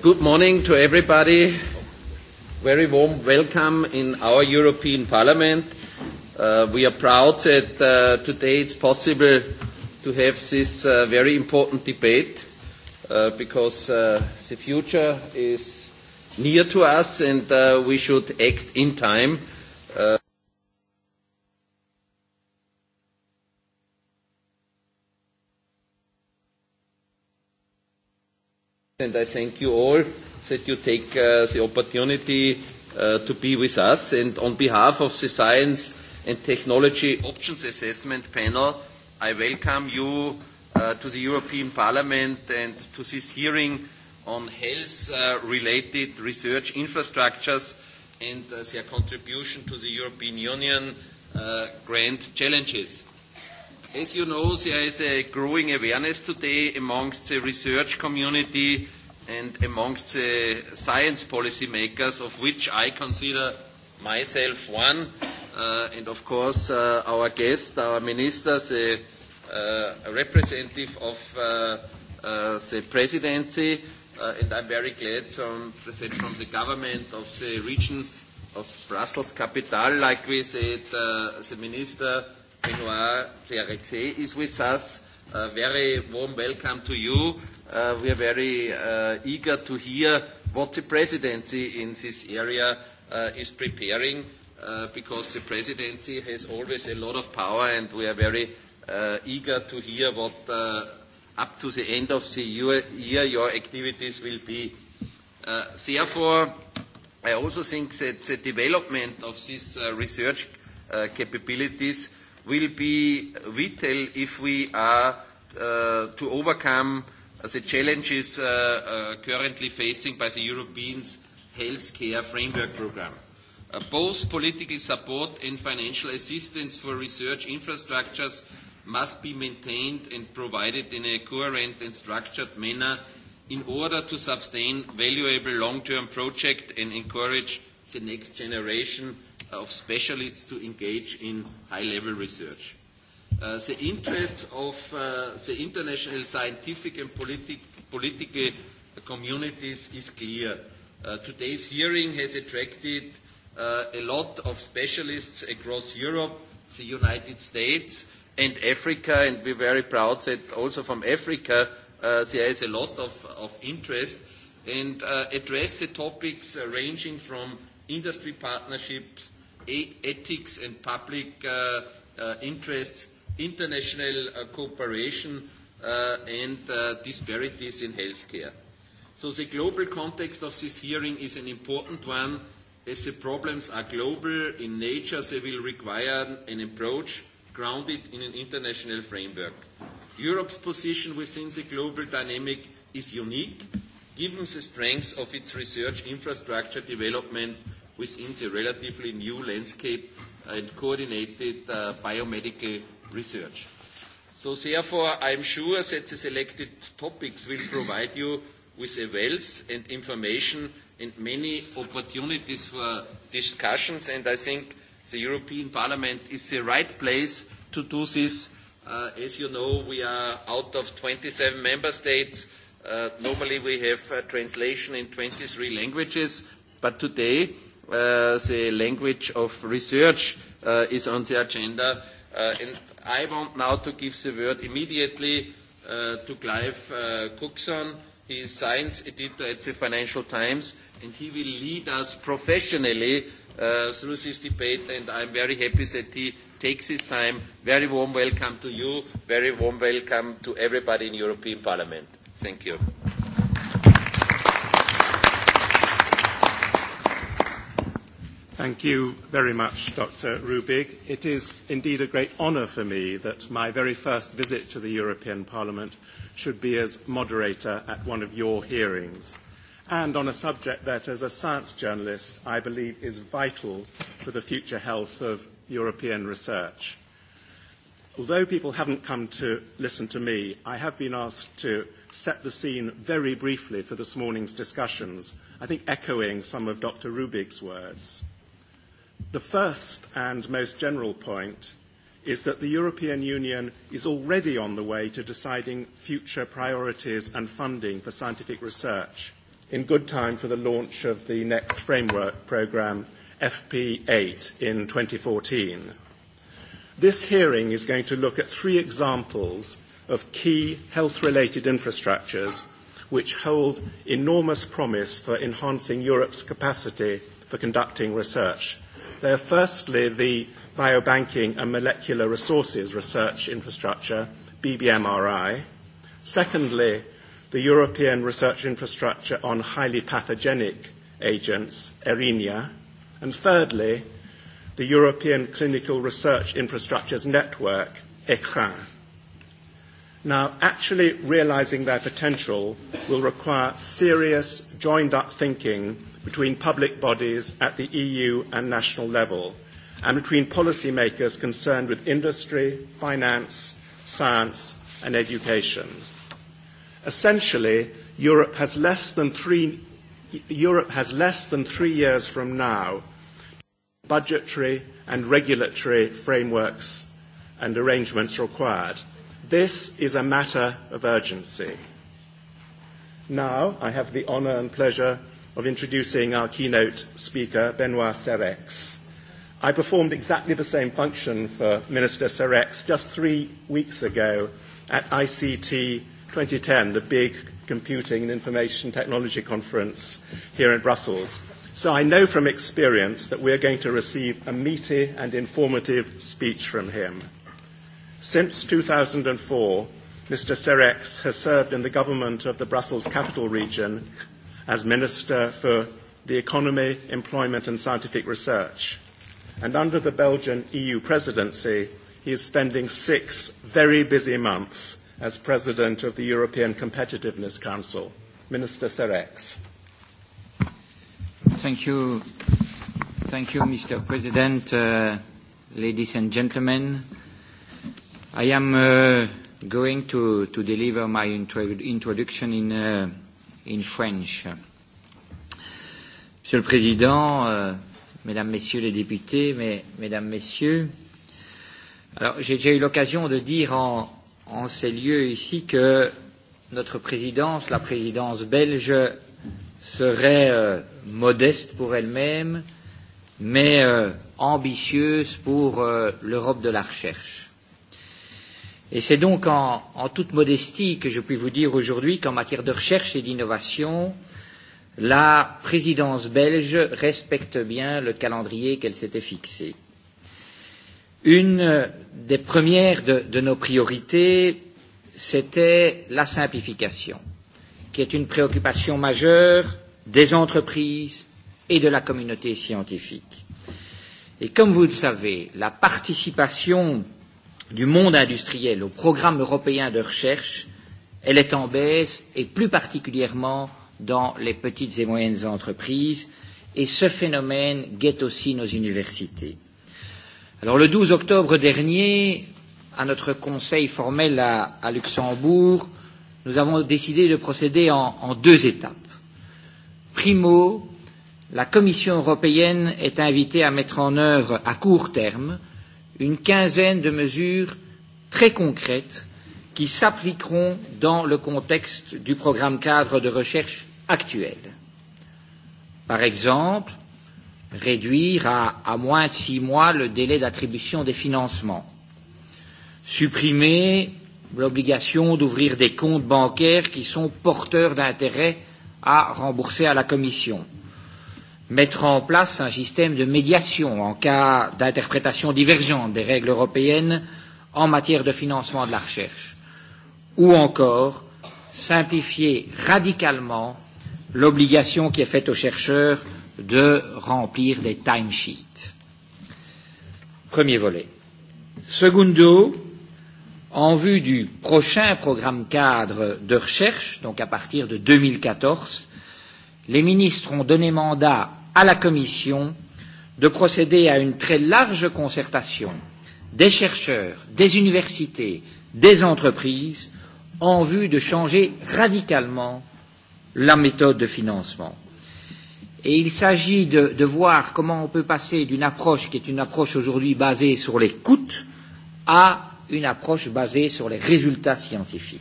Good morning to everybody. Very warm welcome in our European Parliament. We are proud that today it's possible to have this very important debate because the future is near to us, and we should act in time and I thank you all that you take uh, the opportunity uh, to be with us. And on behalf of the Science and Technology Options Assessment Panel, I welcome you uh, to the European Parliament and to this hearing on health-related research infrastructures and uh, their contribution to the European Union uh, grand challenges. As you know, there is a growing awareness today amongst the research community and amongst the science policymakers, of which I consider myself one, uh, and of course uh, our guest, our minister, the uh, representative of uh, uh, the presidency, uh, and I'm very glad from, from the government of the region of Brussels capital, like we said, uh, the minister Benoit Cerexe is with us. A very warm welcome to you. Uh, we are very uh, eager to hear what the presidency in this area uh, is preparing uh, because the presidency has always a lot of power and we are very uh, eager to hear what uh, up to the end of the year, year your activities will be. Uh, therefore, I also think that the development of these uh, research uh, capabilities will be vital if we are uh, to overcome the challenges uh, uh, currently facing by the Europeans healthcare framework program. Uh, both political support and financial assistance for research infrastructures must be maintained and provided in a coherent and structured manner in order to sustain valuable long-term projects and encourage the next generation of specialists to engage in high-level research. Uh, the interests of uh, the international scientific and politi- political communities is clear. Uh, today's hearing has attracted uh, a lot of specialists across Europe, the United States, and Africa, and we're very proud that also from Africa uh, there is a lot of, of interest and uh, address the topics uh, ranging from industry partnerships ethics and public uh, uh, interests, international uh, cooperation, uh, and uh, disparities in healthcare. So the global context of this hearing is an important one. As the problems are global in nature, they will require an approach grounded in an international framework. Europe's position within the global dynamic is unique, given the strength of its research infrastructure development within the relatively new landscape and coordinated uh, biomedical research. So therefore, I am sure that the selected topics will provide you with a wealth and information and many opportunities for discussions, and I think the European Parliament is the right place to do this. Uh, as you know, we are out of 27 member states. Uh, normally we have a translation in 23 languages, but today the language of research is on the agenda. and I want now to give the word immediately to Clive Cookson. He is science editor at the Financial Times, and he will lead us professionally through this debate, and I am very happy that he takes his time. Very warm welcome to you. Very warm welcome to everybody in the European Parliament. Thank you. Thank you very much, Dr. Rubig. It is indeed a great honour for me that my very first visit to the European Parliament should be as moderator at one of your hearings, and on a subject that, as a science journalist, I believe is vital for the future health of European research. Although people haven't come to listen to me, I have been asked to set the scene very briefly for this morning's discussions, I think echoing some of Dr. Rubig's words. The first and most general point is that the European Union is already on the way to deciding future priorities and funding for scientific research in good time for the launch of the next framework programme, FP8, in 2014. This hearing is going to look at three examples of key health-related infrastructures which hold enormous promise for enhancing Europe's capacity for conducting research. They are firstly the biobanking and molecular resources research infrastructure, BBMRI. Secondly, the European research infrastructure on highly pathogenic agents, ERINIA. And thirdly, the European Clinical Research Infrastructures Network, ECRIN. Now, actually realizing their potential will require serious joined up thinking between public bodies at the EU and national level, and between policymakers concerned with industry, finance, science, and education. Essentially, Europe has less than three, Europe has less than three years from now budgetary and regulatory frameworks and arrangements required. This is a matter of urgency. Now, I have the honour and pleasure of introducing our keynote speaker, Benoit Serex. I performed exactly the same function for Minister Serex just three weeks ago at ICT 2010, the big computing and information technology conference here in Brussels. So I know from experience that we are going to receive a meaty and informative speech from him. Since 2004, Mr. Serex has served in the government of the Brussels capital region as Minister for the Economy, Employment and Scientific Research. And under the Belgian EU presidency, he is spending six very busy months as President of the European Competitiveness Council. Minister Serex. Thank you. Thank you, Mr. President, uh, ladies and gentlemen. I am uh, going to, to deliver my introduction in uh, in French. Monsieur le Président, euh, Mesdames, Messieurs les députés, mes, Mesdames, Messieurs, alors j'ai déjà eu l'occasion de dire en, en ces lieux ici que notre présidence, la présidence belge, serait euh, modeste pour elle-même, mais euh, ambitieuse pour euh, l'Europe de la recherche. Et c'est donc en, en toute modestie que je puis vous dire aujourd'hui qu'en matière de recherche et d'innovation, la présidence belge respecte bien le calendrier qu'elle s'était fixé. Une des premières de, de nos priorités, c'était la simplification, qui est une préoccupation majeure des entreprises et de la communauté scientifique. Et comme vous le savez, la participation du monde industriel au programme européen de recherche, elle est en baisse et plus particulièrement dans les petites et moyennes entreprises et ce phénomène guette aussi nos universités. Alors le 12 octobre dernier, à notre conseil formel à, à Luxembourg, nous avons décidé de procéder en, en deux étapes. Primo, la Commission européenne est invitée à mettre en œuvre à court terme une quinzaine de mesures très concrètes qui s'appliqueront dans le contexte du programme cadre de recherche actuel. Par exemple, réduire à, à moins de six mois le délai d'attribution des financements, supprimer l'obligation d'ouvrir des comptes bancaires qui sont porteurs d'intérêts à rembourser à la Commission, mettra en place un système de médiation en cas d'interprétation divergente des règles européennes en matière de financement de la recherche, ou encore simplifier radicalement l'obligation qui est faite aux chercheurs de remplir des timesheets. Premier volet. Secondo, en vue du prochain programme cadre de recherche, donc à partir de 2014, les ministres ont donné mandat à la Commission de procéder à une très large concertation des chercheurs, des universités, des entreprises en vue de changer radicalement la méthode de financement. Et il s'agit de, de voir comment on peut passer d'une approche qui est une approche aujourd'hui basée sur les coûts à une approche basée sur les résultats scientifiques.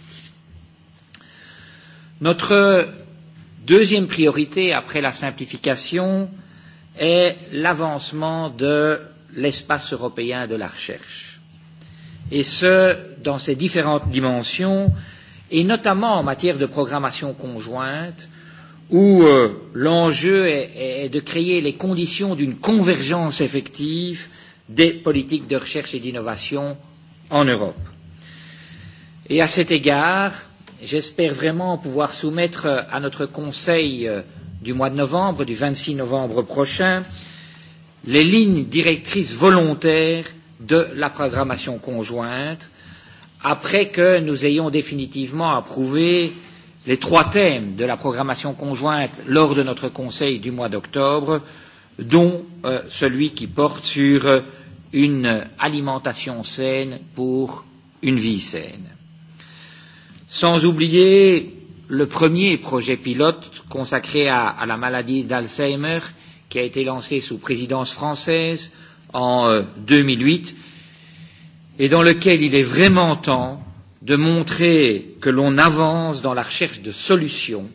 Notre Deuxième priorité, après la simplification, est l'avancement de l'espace européen de la recherche. Et ce, dans ses différentes dimensions, et notamment en matière de programmation conjointe, où euh, l'enjeu est, est de créer les conditions d'une convergence effective des politiques de recherche et d'innovation en Europe. Et à cet égard, J'espère vraiment pouvoir soumettre à notre Conseil du mois de novembre, du 26 novembre prochain, les lignes directrices volontaires de la programmation conjointe, après que nous ayons définitivement approuvé les trois thèmes de la programmation conjointe lors de notre Conseil du mois d'octobre, dont euh, celui qui porte sur une alimentation saine pour une vie saine. Sans oublier le premier projet pilote consacré à, à la maladie d'Alzheimer qui a été lancé sous présidence française en 2008 et dans lequel il est vraiment temps de montrer que l'on avance dans la recherche de solutions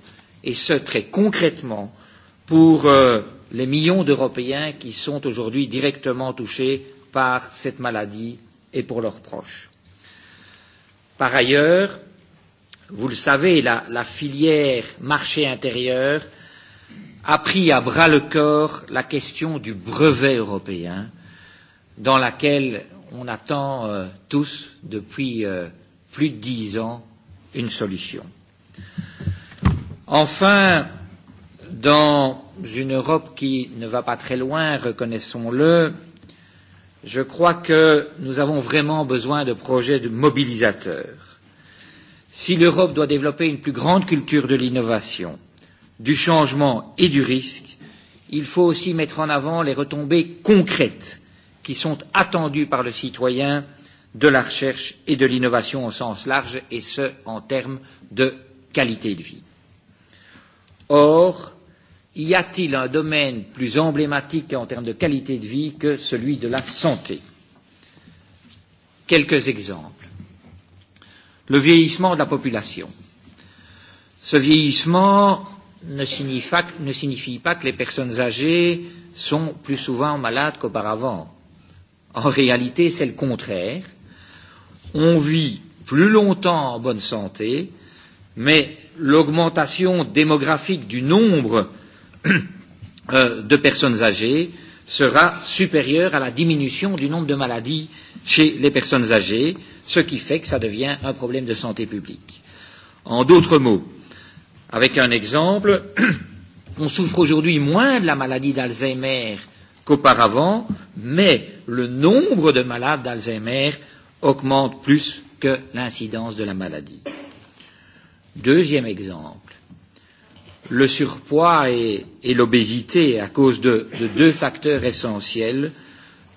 et ce très concrètement pour euh, les millions d'Européens qui sont aujourd'hui directement touchés par cette maladie et pour leurs proches. Par ailleurs, Vous le savez, la, la filière marché intérieur a pris à bras le corps la question du brevet européen, dans laquelle on attend euh, tous depuis euh, plus de dix ans une solution. Enfin, dans une Europe qui ne va pas très loin, reconnaissons-le, je crois que nous avons vraiment besoin de projets de mobilisateurs Si l'Europe doit développer une plus grande culture de l'innovation, du changement et du risque, il faut aussi mettre en avant les retombées concrètes qui sont attendues par le citoyen de la recherche et de l'innovation au sens large, et ce en termes de qualité de vie. Or, y a-t-il un domaine plus emblématique en termes de qualité de vie que celui de la santé Quelques exemples le vieillissement de la population. Ce vieillissement ne signifie, pas que les personnes âgées sont plus souvent malades qu'auparavant. En réalité, c'est le contraire. On vit plus longtemps en bonne santé, mais l'augmentation démographique du nombre de personnes âgées sera supérieure à la diminution du nombre de maladies chez les personnes âgées, ce qui fait que ça devient un problème de santé publique. En d'autres mots, avec un exemple, on souffre aujourd'hui moins de la maladie d'Alzheimer qu'auparavant, mais le nombre de malades d'Alzheimer augmente plus que l'incidence de la maladie. Deuxième exemple, le surpoids et, et l'obésité à cause de, de deux facteurs essentiels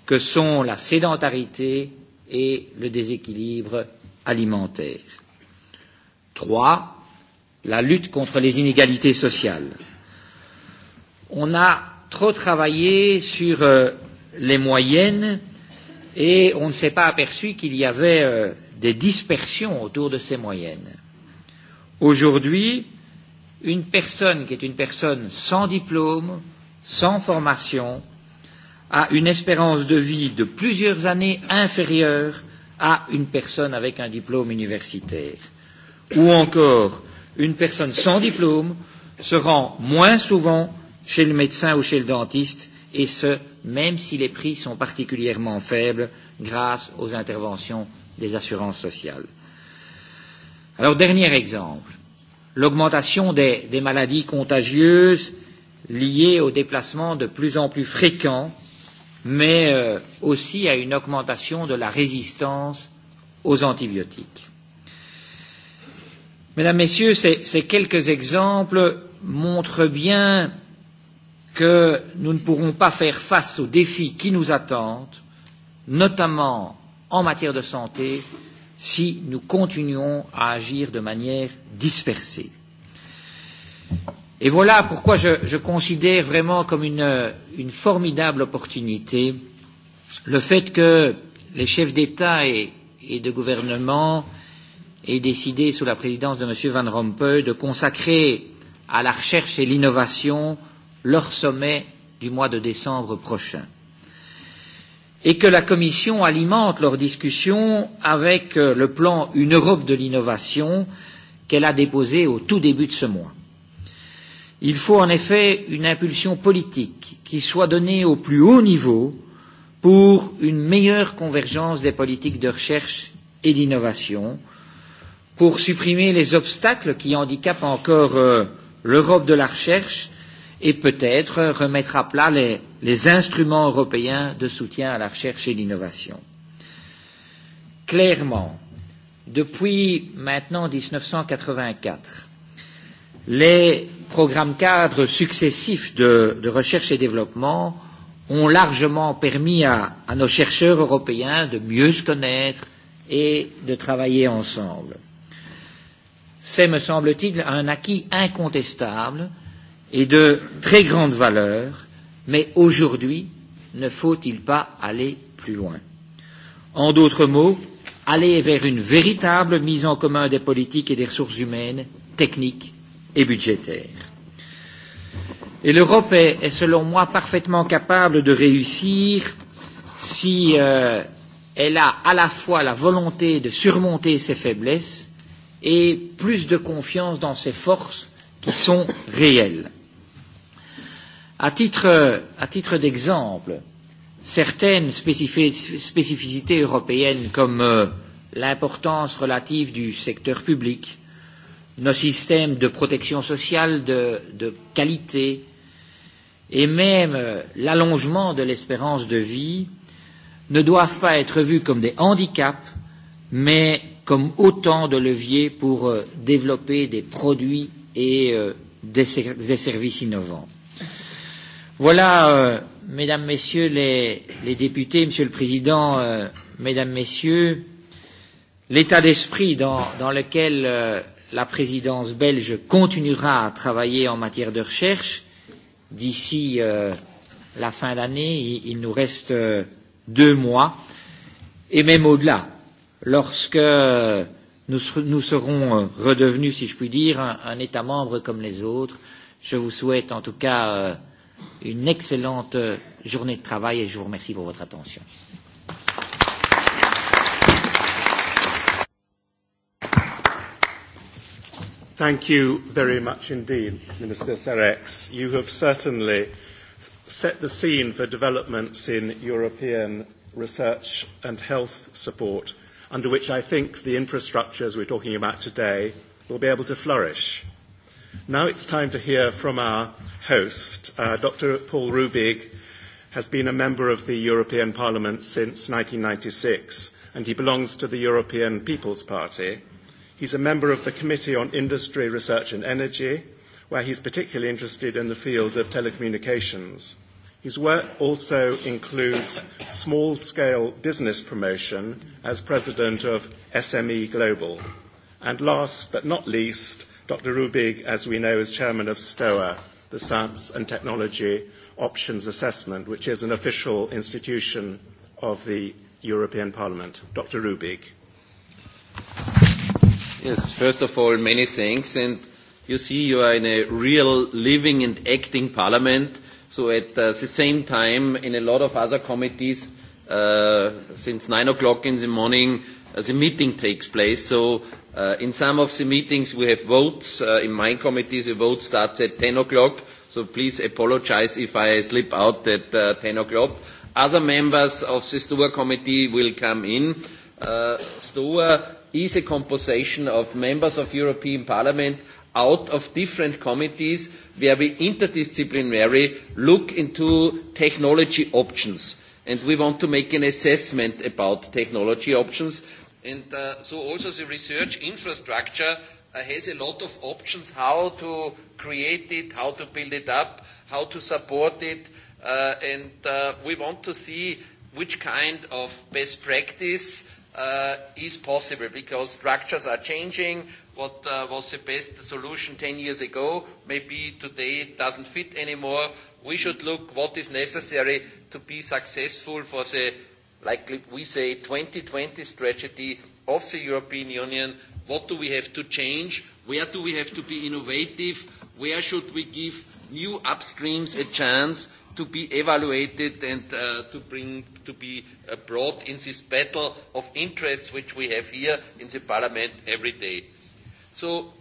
que sont la sédentarité et le déséquilibre alimentaire. Trois, la lutte contre les inégalités sociales. On a trop travaillé sur les moyennes et on ne s'est pas aperçu qu'il y avait des dispersions autour de ces moyennes. Aujourd'hui, une personne qui est une personne sans diplôme, sans formation, a une espérance de vie de plusieurs années inférieure à une personne avec un diplôme universitaire. Ou encore, une personne sans diplôme se rend moins souvent chez le médecin ou chez le dentiste, et ce, même si les prix sont particulièrement faibles grâce aux interventions des assurances sociales. Alors, dernier exemple, l'augmentation des, des maladies contagieuses liées aux déplacements de plus en plus fréquents mais aussi à une augmentation de la résistance aux antibiotiques. Mesdames, Messieurs, ces, ces quelques exemples montrent bien que nous ne pourrons pas faire face aux défis qui nous attendent, notamment en matière de santé, si nous continuons à agir de manière dispersée. Et voilà pourquoi je, je considère vraiment comme une, une formidable opportunité le fait que les chefs d'État et, et de gouvernement aient décidé, sous la présidence de M. Van Rompuy, de consacrer à la recherche et l'innovation leur sommet du mois de décembre prochain et que la Commission alimente leurs discussions avec le plan Une Europe de l'innovation qu'elle a déposé au tout début de ce mois. Il faut en effet une impulsion politique qui soit donnée au plus haut niveau pour une meilleure convergence des politiques de recherche et d'innovation, pour supprimer les obstacles qui handicapent encore euh, l'Europe de la recherche et peut-être remettre à plat les, les instruments européens de soutien à la recherche et l'innovation. Clairement, depuis maintenant 1984, les programmes cadres successifs de, de recherche et développement ont largement permis à, à nos chercheurs européens de mieux se connaître et de travailler ensemble. C'est, me semble-t-il, un acquis incontestable et de très grande valeur, mais aujourd'hui, ne faut-il pas aller plus loin En d'autres mots, aller vers une véritable mise en commun des politiques et des ressources humaines, techniques et budgétaire. Et l'Europe est, est, selon moi, parfaitement capable de réussir si euh, elle a à la fois la volonté de surmonter ses faiblesses et plus de confiance dans ses forces qui sont réelles. À titre, à titre d'exemple, certaines spécificités européennes comme euh, l'importance relative du secteur public, nos systèmes de protection sociale de, de qualité et même l'allongement de l'espérance de vie ne doivent pas être vus comme des handicaps, mais comme autant de leviers pour développer des produits et des, services innovants. Voilà, Mesdames, Messieurs les, les députés, Monsieur le Président, Mesdames, Messieurs, l'état d'esprit dans, dans lequel la présidence belge continuera à travailler en matière de recherche. D'ici la fin d'année, il nous reste deux mois, et même au-delà, lorsque nous serons redevenus, si je puis dire, un État membre comme les autres. Je vous souhaite en tout cas une excellente journée de travail et je vous remercie pour votre attention. Thank you very much indeed, Minister Sarex. You have certainly set the scene for developments in European research and health support, under which I think the infrastructures we're talking about today will be able to flourish. Now it's time to hear from our host. Uh, Dr. Paul Rubig has been a member of the European Parliament since 1996, and he belongs to the European People's Party – He's a member of the Committee on Industry, Research and Energy, where he's particularly interested in the field of telecommunications. His work also includes small scale business promotion as president of SME Global. And last but not least, Dr. Rubig, as we know, is chairman of STOA, the Science and Technology Options Assessment, which is an official institution of the European Parliament. Dr. Rubig. Yes, first of all, many thanks. And you see, you are in a real living and acting parliament. So at uh, the same time, in a lot of other committees, uh, since nine o'clock in the morning, uh, the meeting takes place. So uh, in some of the meetings, we have votes. Uh, in my committee, the vote starts at 10 o'clock. So please apologize if I slip out at uh, 10 o'clock. Other members of the STOA committee will come in. Uh, STOA is a composition of members of European Parliament out of different committees where we interdisciplinary look into technology options. And we want to make an assessment about technology options. And uh, so also the research infrastructure uh, has a lot of options how to create it, how to build it up, how to support it. Uh, and uh, we want to see which kind of best practice uh, is possible because structures are changing. What uh, was the best solution 10 years ago, maybe today it doesn't fit anymore. We should look what is necessary to be successful for the, like we say, 2020 strategy of the European Union. What do we have to change? Where do we have to be innovative? Where should we give new upstreams a chance? to be evaluated and uh, to bring to be uh, brought in this battle of interests which we have here in the parliament every day. So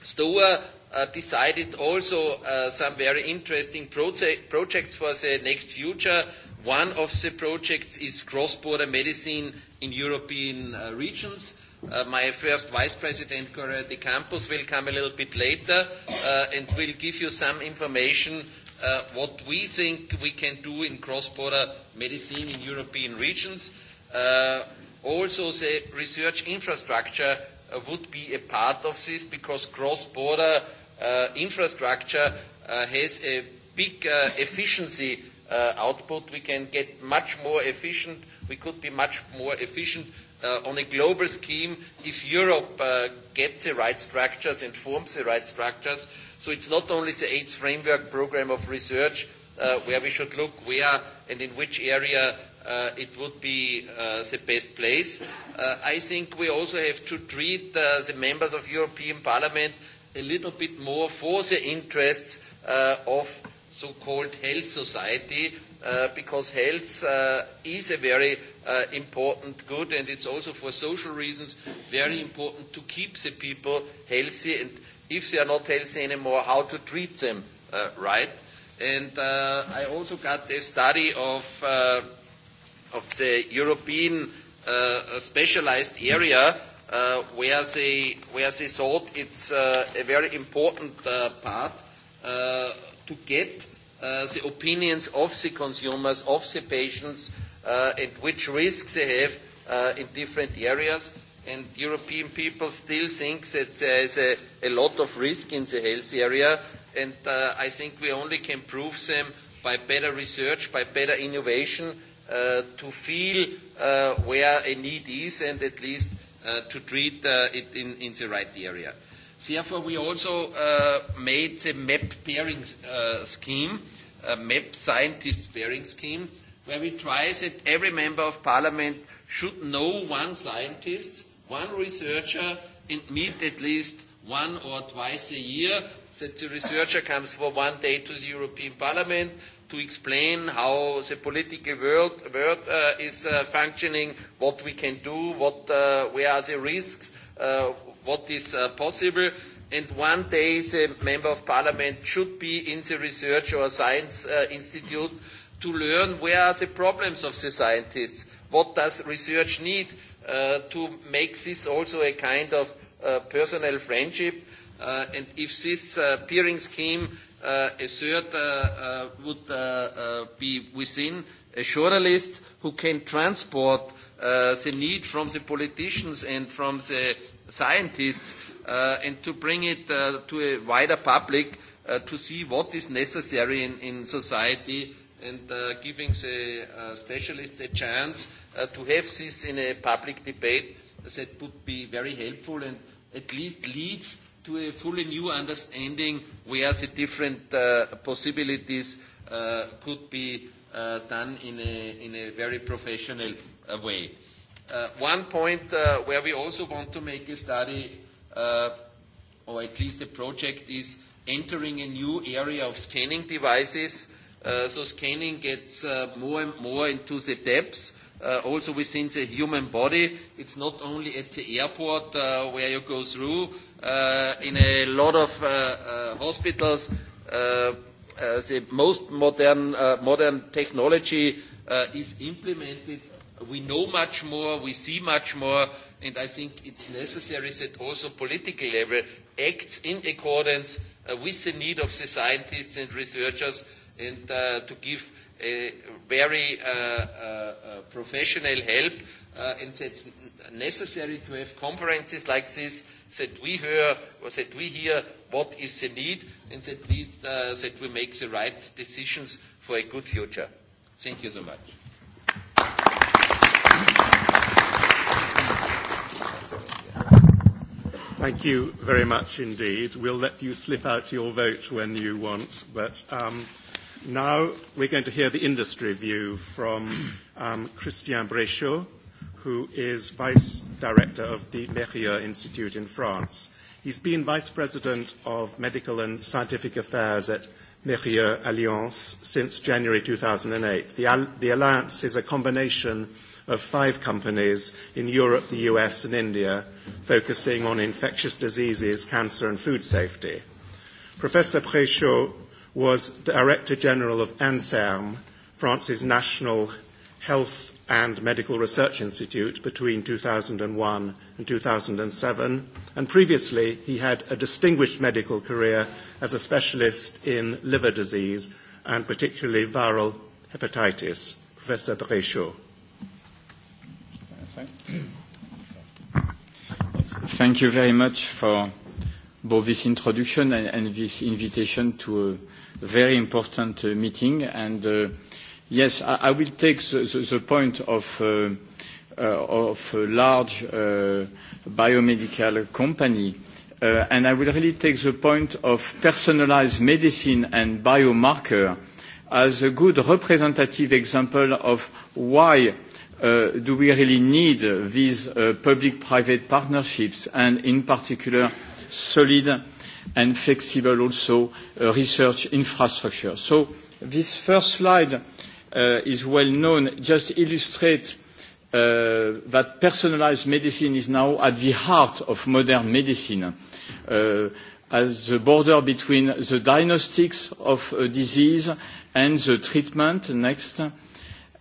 Stoa uh, decided also uh, some very interesting proce- projects for the next future. One of the projects is cross-border medicine in European uh, regions. Uh, my first vice president, Correa de Campos, will come a little bit later uh, and will give you some information what we think we can do in cross-border medicine in European regions. also, the research infrastructure would be a part of this because cross-border infrastructure has a big efficiency output. We can get much more efficient. We could be much more efficient on a global scheme if Europe gets the right structures and forms the right structures. So it's not only the AIDS framework program of research uh, where we should look where and in which area uh, it would be uh, the best place. Uh, I think we also have to treat uh, the members of European Parliament a little bit more for the interests uh, of so-called health society uh, because health uh, is a very uh, important good and it's also for social reasons very important to keep the people healthy and if they are not healthy anymore, how to treat them uh, right. And uh, I also got a study of, uh, of the European uh, specialized area uh, where, they, where they thought it's uh, a very important uh, part uh, to get uh, the opinions of the consumers, of the patients, uh, and which risks they have uh, in different areas and European people still think that there is a, a lot of risk in the health area, and uh, I think we only can prove them by better research, by better innovation, uh, to feel uh, where a need is and at least uh, to treat uh, it in, in the right area. Therefore, we also uh, made the MAP pairing uh, scheme, uh, MAP scientists pairing scheme, where we try that every member of parliament should know one scientist one researcher and meet at least one or twice a year that the researcher comes for one day to the European Parliament to explain how the political world, world uh, is uh, functioning, what we can do, what, uh, where are the risks, uh, what is uh, possible. And one day the Member of Parliament should be in the research or science uh, institute to learn where are the problems of the scientists, what does research need, uh, to make this also a kind of uh, personal friendship. Uh, and if this uh, peering scheme uh, a third uh, uh, would uh, uh, be within a journalist who can transport uh, the need from the politicians and from the scientists uh, and to bring it uh, to a wider public uh, to see what is necessary in, in society and uh, giving the uh, specialists a chance uh, to have this in a public debate that would be very helpful and at least leads to a fully new understanding where the different uh, possibilities uh, could be uh, done in a, in a very professional uh, way. Uh, one point uh, where we also want to make a study, uh, or at least a project, is entering a new area of scanning devices So scanning gets more and more into the depths, also within the human body. It's not only at the airport where you go through. In a lot of hospitals, the most modern technology is implemented. We know much more, we see much more, and I think it's necessary that also political level acts in accordance with the need of the scientists and researchers and uh, to give a very uh, uh, professional help. Uh, and it's necessary to have conferences like this that we hear or that we hear what is the need and at least, uh, that we make the right decisions for a good future. Thank you so much. Thank you very much indeed. We'll let you slip out your vote when you want, but um, Now we're going to hear the industry view from um, Christian Bréchot, who is Vice Director of the Mérieux Institute in France. He's been Vice President of Medical and Scientific Affairs at Mérieux Alliance since January 2008. The, al- the alliance is a combination of five companies in Europe, the US, and India, focusing on infectious diseases, cancer, and food safety. Professor Préchot was Director General of ANSERM, France's National Health and Medical Research Institute, between 2001 and 2007. And previously, he had a distinguished medical career as a specialist in liver disease and particularly viral hepatitis. Professor Brechot. Thank you very much for both this introduction and, and this invitation to very important meeting. And yes, I will take the point of a large biomedical company, and I will really take the point of personalized medicine and biomarker as a good representative example of why do we really need these public-private partnerships and, in particular, solid and flexible also research infrastructure. So this first slide is well known, just illustrates that personalised medicine is now at the heart of modern medicine. as the border between the diagnostics of a disease and the treatment, next,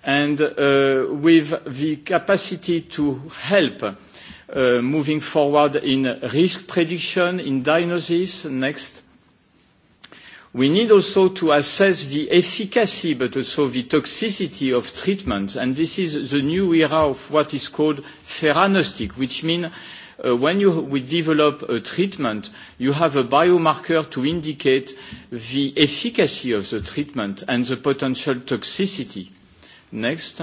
and with the capacity to help moving forward in risk prediction, in diagnosis. Next. We need also to assess the efficacy, but also the toxicity of treatment. And this is the new era of what is called theranostic, which means when you we develop a treatment, you have a biomarker to indicate the efficacy of the treatment and the potential toxicity. Next.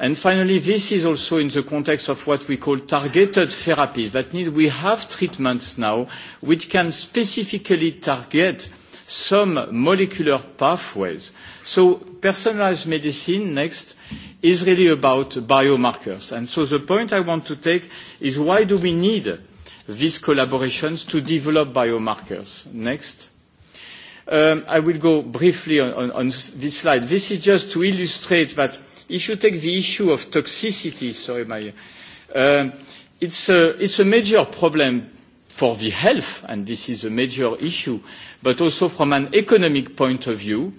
And finally, this is also in the context of what we call targeted therapy. That means we have treatments now which can specifically target some molecular pathways. So personalized medicine, next, is really about biomarkers. And so the point I want to take is why do we need these collaborations to develop biomarkers? Next. I will go briefly on this slide. This is just to illustrate that if you take the issue of toxicity, sorry, my, uh, it's, a, it's a major problem for the health, and this is a major issue, but also from an economic point of view,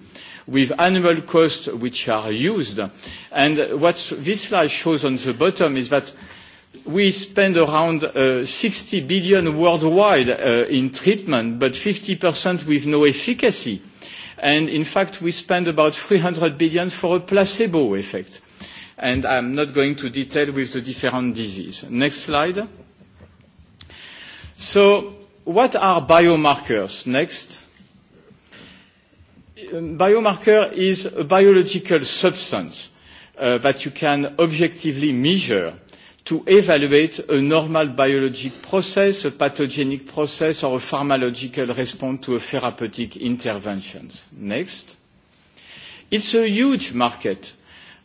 with annual costs which are used. And what this slide shows on the bottom is that we spend around uh, 60 billion worldwide uh, in treatment, but 50% with no efficacy And in fact, we spend about 300 billion for a placebo effect. And I'm not going to detail with the different diseases. Next slide. So what are biomarkers? Next. Biomarker is a biological substance that you can objectively measure to evaluate a normal biologic process, a pathogenic process, or a pharmacological response to a therapeutic intervention. Next. It's a huge market.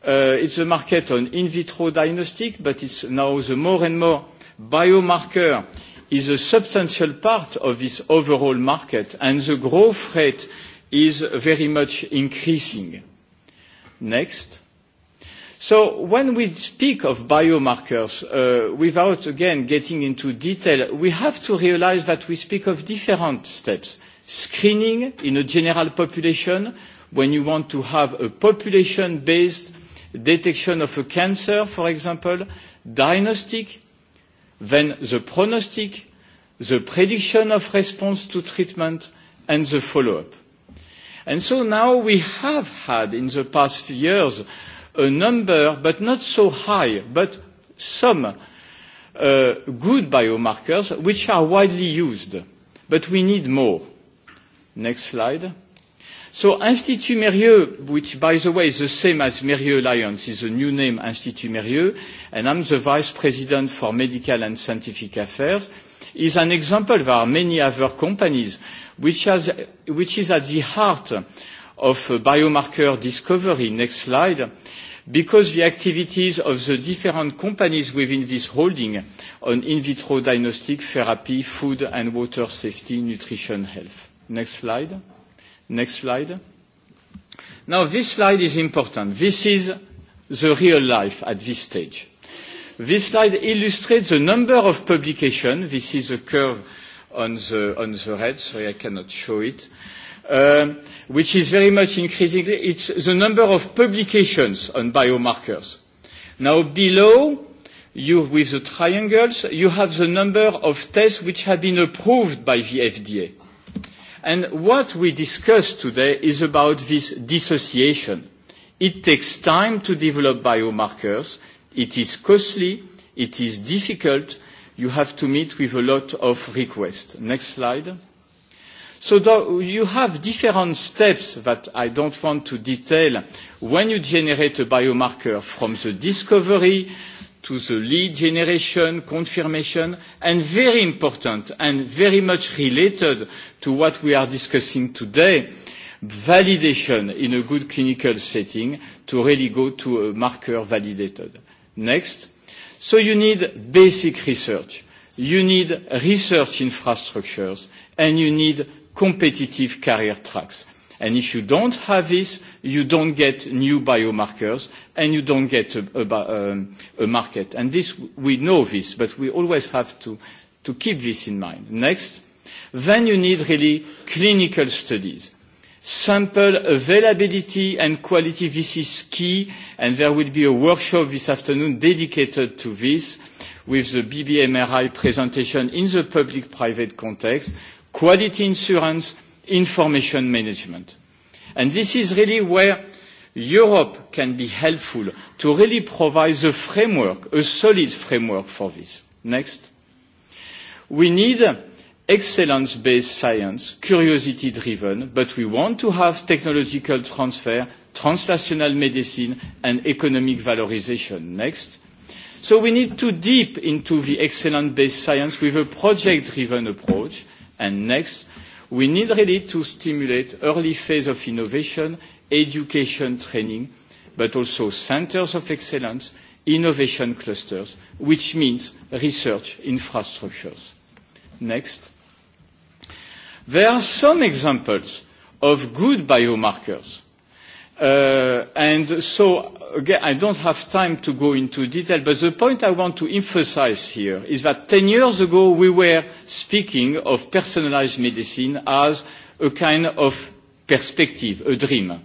It's a market on in vitro diagnostic, but it's now the more and more biomarker is a substantial part of this overall market, and the growth rate is very much increasing. Next. So when we speak of biomarkers, without again getting into detail, we have to realize that we speak of different steps. Screening in a general population, when you want to have a population-based detection of a cancer, for example, diagnostic, then the prognostic, the prediction of response to treatment, and the follow-up. And so now we have had in the past few years a number, but not so high, but some uh, good biomarkers which are widely used. But we need more. Next slide. So Institut Mérieux, which by the way is the same as Mérieux Alliance, is the new name Institut Mérieux, and I'm the Vice President for Medical and Scientific Affairs, is an example. There are many other companies which, has, which is at the heart of biomarker discovery. Next slide because the activities of the different companies within this holding on in vitro diagnostic therapy, food and water safety, nutrition, health. Next slide. Next slide. Now, this slide is important. This is the real life at this stage. This slide illustrates the number of publications. This is a curve on the on the red, sorry, I cannot show it which is very much increasing, it's the number of publications on biomarkers. Now below, you with the triangles, you have the number of tests which have been approved by the FDA. And what we discuss today is about this dissociation. It takes time to develop biomarkers. It is costly. It is difficult. You have to meet with a lot of requests. Next slide. So you have different steps that I don't want to detail when you generate a biomarker from the discovery to the lead generation, confirmation, and very important and very much related to what we are discussing today, validation in a good clinical setting to really go to a marker validated. Next. So you need basic research. You need research infrastructures, and you need competitive career tracks. And if you don't have this, you don't get new biomarkers and you don't get a, a, um, a market. And this, we know this, but we always have to, to keep this in mind. Next, then you need really clinical studies. Sample availability and quality, this is key, and there will be a workshop this afternoon dedicated to this with the BBMRI presentation in the public-private context quality insurance, information management. And this is really where Europe can be helpful to really provide a framework, a solid framework for this. Next. We need excellence-based science, curiosity-driven, but we want to have technological transfer, translational medicine, and economic valorization. Next. So we need to deep into the excellence-based science with a project-driven approach And next, we need really to stimulate early phase of innovation, education training, but also centers of excellence, innovation clusters, which means research infrastructures. Next. There are some examples of good biomarkers and so, again, I don't have time to go into detail, but the point I want to emphasise here is that ten years ago we were speaking of personalised medicine as a kind of perspective, a dream.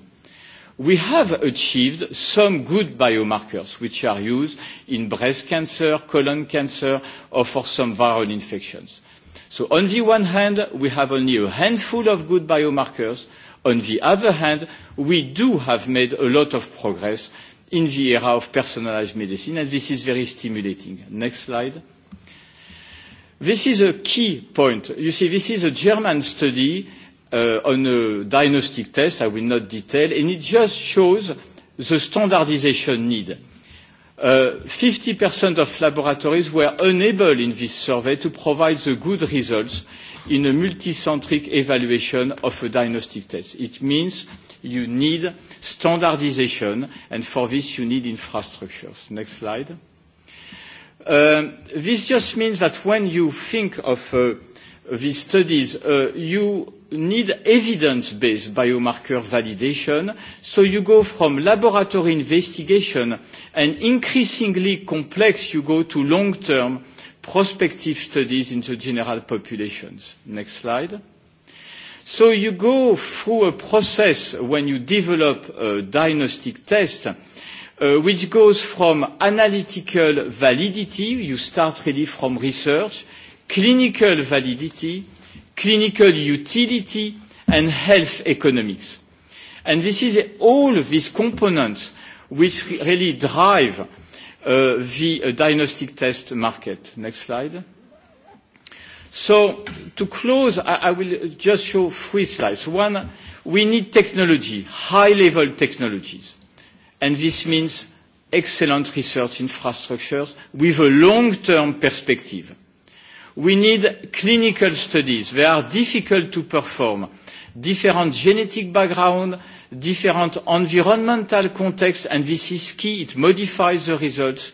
We have achieved some good biomarkers which are used in breast cancer, colon cancer, or for some viral infections. So on the one hand, we have only a handful of good biomarkers, On the other hand, we do have made a lot of progress in the era of personalized medicine, and this is very stimulating. Next slide. This is a key point. You see, this is a German study on a diagnostic test. I will not detail, and it just shows the standardization need fifty of laboratories were unable in this survey to provide the good results in a multicentric evaluation of a diagnostic test. It means you need standardisation and for this you need infrastructures. Next slide. This just means that when you think of these studies, you need evidence-based biomarker validation. So you go from laboratory investigation and increasingly complex, you go to long-term prospective studies in the general populations. Next slide. So you go through a process when you develop a diagnostic test, which goes from analytical validity, you start really from research, clinical validity, clinical utility, and health economics. And this is all these components which really drive uh, the diagnostic test market. Next slide. So to close, I, I will just show three slides. One, we need technology, high-level technologies. And this means excellent research infrastructures with a long-term perspective We need clinical studies. They are difficult to perform. Different genetic background, different environmental context, and this is key. It modifies the results.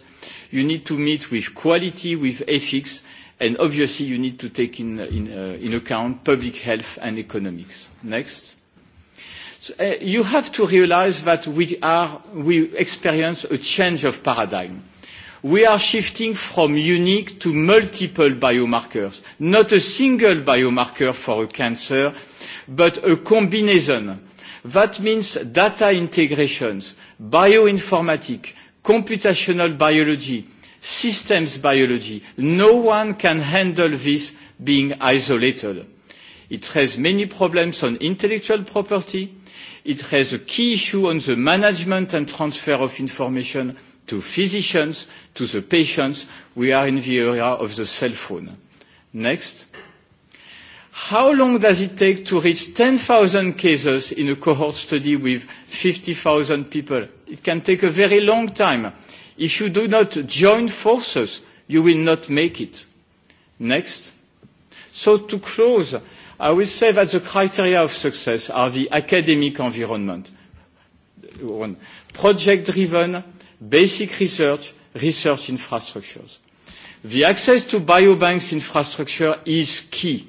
You need to meet with quality, with ethics, and obviously you need to take in, in, uh, in account public health and economics. Next. So, uh, you have to realize that we, are, we experience a change of paradigm we are shifting from unique to multiple biomarkers, not a single biomarker for a cancer, but a combination. That means data integrations, bioinformatics, computational biology, systems biology. No one can handle this being isolated. It has many problems on intellectual property. It has a key issue on the management and transfer of information to physicians, to the patients, we are in the area of the cell phone. Next. How long does it take to reach 10,000 cases in a cohort study with 50,000 people? It can take a very long time. If you do not join forces, you will not make it. Next. So to close, I will say that the criteria of success are the academic environment, project-driven, basic research, research infrastructures. The access to biobanks infrastructure is key.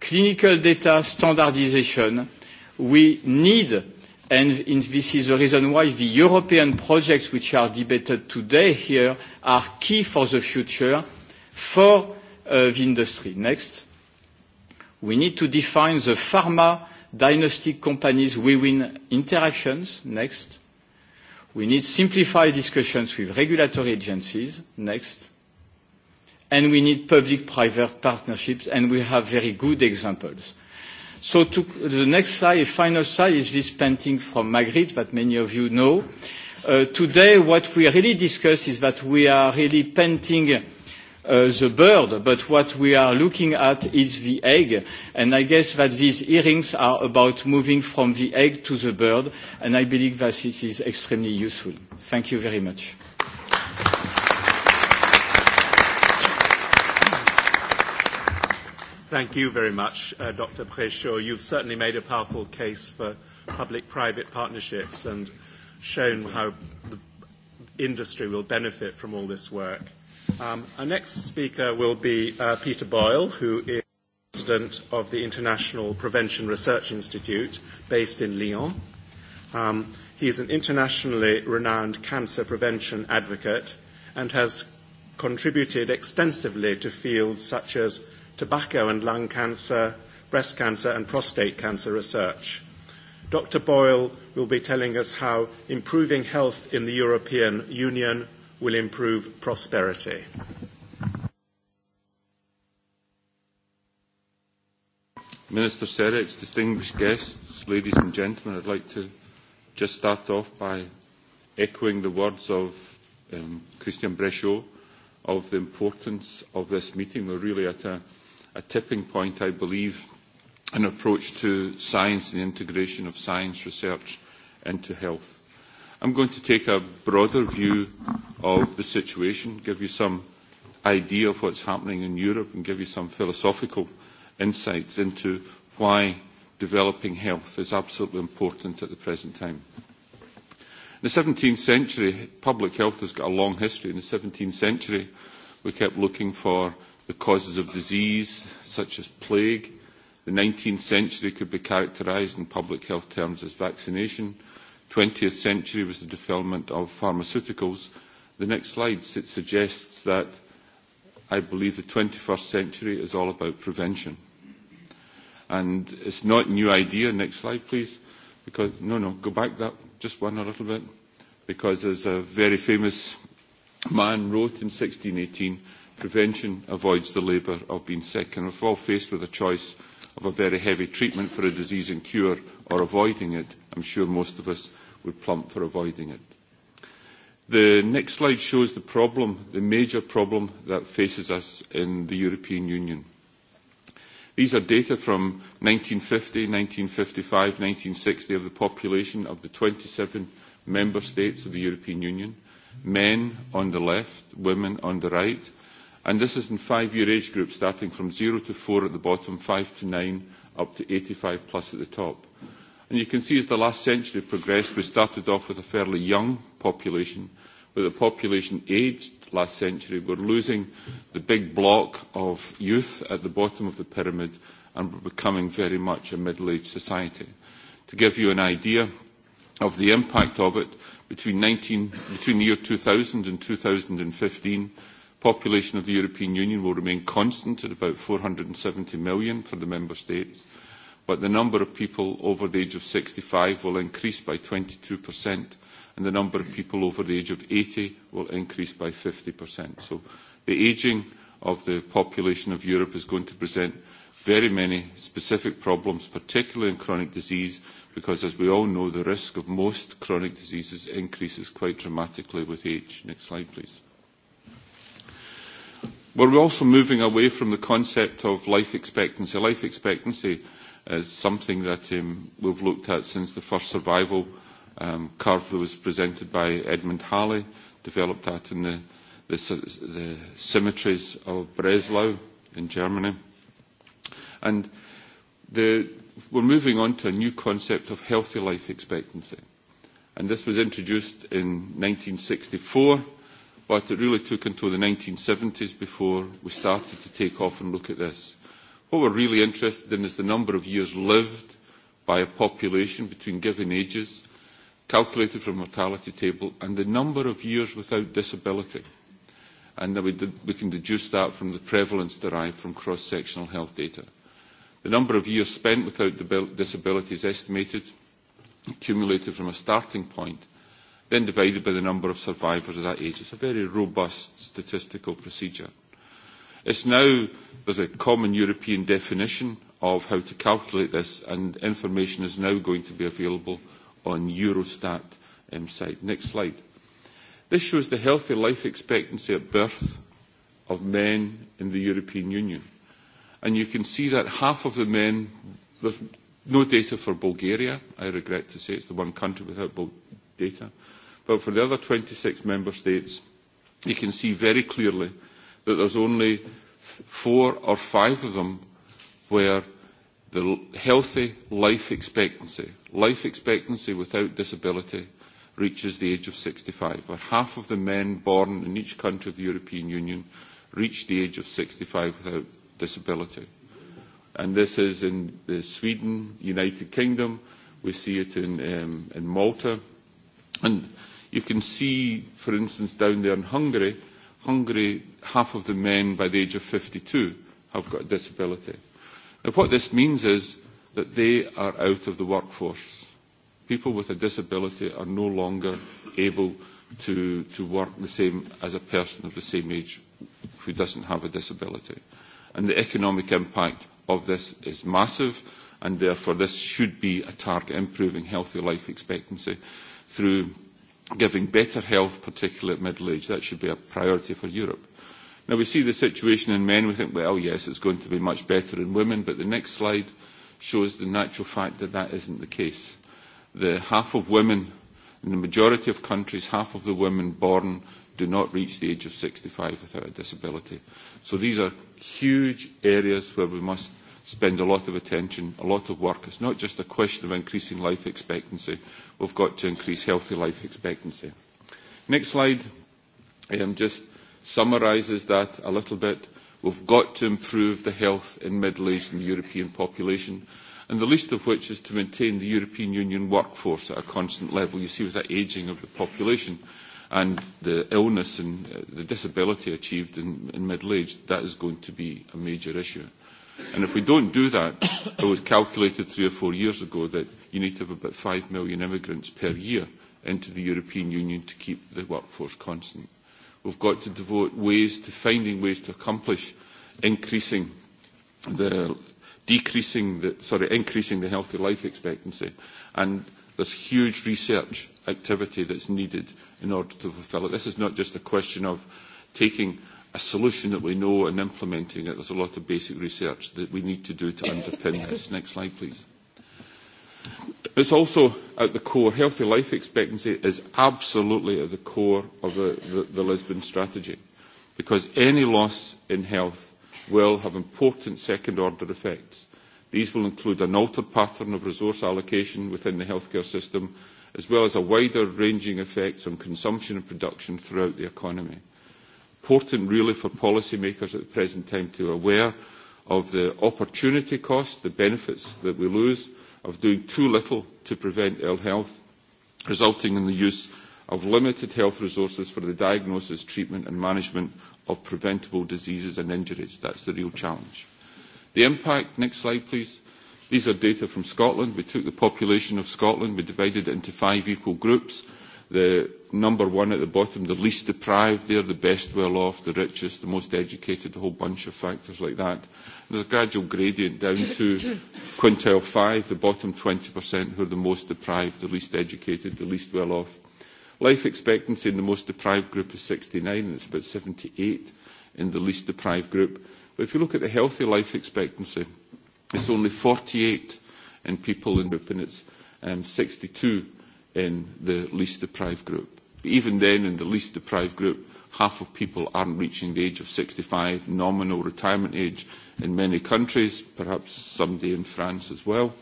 Clinical data standardization, we need, and this is the reason why the European projects which are debated today here are key for the future for the industry. Next. We need to define the pharma diagnostic companies within interactions. Next We need simplified discussions with regulatory agencies next, and we need public-private partnerships, and we have very good examples. So to the next slide, final slide, is this painting from Magritte that many of you know. Today, what we really discuss is that we are really painting the bird, but what we are looking at is the egg. And I guess that these earrings are about moving from the egg to the bird, and I believe that this is extremely useful. Thank you very much. Thank you very much, uh, Dr. Préchot. You've certainly made a powerful case for public-private partnerships and shown how the industry will benefit from all this work Um, our next speaker will be uh, Peter Boyle, who is president of the International Prevention Research Institute based in Lyon. Um, is an internationally renowned cancer prevention advocate and has contributed extensively to fields such as tobacco and lung cancer, breast cancer, and prostate cancer research. Dr. Boyle will be telling us how improving health in the European Union will improve prosperity. Minister Serrett, distinguished guests, ladies and gentlemen, I'd like to just start off by echoing the words of um, Christian Brechot of the importance of this meeting. We're really at a, a tipping point, I believe, an approach to science and the integration of science research into health. I'm going to take a broader view of the situation, give you some idea of what's happening in Europe and give you some philosophical insights into why developing health is absolutely important at the present time. In the 17th century, public health has got a long history. In the 17th century, we kept looking for the causes of disease, such as plague. The 19th century could be characterised in public health terms as vaccination. 20th century was the development of pharmaceuticals. The next slide it suggests that I believe the 21st century is all about prevention. And it's not a new idea. Next slide, please. Because no, no, go back that just one a little bit. Because as a very famous man wrote in 1618, prevention avoids the labour of being sick. And if we're all faced with a choice of a very heavy treatment for a disease and cure or avoiding it, I'm sure most of us would plump for avoiding it. The next slide shows the problem, the major problem that faces us in the European Union. These are data from 1950, 1955, 1960 of the population of the 27 member states of the European Union, men on the left, women on the right, and this is in five-year age groups starting from zero to four at the bottom, five to nine, up to 85 plus at the top. And you can see as the last century progressed, we started off with a fairly young population. but the population aged last century, we're losing the big block of youth at the bottom of the pyramid and we're becoming very much a middle-aged society. To give you an idea of the impact of it, between, 19, between the year 2000 and 2015, population of the European Union will remain constant at about 470 million for the member states but the number of people over the age of 65 will increase by 22%, and the number of people over the age of 80 will increase by 50%. So the ageing of the population of Europe is going to present very many specific problems, particularly in chronic disease, because as we all know, the risk of most chronic diseases increases quite dramatically with age. Next slide, please. We're also moving away from the concept of life expectancy. Life expectancy is something that um, we've looked at since the first survival um, curve that was presented by Edmund Halley, developed that in the, the, the cemeteries of Breslau in Germany. And the, we're moving on to a new concept of healthy life expectancy. And this was introduced in 1964, but it really took until the 1970s before we started to take off and look at this. What we're really interested in is the number of years lived by a population between given ages, calculated from mortality table, and the number of years without disability. And then we, we can deduce that from the prevalence derived from cross-sectional health data. The number of years spent without disability is estimated, accumulated from a starting point, then divided by the number of survivors of that age. It's a very robust statistical procedure. It's now, there's a common European definition of how to calculate this, and information is now going to be available on Eurostat um, site. Next slide. This shows the healthy life expectancy at birth of men in the European Union. And you can see that half of the men, there's no data for Bulgaria, I regret to say, it's the one country without data. But for the other 26 member states, you can see very clearly that there's only four or five of them where the healthy life expectancy, life expectancy without disability, reaches the age of 65, where half of the men born in each country of the European Union reach the age of 65 without disability. And this is in the Sweden, United Kingdom, we see it in, um, in Malta. And you can see, for instance, down there in Hungary, Hungary half of the men by the age of 52 have got a disability. Now, what this means is that they are out of the workforce. People with a disability are no longer able to, to work the same as a person of the same age who doesn't have a disability. And the economic impact of this is massive, and therefore this should be a target improving healthy life expectancy through giving better health, particularly at middle age. That should be a priority for Europe. Now we see the situation in men, we think, well, yes, it's going to be much better in women, but the next slide shows the natural fact that that isn't the case. The half of women, in the majority of countries, half of the women born do not reach the age of 65 without a disability. So these are huge areas where we must spend a lot of attention, a lot of work. It's not just a question of increasing life expectancy. We've got to increase healthy life expectancy. Next slide. am just summarises that a little bit. We've got to improve the health in middle-aged and European population, and the least of which is to maintain the European Union workforce at a constant level. You see with the ageing of the population and the illness and the disability achieved in, in middle age, that is going to be a major issue. And if we don't do that, it was calculated three or four years ago that you need to have about five million immigrants per year into the European Union to keep the workforce constant we've got to devote ways to finding ways to accomplish increasing the decreasing the sorry increasing the healthy life expectancy and there's huge research activity that's needed in order to fulfill it this is not just a question of taking a solution that we know and implementing it there's a lot of basic research that we need to do to underpin this next slide please It's also at the core, healthy life expectancy is absolutely at the core of the, the, the Lisbon strategy because any loss in health will have important second order effects. These will include an altered pattern of resource allocation within the healthcare system, as well as a wider ranging effects on consumption and production throughout the economy. Important really for policymakers at the present time to be aware of the opportunity cost, the benefits that we lose, of doing too little to prevent ill health, resulting in the use of limited health resources for the diagnosis, treatment and management of preventable diseases and injuries. That's the real challenge. The impact, next slide please. These are data from Scotland. We took the population of Scotland, we divided it into five equal groups the number one at the bottom, the least deprived, are the best well off, the richest, the most educated, a whole bunch of factors like that. There's a gradual gradient down to quintile five, the bottom 20% who are the most deprived, the least educated, the least well off. Life expectancy in the most deprived group is 69 and it's about 78 in the least deprived group. But if you look at the healthy life expectancy, it's only 48 in people in group and it's um, 62 in the least deprived group. But even then, in the least deprived group, half of people aren't reaching the age of 65, nominal retirement age in many countries, perhaps someday in France as well.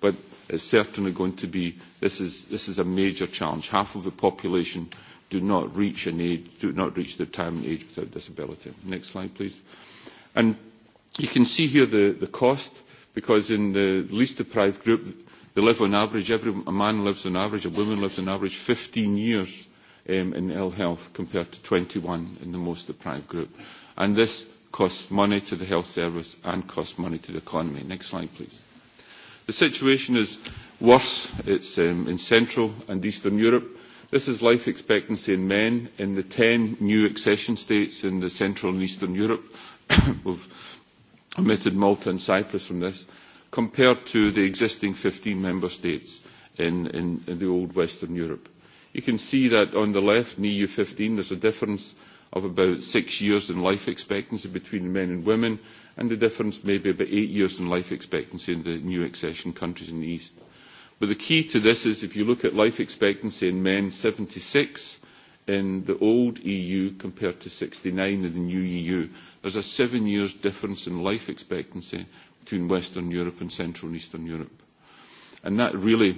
But it's certainly going to be, this is, this is a major challenge. Half of the population do not reach an age, do not reach the retirement age without disability. Next slide, please. And you can see here the, the cost, because in the least deprived group, They live on average, every a man lives on average, a woman lives on average 15 years um, in ill health compared to 21 in the most deprived group. And this costs money to the health service and costs money to the economy. Next slide, please. The situation is worse. It's um, in Central and Eastern Europe. This is life expectancy in men in the 10 new accession states in the Central and Eastern Europe. We've omitted Malta and Cyprus from this compared to the existing 15 member states in, in, in the old Western Europe. You can see that on the left, in EU 15, there's a difference of about six years in life expectancy between men and women, and the difference maybe about eight years in life expectancy in the new accession countries in the East. But the key to this is if you look at life expectancy in men, 76 in the old EU compared to 69 in the new EU, there's a seven years difference in life expectancy between Western Europe and Central and Eastern Europe. And that really,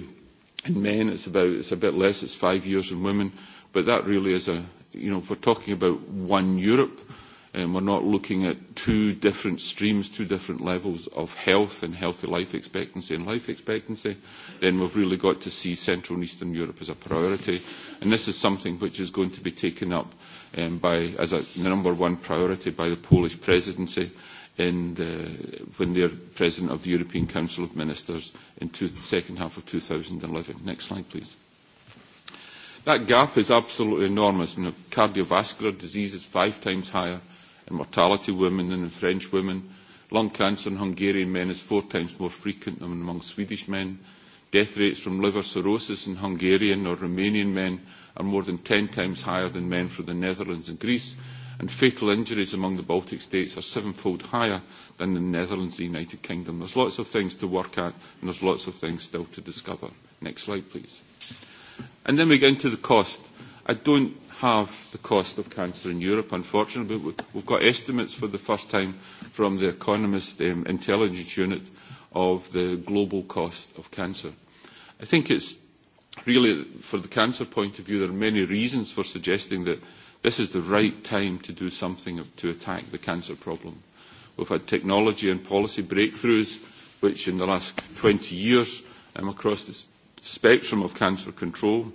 in men, it's about it's a bit less. It's five years in women, but that really is a you know if we're talking about one Europe, and we're not looking at two different streams, two different levels of health and healthy life expectancy and life expectancy, then we've really got to see Central and Eastern Europe as a priority. And this is something which is going to be taken up um, by, as a number one priority by the Polish presidency in the, when they're president of the European Council of Ministers in the second half of 2011. Next slide, please. That gap is absolutely enormous. You know, cardiovascular disease is five times higher in mortality women than in French women. Lung cancer in Hungarian men is four times more frequent than among Swedish men. Death rates from liver cirrhosis in Hungarian or Romanian men are more than ten times higher than men from the Netherlands and Greece and fatal injuries among the Baltic states are sevenfold higher than the Netherlands, and the United Kingdom. There's lots of things to work at, and there's lots of things still to discover. Next slide, please. And then we get into the cost. I don't have the cost of cancer in Europe, unfortunately, but we've got estimates for the first time from the Economist um, Intelligence Unit of the global cost of cancer. I think it's really, for the cancer point of view, there are many reasons for suggesting that This is the right time to do something to attack the cancer problem. We've had technology and policy breakthroughs, which in the last 20 years um, across the spectrum of cancer control,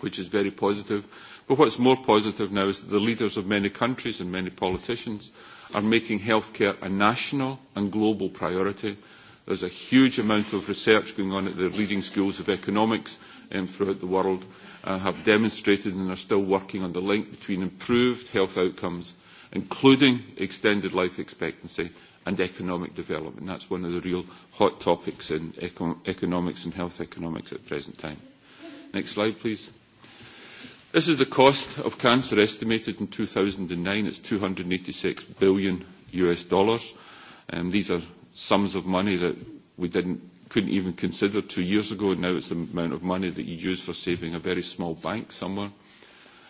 which is very positive. But what's more positive now is that the leaders of many countries and many politicians are making healthcare a national and global priority. There's a huge amount of research going on at the leading schools of economics um, throughout the world have demonstrated and are still working on the link between improved health outcomes, including extended life expectancy and economic development. That's one of the real hot topics in economics and health economics at the present time. Next slide, please. This is the cost of cancer estimated in 2009. It's 286 billion US dollars. These are sums of money that we didn't couldn't even consider two years ago. Now it's the amount of money that you use for saving a very small bank somewhere.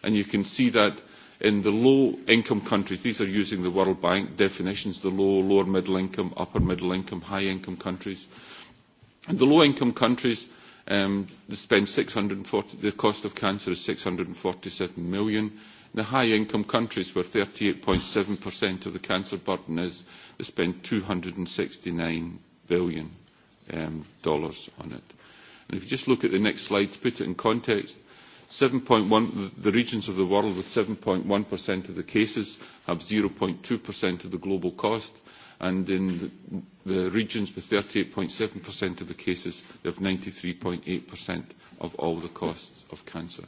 And you can see that in the low-income countries, these are using the World Bank definitions, the low, lower middle income, upper middle income, high-income countries. In the low-income countries, um, they spend 640, the cost of cancer is 647 million. In the high-income countries, where 38.7% of the cancer burden is, they spend 269 billion um, dollars on it. And if you just look at the next slide to put it in context, 7.1, the regions of the world with 7.1% of the cases have 0.2% of the global cost, and in the regions with 38.7% of the cases, they have 93.8% of all the costs of cancer.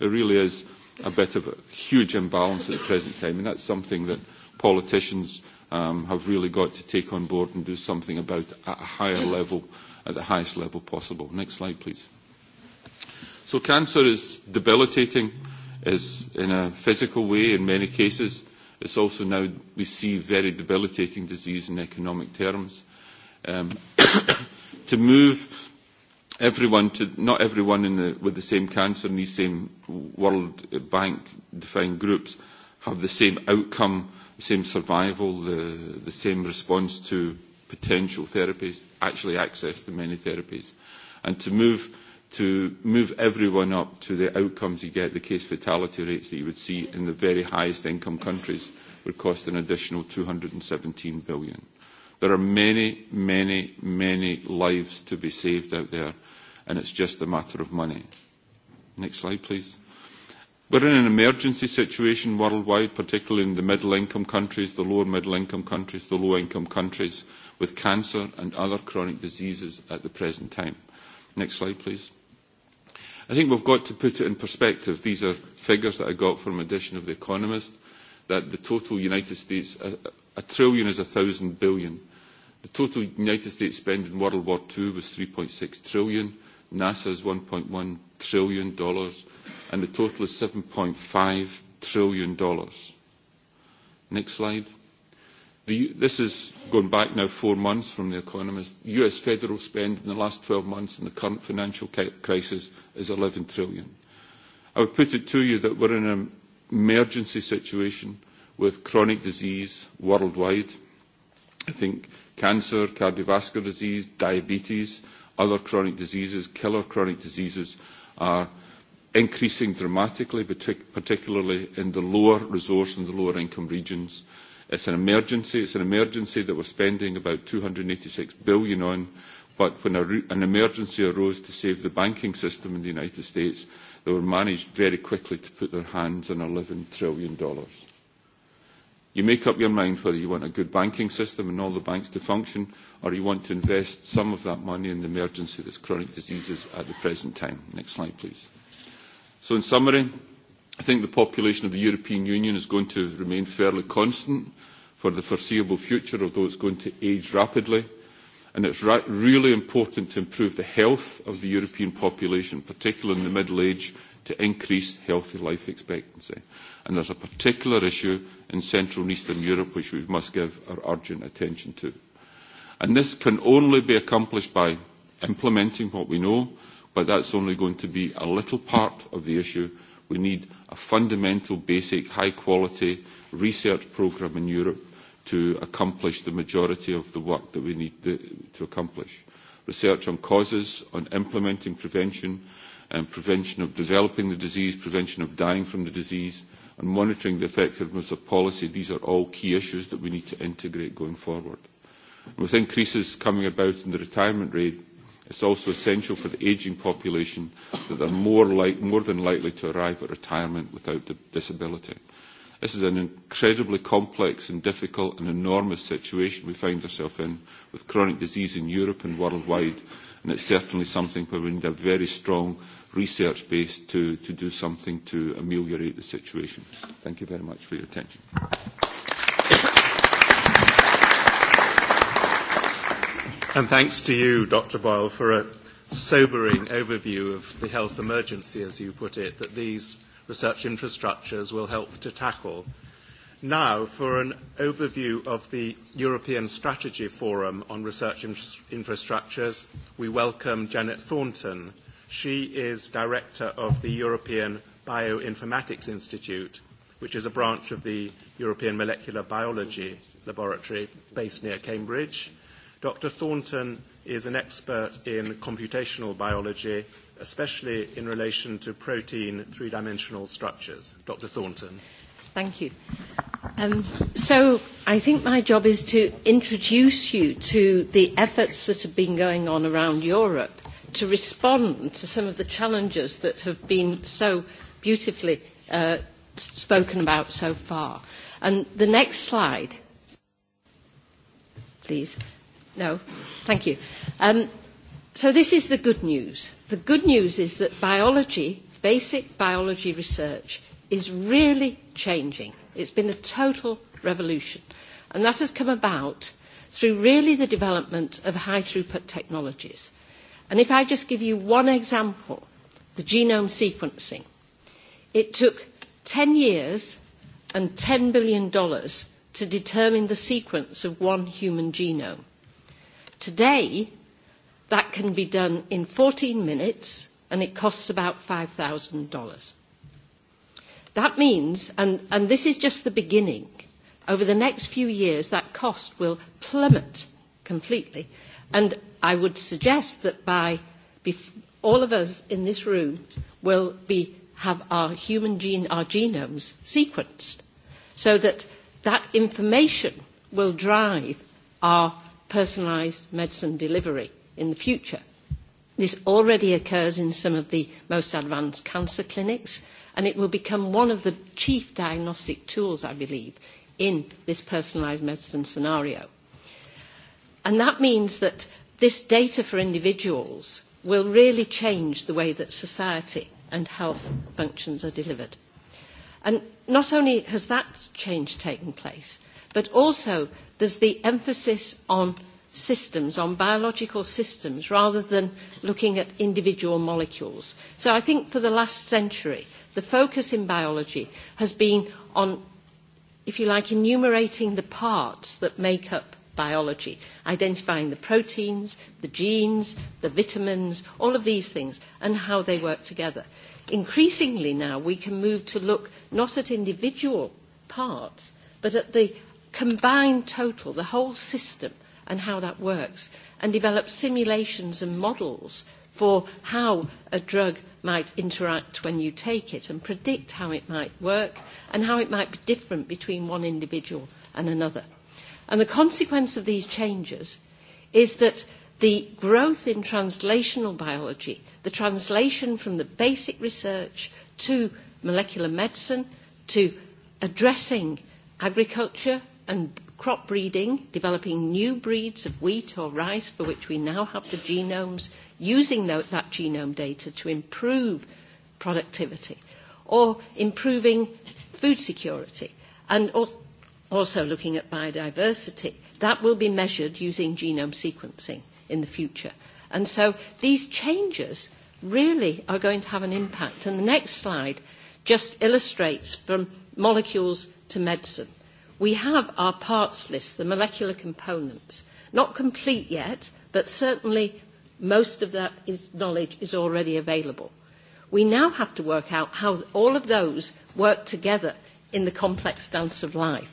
It really is a bit of a huge imbalance at the present time, and that's something that politicians um, have really got to take on board and do something about at a higher level, at the highest level possible. Next slide, please. So cancer is debilitating, is in a physical way in many cases. It's also now, we see very debilitating disease in economic terms. Um, to move everyone to, not everyone in the, with the same cancer in these same World Bank defined groups, have the same outcome, the same survival, the, the same response to potential therapies, actually access to many therapies. And to move, to move everyone up to the outcomes you get, the case fatality rates that you would see in the very highest income countries would cost an additional 217 billion. There are many, many, many lives to be saved out there, and it's just a matter of money. Next slide, please. We are in an emergency situation worldwide, particularly in the middle-income countries, the lower middle-income countries, the low-income countries, with cancer and other chronic diseases at the present time. Next slide, please. I think we've got to put it in perspective. These are figures that I got from an edition of The Economist, that the total United States, a trillion is a thousand billion. The total United States spend in World War II was 3.6 trillion. NASA's 1.1 trillion dollars, and the total is 7.5 trillion dollars. Next slide. The, this is going back now four months from The Economist. US federal spend in the last 12 months in the current financial crisis is 11 trillion. I would put it to you that we're in an emergency situation with chronic disease worldwide. I think cancer, cardiovascular disease, diabetes, other chronic diseases, killer chronic diseases are increasing dramatically, particularly in the lower resource and the lower income regions. It's an emergency. It's an emergency that we're spending about EUR two hundred eighty six billion on. But when an emergency arose to save the banking system in the United States, they were managed very quickly to put their hands on eleven trillion dollars. You make up your mind whether you want a good banking system and all the banks to function, or you want to invest some of that money in the emergency that's chronic diseases at the present time. Next slide, please. So in summary, I think the population of the European Union is going to remain fairly constant for the foreseeable future, although it's going to age rapidly. And it's really important to improve the health of the European population, particularly in the middle age, to increase healthy life expectancy and there's a particular issue in Central and Eastern Europe which we must give our urgent attention to. And this can only be accomplished by implementing what we know, but that's only going to be a little part of the issue. We need a fundamental, basic, high-quality research programme in Europe to accomplish the majority of the work that we need to accomplish. Research on causes, on implementing prevention, and prevention of developing the disease, prevention of dying from the disease, and monitoring the effectiveness of policy. These are all key issues that we need to integrate going forward. With increases coming about in the retirement rate, it is also essential for the ageing population that they are more, than likely to arrive at retirement without disability. This is an incredibly complex and difficult and enormous situation we find ourselves in with chronic disease in Europe and worldwide, and it is certainly something where we need a very strong research base to, to do something to ameliorate the situation. Thank you very much for your attention. And thanks to you, Dr. Boyle, for a sobering overview of the health emergency, as you put it, that these research infrastructures will help to tackle. Now, for an overview of the European Strategy Forum on Research Infrastructures, we welcome Janet Thornton She is director of the European Bioinformatics Institute, which is a branch of the European Molecular Biology Laboratory based near Cambridge. Dr. Thornton is an expert in computational biology, especially in relation to protein three-dimensional structures. Dr. Thornton. Thank you. Um, so I think my job is to introduce you to the efforts that have been going on around Europe to respond to some of the challenges that have been so beautifully uh, spoken about so far. And the next slide, please. No, thank you. Um, so this is the good news. The good news is that biology, basic biology research, is really changing. It's been a total revolution. And that has come about through really the development of high throughput technologies – And if I just give you one example, the genome sequencing, it took 10 years and $10 billion to determine the sequence of one human genome. Today, that can be done in 14 minutes and it costs about $5,000. That means, and, and this is just the beginning, over the next few years that cost will plummet completely. And I would suggest that by all of us in this room will be have our human gene, our genomes sequenced, so that that information will drive our personalised medicine delivery in the future. This already occurs in some of the most advanced cancer clinics, and it will become one of the chief diagnostic tools, I believe, in this personalised medicine scenario. And that means that This data for individuals will really change the way that society and health functions are delivered. And not only has that change taken place, but also there's the emphasis on systems, on biological systems, rather than looking at individual molecules. So I think for the last century, the focus in biology has been on, if you like, enumerating the parts that make up biology, identifying the proteins, the genes, the vitamins, all of these things, and how they work together. Increasingly now, we can move to look not at individual parts, but at the combined total, the whole system, and how that works, and develop simulations and models for how a drug might interact when you take it and predict how it might work and how it might be different between one individual and another. And the consequence of these changes is that the growth in translational biology, the translation from the basic research to molecular medicine, to addressing agriculture and crop breeding, developing new breeds of wheat or rice for which we now have the genomes, using that, that genome data to improve productivity or improving food security and also looking at biodiversity. That will be measured using genome sequencing in the future. And so these changes really are going to have an impact. And the next slide just illustrates from molecules to medicine. We have our parts list, the molecular components. Not complete yet, but certainly most of that is, knowledge is already available. We now have to work out how all of those work together in the complex dance of life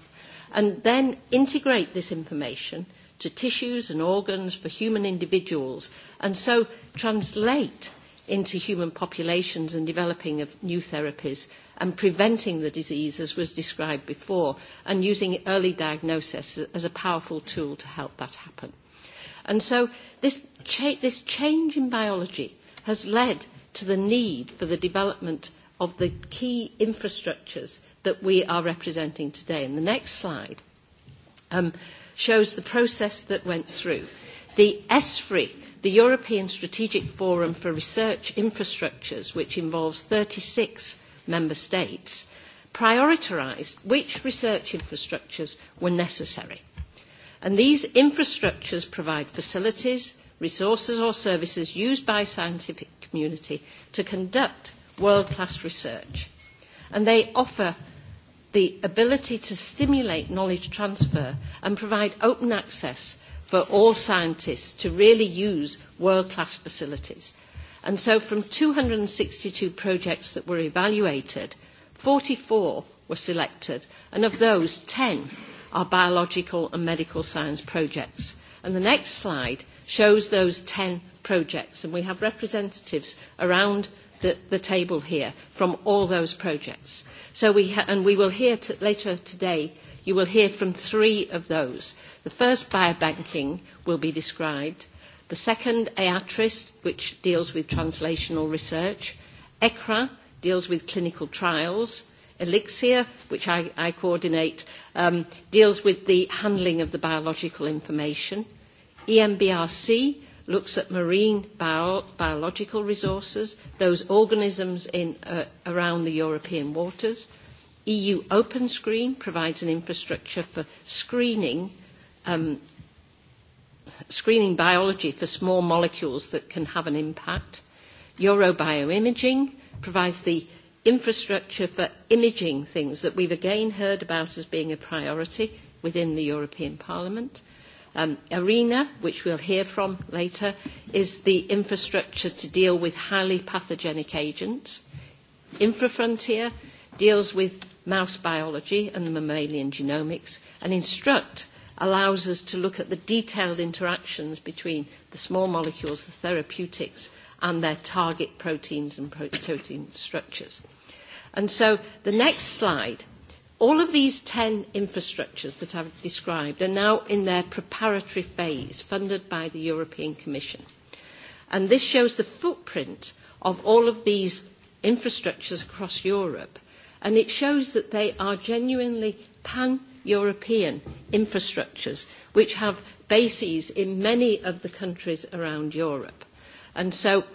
and then integrate this information to tissues and organs for human individuals, and so translate into human populations and developing of new therapies and preventing the disease as was described before and using early diagnosis as a powerful tool to help that happen. And so this, cha- this change in biology has led to the need for the development of the key infrastructures that we are representing today. And the next slide um, shows the process that went through. The ESFRI, the European Strategic Forum for Research Infrastructures, which involves 36 member states, prioritised which research infrastructures were necessary. And these infrastructures provide facilities, resources or services used by scientific community to conduct world-class research. And they offer the ability to stimulate knowledge transfer and provide open access for all scientists to really use world-class facilities. And so from 262 projects that were evaluated, 44 were selected, and of those, 10 are biological and medical science projects. And the next slide shows those 10 projects, and we have representatives around the, the table here from all those projects. So we ha- and we will hear t- later today, you will hear from three of those. The first, biobanking, will be described. The second, EATRIS, which deals with translational research. ECRA deals with clinical trials. Elixir, which I, I coordinate, um, deals with the handling of the biological information. EMBRC looks at marine bio- biological resources, those organisms in, uh, around the European waters. EU Open Screen provides an infrastructure for screening, um, screening biology for small molecules that can have an impact. Eurobioimaging provides the infrastructure for imaging things that we've again heard about as being a priority within the European Parliament arena, which we'll hear from later, is the infrastructure to deal with highly pathogenic agents. InfraFrontier deals with mouse biology and the mammalian genomics, and Instruct allows us to look at the detailed interactions between the small molecules, the therapeutics, and their target proteins and protein structures. And so the next slide All of these 10 infrastructures that I've described are now in their preparatory phase, funded by the European Commission. And this shows the footprint of all of these infrastructures across Europe. And it shows that they are genuinely pan-European infrastructures, which have bases in many of the countries around Europe. And so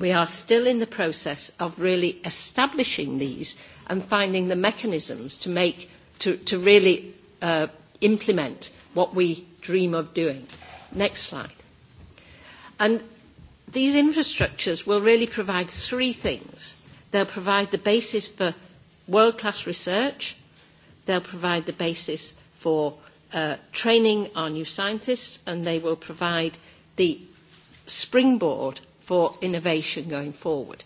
we are still in the process of really establishing these and finding the mechanisms to make to, to really uh, implement what we dream of doing. Next slide. And these infrastructures will really provide three things. They'll provide the basis for world-class research. They'll provide the basis for uh, training our new scientists, and they will provide the springboard for innovation going forward.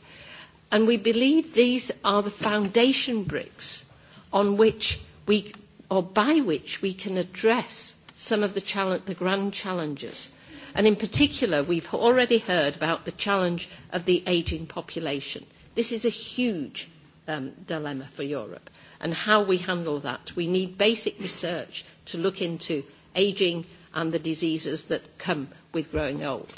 And we believe these are the foundation bricks on which we, or by which we can address some of the, challenge, the grand challenges. And in particular, we've already heard about the challenge of the ageing population. This is a huge um, dilemma for Europe. And how we handle that, we need basic research to look into ageing and the diseases that come with growing old.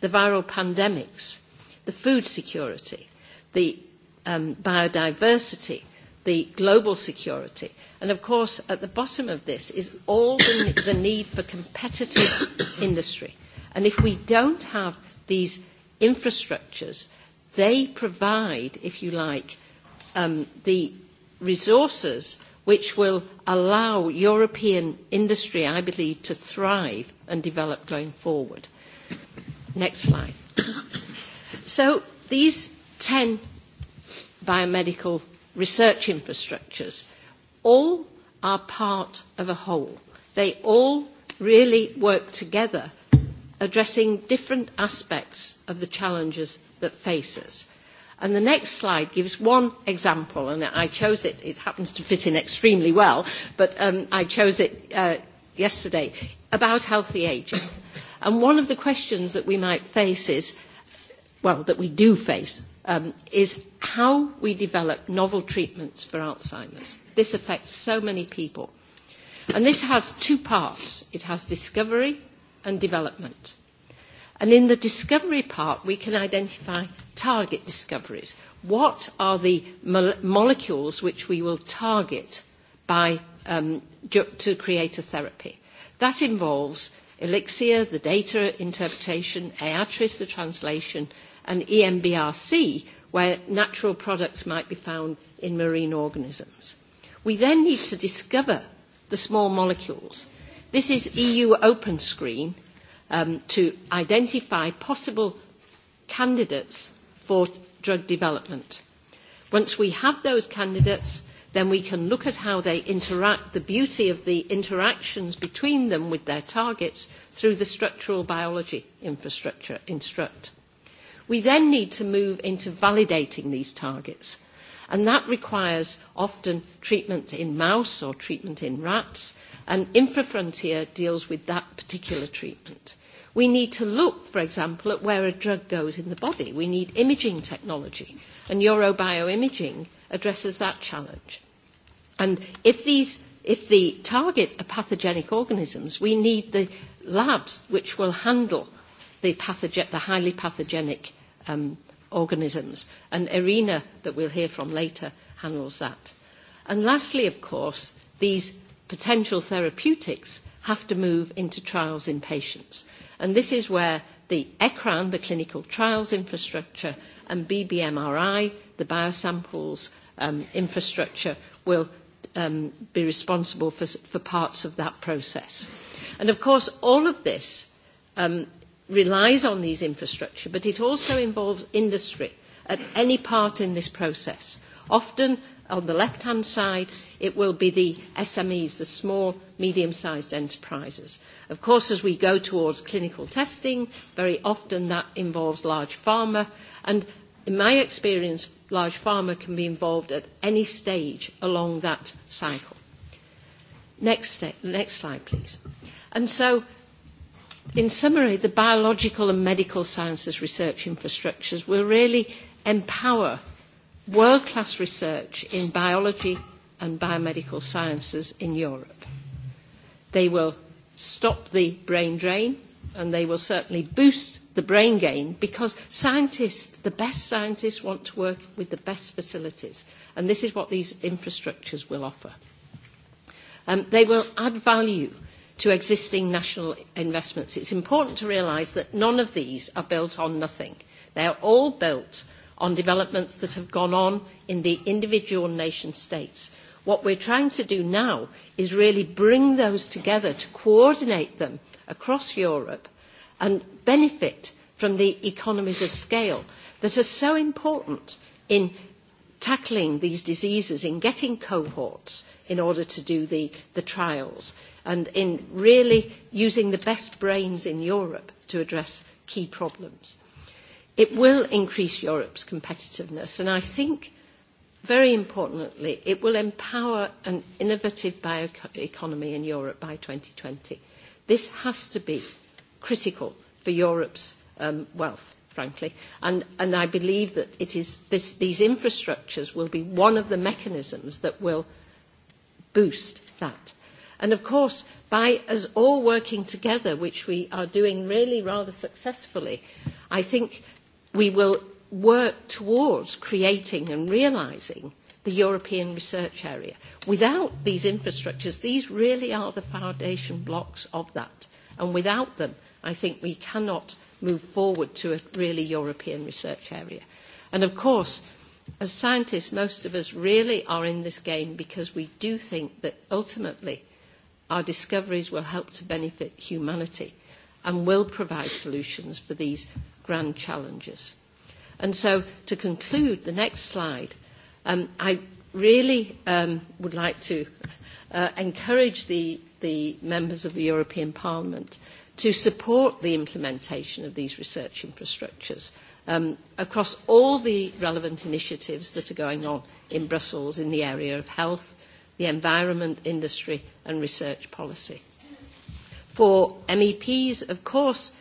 The viral pandemics, the food security, the um, biodiversity, the global security. And of course, at the bottom of this is all the, the need for competitive industry. And if we don't have these infrastructures, they provide, if you like, um, the resources which will allow European industry, I believe, to thrive and develop going forward. Next slide. So these 10 biomedical research infrastructures. All are part of a whole. They all really work together, addressing different aspects of the challenges that face us. And the next slide gives one example, and I chose it, it happens to fit in extremely well, but um, I chose it uh, yesterday, about healthy ageing. And one of the questions that we might face is, well, that we do face, um, is how we develop novel treatments for Alzheimer's. This affects so many people. And this has two parts. It has discovery and development. And in the discovery part, we can identify target discoveries. What are the mo- molecules which we will target by, um, to create a therapy? That involves Elixir, the data interpretation, Aatris, the translation, and EMBRC, where natural products might be found in marine organisms. We then need to discover the small molecules. This is EU Open Screen um, to identify possible candidates for drug development. Once we have those candidates, then we can look at how they interact, the beauty of the interactions between them with their targets through the structural biology infrastructure instruct. We then need to move into validating these targets. And that requires often treatment in mouse or treatment in rats, and Infrafrontier deals with that particular treatment. We need to look, for example, at where a drug goes in the body. We need imaging technology, and Eurobioimaging addresses that challenge. And if, these, if the target are pathogenic organisms, we need the labs which will handle the, pathogen, the highly pathogenic um, organisms. And Irina, that we'll hear from later, handles that. And lastly, of course, these potential therapeutics have to move into trials in patients. And this is where the ECRAN, the clinical trials infrastructure, and BBMRI, the biosamples um, infrastructure, will um, be responsible for, for parts of that process. And of course, all of this um, relies on these infrastructure, but it also involves industry at any part in this process. Often, on the left-hand side, it will be the SMEs, the small, medium-sized enterprises. Of course, as we go towards clinical testing, very often that involves large pharma, and in my experience, large pharma can be involved at any stage along that cycle. Next, next slide, please. And so in summary, the biological and medical sciences research infrastructures will really empower world-class research in biology and biomedical sciences in Europe. They will stop the brain drain and they will certainly boost the brain gain because scientists, the best scientists want to work with the best facilities and this is what these infrastructures will offer. Um, they will add value to existing national investments. It's important to realise that none of these are built on nothing. They are all built on developments that have gone on in the individual nation states. What we're trying to do now is really bring those together to coordinate them across Europe and benefit from the economies of scale that are so important in tackling these diseases, in getting cohorts in order to do the, the trials, and in really using the best brains in Europe to address key problems. It will increase Europe's competitiveness, and I think, very importantly, it will empower an innovative bioeconomy in Europe by twenty. This has to be critical for Europe's wealth, frankly, and, I believe that these infrastructures will be one of the mechanisms that will boost that. And of course, by us all working together, which we are doing really rather successfully, I think we will work towards creating and realising the European research area. Without these infrastructures, these really are the foundation blocks of that. And without them, I think we cannot move forward to a really European research area. And of course, as scientists, most of us really are in this game because we do think that ultimately our discoveries will help to benefit humanity and will provide solutions for these grand challenges. And so to conclude, the next slide, um, I really um, would like to uh, encourage the, the members of the European Parliament to support the implementation of these research infrastructures um, across all the relevant initiatives that are going on in Brussels in the area of health, the environment, industry and research policy. For MEPs, of course,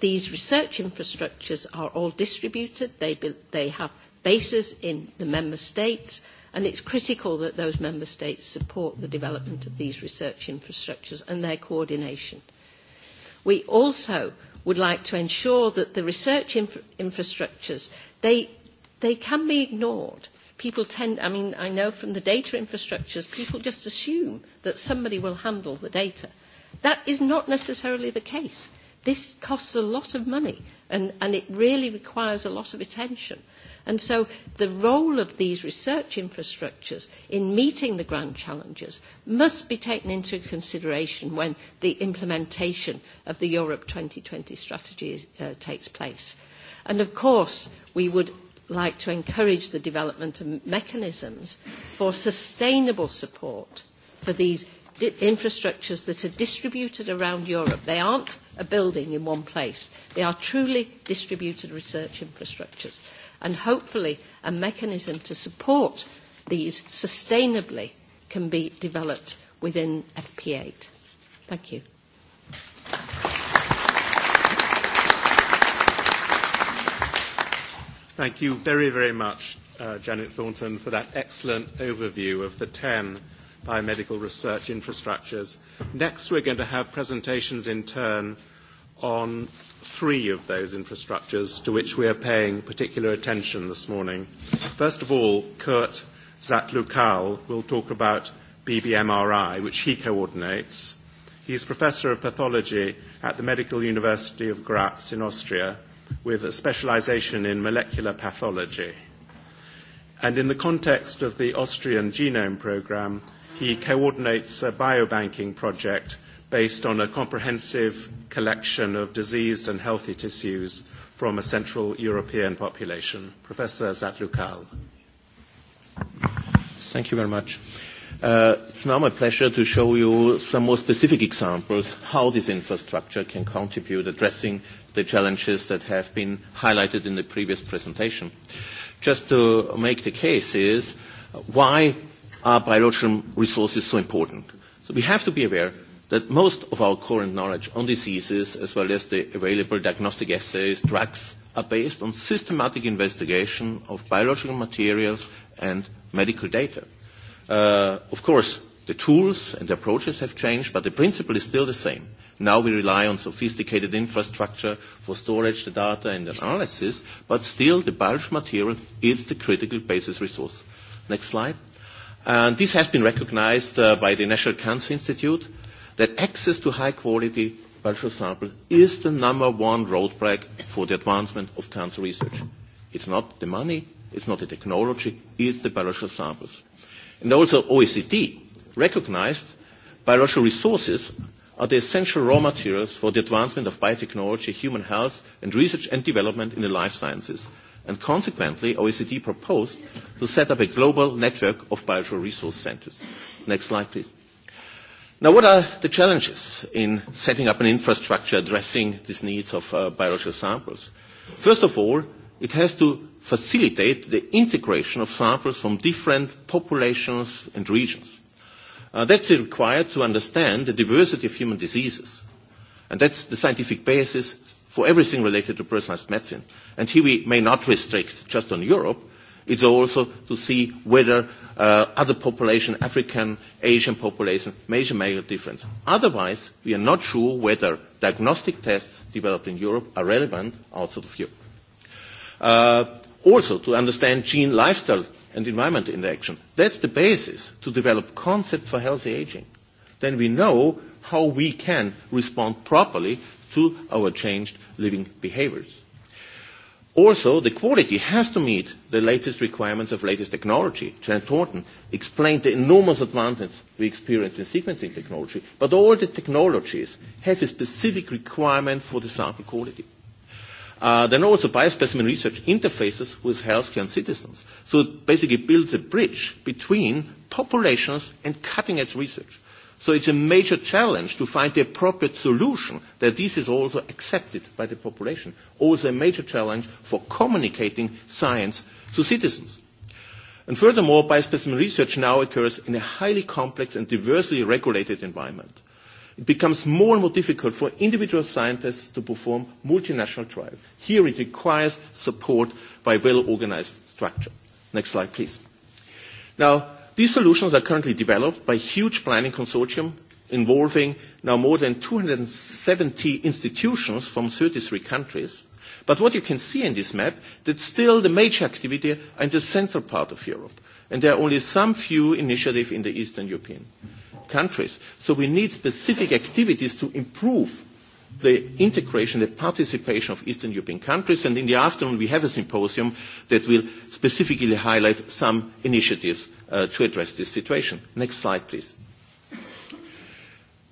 these research infrastructures are all distributed. They, be, they have bases in the member states, and it's critical that those member states support the development of these research infrastructures and their coordination. We also would like to ensure that the research infrastructures, they, they can be ignored people tend, I mean, I know from the data infrastructures, people just assume that somebody will handle the data. That is not necessarily the case. This costs a lot of money and, and it really requires a lot of attention. And so the role of these research infrastructures in meeting the grand challenges must be taken into consideration when the implementation of the Europe 2020 strategy uh, takes place. And of course, we would like to encourage the development of mechanisms for sustainable support for these infrastructures that are distributed around Europe. They aren't a building in one place. They are truly distributed research infrastructures. And hopefully a mechanism to support these sustainably can be developed within FP8. Thank you. Thank you very, very much, uh, Janet Thornton, for that excellent overview of the 10 biomedical research infrastructures. Next, we're going to have presentations in turn on three of those infrastructures to which we are paying particular attention this morning. First of all, Kurt Zatlukal will talk about BBMRI, which he coordinates. He's professor of pathology at the Medical University of Graz in Austria with a specialization in molecular pathology. And in the context of the Austrian Genome Programme, he coordinates a biobanking project based on a comprehensive collection of diseased and healthy tissues from a central European population. Professor Zatlukal. Thank you very much it's now my pleasure to show you some more specific examples how this infrastructure can contribute addressing the challenges that have been highlighted in the previous presentation. Just to make the case is why are biological resources so important? So we have to be aware that most of our current knowledge on diseases, as well as the available diagnostic assays, drugs, are based on systematic investigation of biological materials and medical data. Uh, of course, the tools and the approaches have changed, but the principle is still the same. Now we rely on sophisticated infrastructure for storage, the data, and analysis, but still the bulge material is the critical basis resource. Next slide. And this has been recognized uh, by the National Cancer Institute that access to high-quality bulge sample is the number one roadblock for the advancement of cancer research. It's not the money, it's not the technology, it's the biological samples. And also OECD recognized biological resources are the essential raw materials for the advancement of biotechnology, human health, and research and development in the life sciences. And consequently, OECD proposed to set up a global network of biological resource centers. Next slide, please. Now, what are the challenges in setting up an infrastructure addressing these needs of uh, biological samples? First of all, it has to facilitate the integration of samples from different populations and regions. Uh, that's required to understand the diversity of human diseases. And that's the scientific basis for everything related to personalized medicine. And here we may not restrict just on Europe. It's also to see whether uh, other population, African, Asian population, major major difference. Otherwise, we are not sure whether diagnostic tests developed in Europe are relevant outside of Europe. Uh, also to understand gene lifestyle and environment interaction. That's the basis to develop concept for healthy aging. Then we know how we can respond properly to our changed living behaviors. Also, the quality has to meet the latest requirements of latest technology. Jan Thornton explained the enormous advances we experience in sequencing technology, but all the technologies have a specific requirement for the sample quality. Uh, then also biospecimen research interfaces with healthcare and citizens. So it basically builds a bridge between populations and cutting-edge research. So it's a major challenge to find the appropriate solution that this is also accepted by the population. Also a major challenge for communicating science to citizens. And furthermore, biospecimen research now occurs in a highly complex and diversely regulated environment it becomes more and more difficult for individual scientists to perform multinational trials. Here it requires support by well-organized structure. Next slide, please. Now, these solutions are currently developed by a huge planning consortium involving now more than 270 institutions from 33 countries. But what you can see in this map, that still the major activity are in the central part of Europe, and there are only some few initiatives in the Eastern European. Mm-hmm countries. So we need specific activities to improve the integration, the participation of Eastern European countries. And in the afternoon, we have a symposium that will specifically highlight some initiatives uh, to address this situation. Next slide, please.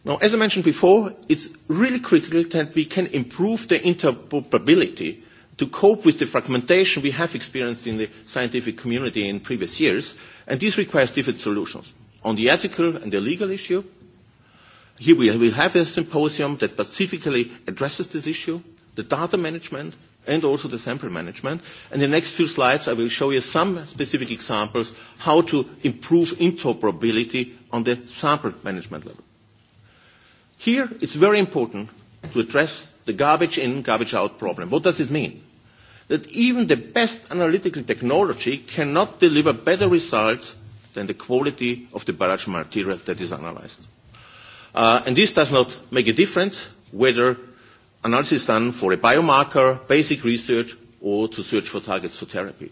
Now, as I mentioned before, it's really critical that we can improve the interoperability to cope with the fragmentation we have experienced in the scientific community in previous years, and this requires different solutions. On the ethical and the legal issue, here we will have a symposium that specifically addresses this issue, the data management and also the sample management. In the next few slides, I will show you some specific examples how to improve interoperability on the sample management level. Here, it's very important to address the garbage in, garbage out problem. What does it mean? That even the best analytical technology cannot deliver better results than the quality of the barrage material that is analyzed. Uh, and this does not make a difference whether analysis is done for a biomarker, basic research, or to search for targets for therapy.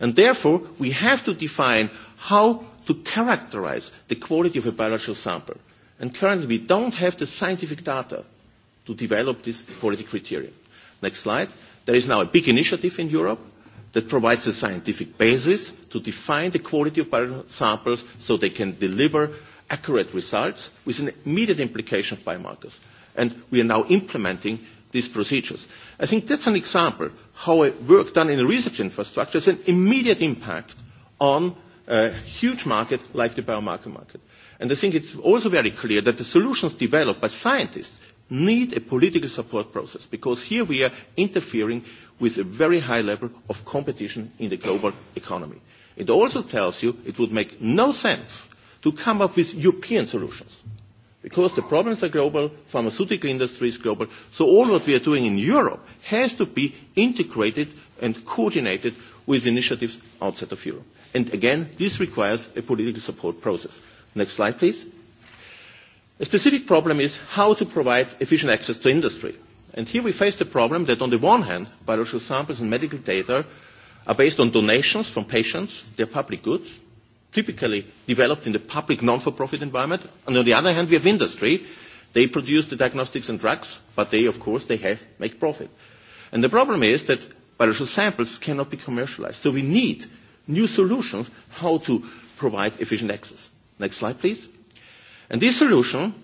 And therefore, we have to define how to characterize the quality of a biological sample. And currently, we don't have the scientific data to develop this quality criteria. Next slide. There is now a big initiative in Europe that provides a scientific basis to define the quality of biosamples so they can deliver accurate results with an immediate implication of biomarkers. And we are now implementing these procedures. I think that's an example how a work done in research infrastructure has an immediate impact on a huge market like the biomarker market. And I think it's also very clear that the solutions developed by scientists need a political support process because here we are interfering with a very high level of competition in the global economy. It also tells you it would make no sense to come up with European solutions because the problems are global, pharmaceutical industry is global. So all what we are doing in Europe has to be integrated and coordinated with initiatives outside of Europe. And again, this requires a political support process. Next slide, please. A specific problem is how to provide efficient access to industry. And here we face the problem that on the one hand, biological samples and medical data are based on donations from patients, they're public goods, typically developed in the public non-for-profit environment. And on the other hand, we have industry. They produce the diagnostics and drugs, but they, of course, they have make profit. And the problem is that biological samples cannot be commercialized. So we need new solutions how to provide efficient access. Next slide, please. And this solution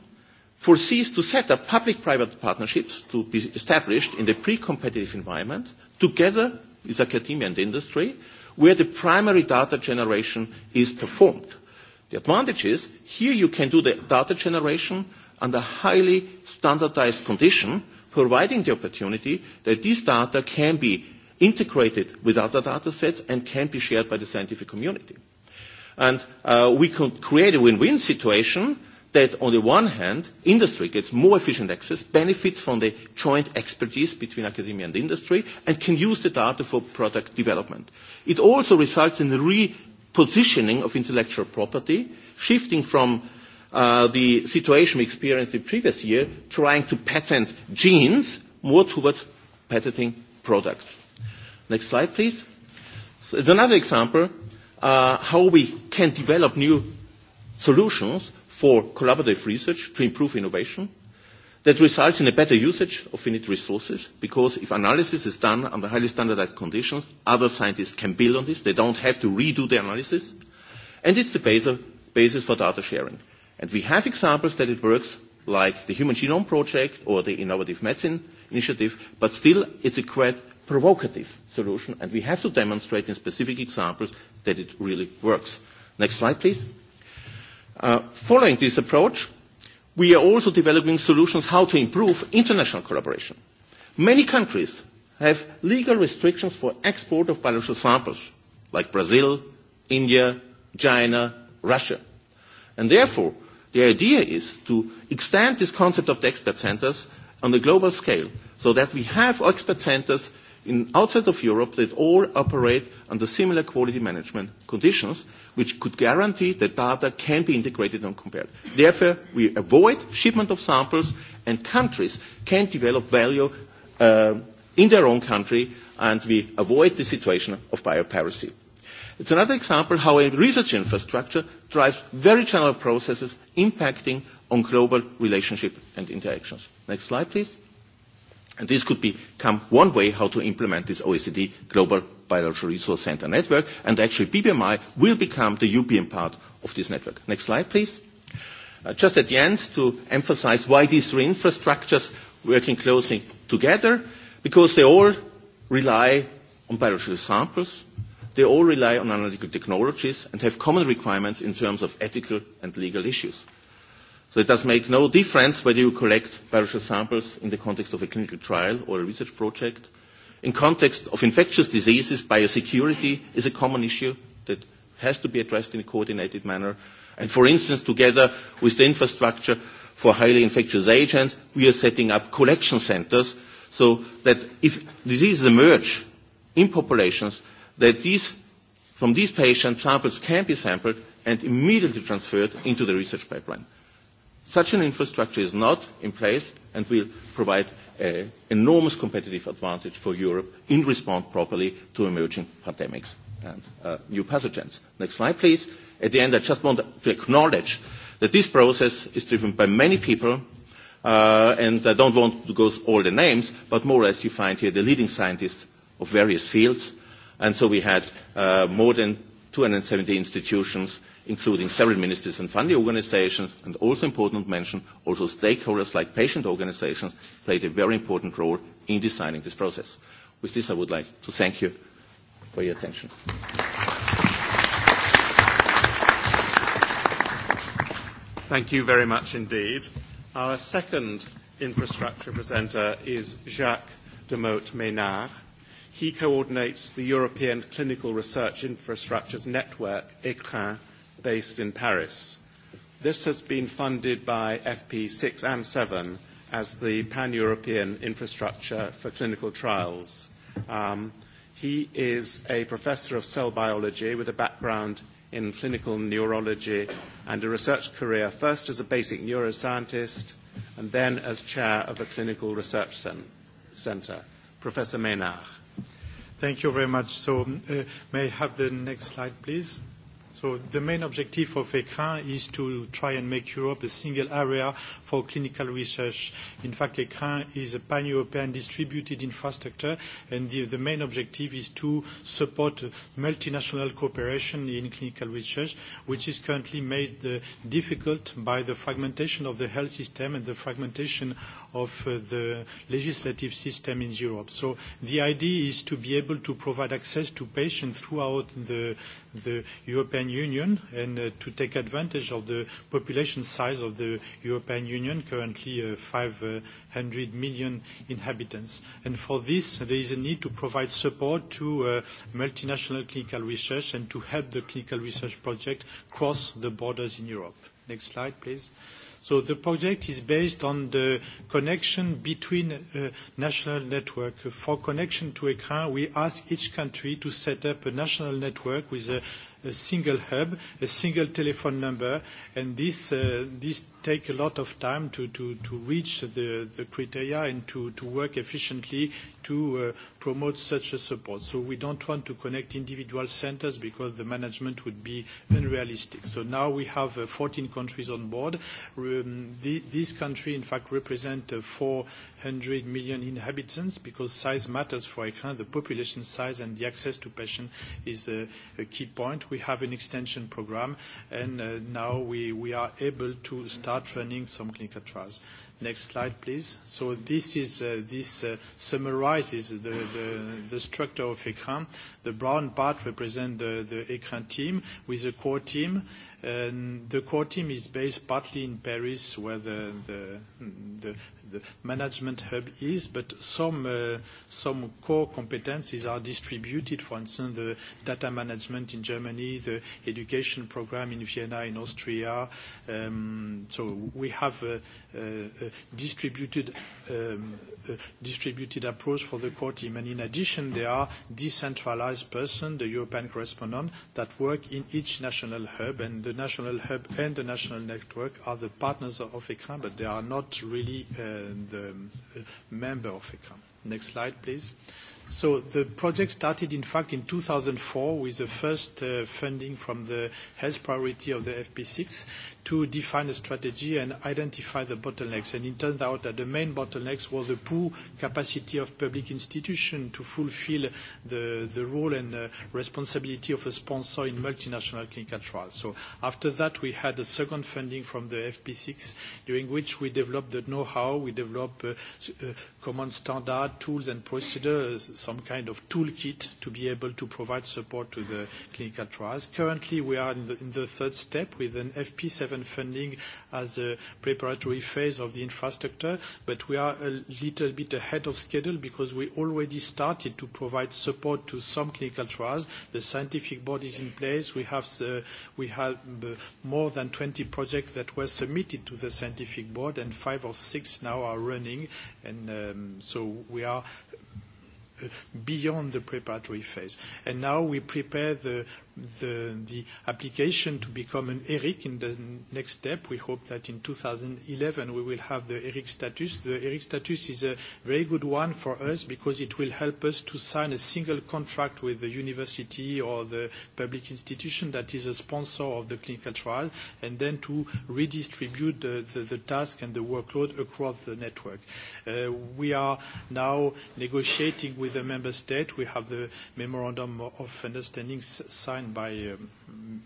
foresees to set up public-private partnerships to be established in the pre-competitive environment together with academia and industry where the primary data generation is performed. The advantage is here you can do the data generation under highly standardized condition, providing the opportunity that this data can be integrated with other data sets and can be shared by the scientific community. And uh, we could create a win-win situation that on the one hand, industry gets more efficient access, benefits from the joint expertise between academia and industry, and can use the data for product development. It also results in the repositioning of intellectual property, shifting from uh, the situation we experienced in previous year, trying to patent genes more towards patenting products. Next slide, please. So it's another example uh, how we can develop new solutions for collaborative research to improve innovation that results in a better usage of finite resources because if analysis is done under highly standardized conditions, other scientists can build on this. They don't have to redo the analysis. And it's the basis, for data sharing. And we have examples that it works like the Human Genome Project or the Innovative Medicine Initiative, but still it's a quite provocative solution and we have to demonstrate in specific examples that it really works. Next slide, please. Following this approach, we are also developing solutions how to improve international collaboration. Many countries have legal restrictions for export of biological samples, like Brazil, India, China, Russia. And therefore, the idea is to extend this concept of the expert centers on a global scale so that we have expert centers in, outside of Europe that all operate under similar quality management conditions, which could guarantee that data can be integrated and compared. Therefore, we avoid shipment of samples, and countries can develop value uh, in their own country, and we avoid the situation of biopiracy. It's another example how a research infrastructure drives very general processes impacting on global relationship and interactions. Next slide, please. And this could become one way how to implement this OECD Global Biological Resource Center network, and actually BBMI will become the European part of this network. Next slide, please. Uh, just at the end, to emphasize why these three infrastructures working closely together, because they all rely on biological samples, they all rely on analytical technologies, and have common requirements in terms of ethical and legal issues. So it does make no difference whether you collect biological samples in the context of a clinical trial or a research project. In context of infectious diseases, biosecurity is a common issue that has to be addressed in a coordinated manner. And for instance, together with the infrastructure for highly infectious agents, we are setting up collection centers so that if diseases emerge in populations, that these, from these patients, samples can be sampled and immediately transferred into the research pipeline. Such an infrastructure is not in place and will provide an enormous competitive advantage for Europe in response properly to emerging pandemics and uh, new pathogens. Next slide, please. At the end, I just want to acknowledge that this process is driven by many people, uh, and I don't want to go through all the names, but more or less you find here the leading scientists of various fields. And so we had uh, more than 270 institutions including several ministers and funding organizations, and also important to mention, also stakeholders like patient organizations played a very important role in designing this process. With this, I would like to thank you for your attention. Thank you very much indeed. Our second infrastructure presenter is Jacques Demote Ménard. He coordinates the European Clinical Research Infrastructures Network, ECRIN, based in Paris. This has been funded by FP6 and 7 as the pan-European infrastructure for clinical trials. Um, he is a professor of cell biology with a background in clinical neurology and a research career first as a basic neuroscientist and then as chair of a clinical research cen- center. Professor Maynard. Thank you very much. So uh, may I have the next slide, please? So the main objective of ECRIN is to try and make Europe a single area for clinical research. In fact, ECRIN is a pan-European distributed infrastructure, and the, main objective is to support multinational cooperation in clinical research, which is currently made difficult by the fragmentation of the health system and the fragmentation of the legislative system in Europe. So the idea is to be able to provide access to patients throughout the, the European Union and uh, to take advantage of the population size of the European Union, currently uh, 500 million inhabitants. And for this, there is a need to provide support to uh, multinational clinical research and to help the clinical research project cross the borders in Europe. Next slide, please. So the project is based on the connection between national network. For connection to ECRIN, we ask each country to set up a national network with a a single hub, a single telephone number, and this uh this take a lot of time to to to reach the the criteria and to to work efficiently to promote such a support. So we don't want to connect individual centers because the management would be unrealistic. So now we have 14 countries on board. This country in fact, represent 400 million inhabitants because size matters for ECRIN. The population size and the access to patients is a key point we have an extension program, and now we are able to start running some clinical trials. Next slide, please. So this is this summarizes the structure of ECRIN. The brown part represent the ECRIN team with a core team, The core team is based partly in Paris, where the management hub is, but some core competencies are distributed. For instance, the data management in Germany, the education program in Vienna, in Austria. So we have distributed distributed approach for the core team. And in addition, there are decentralized persons, the European correspondent, that work in each national hub, and the national hub and the national network are the partners of Equans, but they are not really the member of Equans. Next slide, please. So the project started, in fact, in 2004 with the first funding from the health priority of the FP6 to define a strategy and identify the bottlenecks. And it turned out that the main bottlenecks were the poor capacity of public institutions to fulfill the, the role and uh, responsibility of a sponsor in multinational clinical trials. So after that, we had a second funding from the FP6, during which we developed the know-how, we developed uh, uh, common standard tools and procedures, some kind of toolkit to be able to provide support to the clinical trials. Currently, we are in the, in the third step with an FP7 funding as a preparatory phase of the infrastructure, but we are a little bit ahead of schedule because we already started to provide support to some clinical trials. The scientific board is in place. We have, uh, we have uh, more than 20 projects that were submitted to the scientific board, and five or six now are running, and uh, so we are beyond the preparatory phase. And now we prepare the the, the application to become an ERIC in the next step. We hope that in 2011 we will have the ERIC status. The ERIC status is a very good one for us because it will help us to sign a single contract with the university or the public institution that is a sponsor of the clinical trial and then to redistribute the, the, the task and the workload across the network. we are now negotiating with the member state. We have the memorandum of understanding signed signed by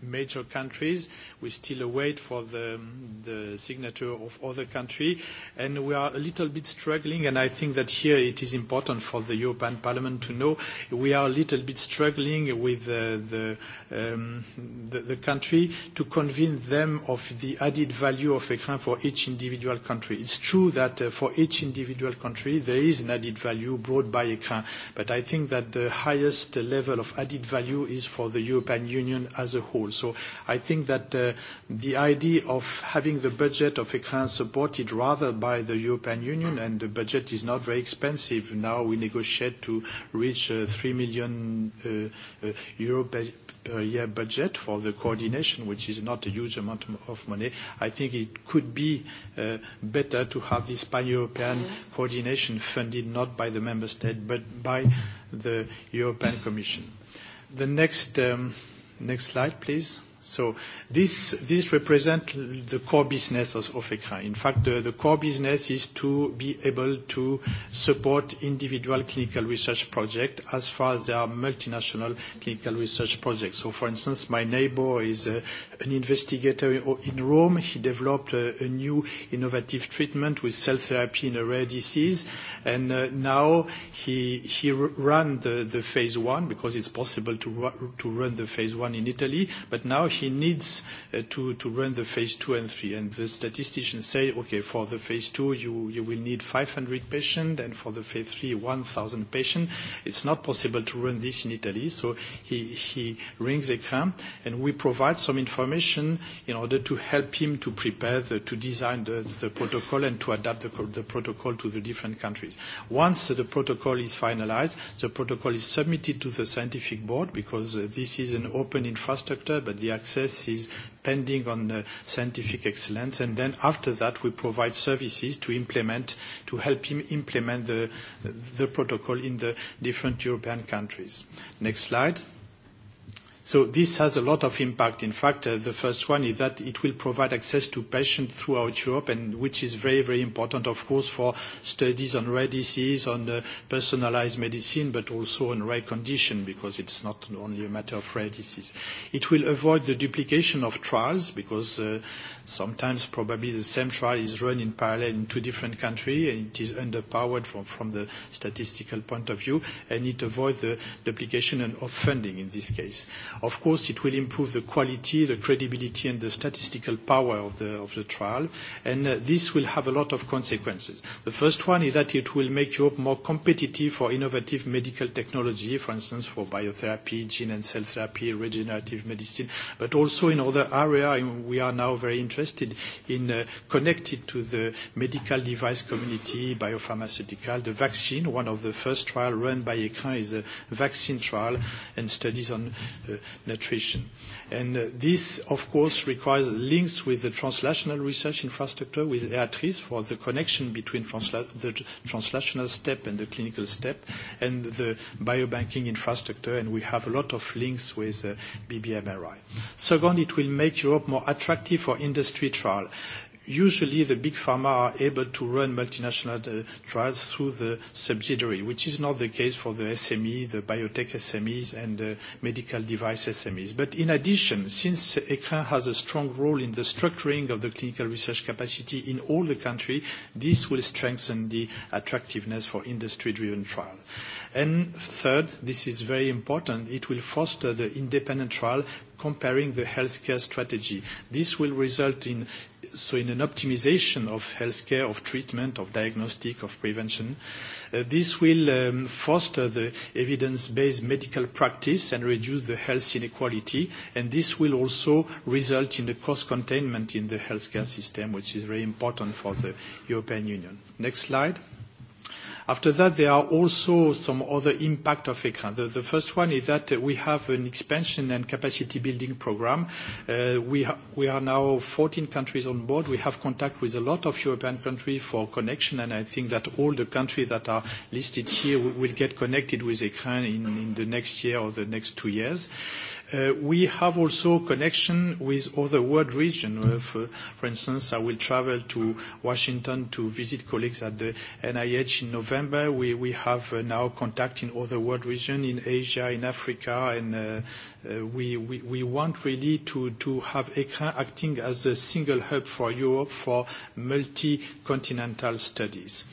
major countries. We still await for the, the signature of other countries. And we are a little bit struggling, and I think that here it is important for the European Parliament to know, we are a little bit struggling with the, um, the, the country to convince them of the added value of ECRAN for each individual country. It's true that uh, for each individual country there is an added value brought by ECRAN, but I think that the highest level of added value is for the European European Union as a whole. So I think that uh, the idea of having the budget of ECRAN supported rather by the European Union, and the budget is not very expensive. Now we negotiate to reach uh, 3 million uh, uh, euro per year budget for the coordination, which is not a huge amount of money. I think it could be uh, better to have this pan-European coordination funded not by the member state, but by the European Commission. The next slide, please. So this this represents the core business of ECRA. In fact, the core business is to be able to support individual clinical research projects as far as there are multinational clinical research projects. So for instance, my neighbor is an investigator in Rome. He developed a new innovative treatment with cell therapy in a rare disease, and now he he ran the the phase one because it's possible to run the phase one in Italy, but now he needs uh, to, to run the phase two and three. And the statisticians say, okay, for the phase two, you, you will need 500 patients, and for the phase three, 1,000 patients. It's not possible to run this in Italy, so he, he rings ECRIN, and we provide some information in order to help him to prepare, the, to design the, the protocol and to adapt the, the protocol to the different countries. Once the protocol is finalized, the protocol is submitted to the scientific board because this is an open infrastructure, but the access is pending on scientific excellence. And then after that, we provide services to implement, to help him implement the, the protocol in the different European countries. Next slide. So this has a lot of impact. In fact, the first one is that it will provide access to patients throughout Europe, and which is very, very important, of course, for studies on rare disease, on personalised personalized medicine, but also on rare condition, because it's not only a matter of rare disease. It will avoid the duplication of trials, because Sometimes probably the same trial is run in parallel in two different countries and it is underpowered from, from the statistical point of view and it avoids the duplication of funding in this case. Of course, it will improve the quality, the credibility and the statistical power of the, of the trial and uh, this will have a lot of consequences. The first one is that it will make Europe more competitive for innovative medical technology, for instance, for biotherapy, gene and cell therapy, regenerative medicine, but also in other areas we are now very interested in uh, connected to the medical device community, biopharmaceutical, the vaccine. One of the first trials run by Ecran is a vaccine trial and studies on uh, nutrition. Uh, And this, of course, requires links with the translational research infrastructure, with EATRIS for the connection between transla the translational step and the clinical step, and the biobanking infrastructure, and we have a lot of links with uh, BBMRI. Second, it will make Europe more attractive for industry trial usually the big pharma are able to run multinational trials through the subsidiary, which is not the case for the SME, the biotech SMEs, and medical device SMEs. But in addition, since ECRIN has a strong role in the structuring of the clinical research capacity in all the country, this will strengthen the attractiveness for industry-driven trial. And third, this is very important, it will foster the independent trial comparing the healthcare strategy. This will result in so in an optimization of healthcare, of treatment, of diagnostic, of prevention. This will foster the evidence-based medical practice and reduce the health inequality, and this will also result in the cost containment in the healthcare system, which is very important for the European Union. Next slide. After that, there are also some other impact of Ekran. The, first one is that we have an expansion and capacity building program. we, are now 14 countries on board. We have contact with a lot of European countries for connection, and I think that all the countries that are listed here will, get connected with Ekran in, in the next year or the next two years. We have also connection with other world region. For instance, I will travel to Washington to visit colleagues at the NIH in November. We have now contact in other world region, in Asia, in Africa, and we want really to have ECRIN acting as a single hub for Europe for multi-continental studies.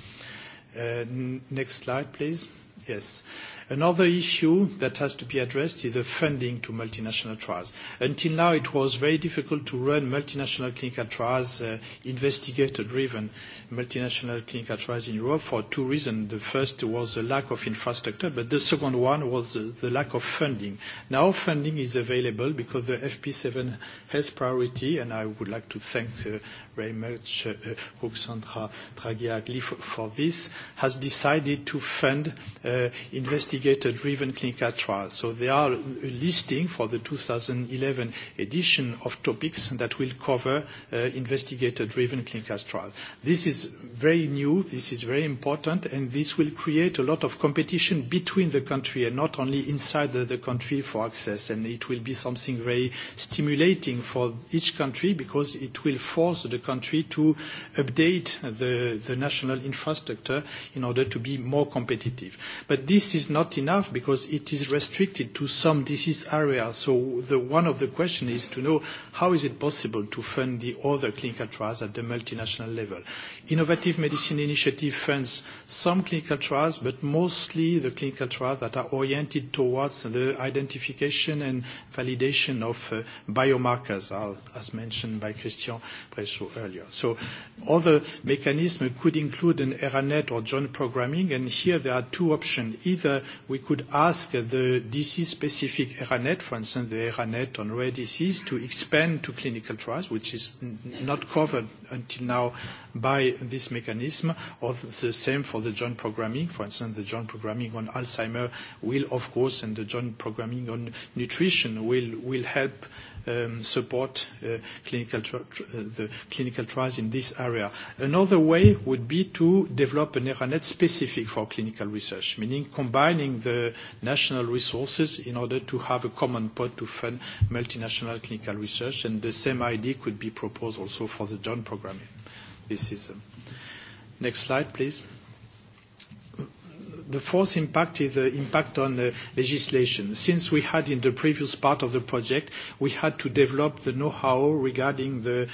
Next slide, please. Yes. Another issue that has to be addressed is the funding to multinational trials. Until now, it was very difficult to run multinational clinical trials, investigator-driven multinational clinical trials in Europe for two reasons. The first was the lack of infrastructure, but the second one was the lack of funding. Now funding is available because the FP7 has priority, and I would like to thank very much Ruxandra Draghiagli agli for this, has decided to fund uh investigators investigator-driven clinical trials. So there are a listing for the 2011 edition of topics that will cover uh, investigator-driven clinical trials. This is very new, this is very important, and this will create a lot of competition between the country and not only inside the, the country for access. And it will be something very stimulating for each country because it will force the country to update the, the national infrastructure in order to be more competitive. But this is not not enough because it is restricted to some disease areas. So the, one of the questions is to know how is it possible to fund the other clinical trials at the multinational level. Innovative Medicine Initiative funds some clinical trials, but mostly the clinical trials that are oriented towards the identification and validation of uh, biomarkers, as mentioned by Christian Breschot earlier. So other mechanisms could include an ERANET or joint programming, and here there are two options. Either we could ask the disease-specific ERANET, for instance, the ERANET on rare disease, to expand to clinical trials, which is not covered until now by this mechanism, or the same for the joint programming. For instance, the joint programming on Alzheimer will, of course, and the joint programming on nutrition will help support the clinical trials in this area. Another way would be to develop an ERANET specific for clinical research, meaning combining the national resources in order to have a common pot to fund multinational clinical research, and the same idea could be proposed also for the joint programming. This is. Next slide, please. The fourth impact is the impact on legislation. Since we had in the previous part of the project, we had to develop the know-how regarding the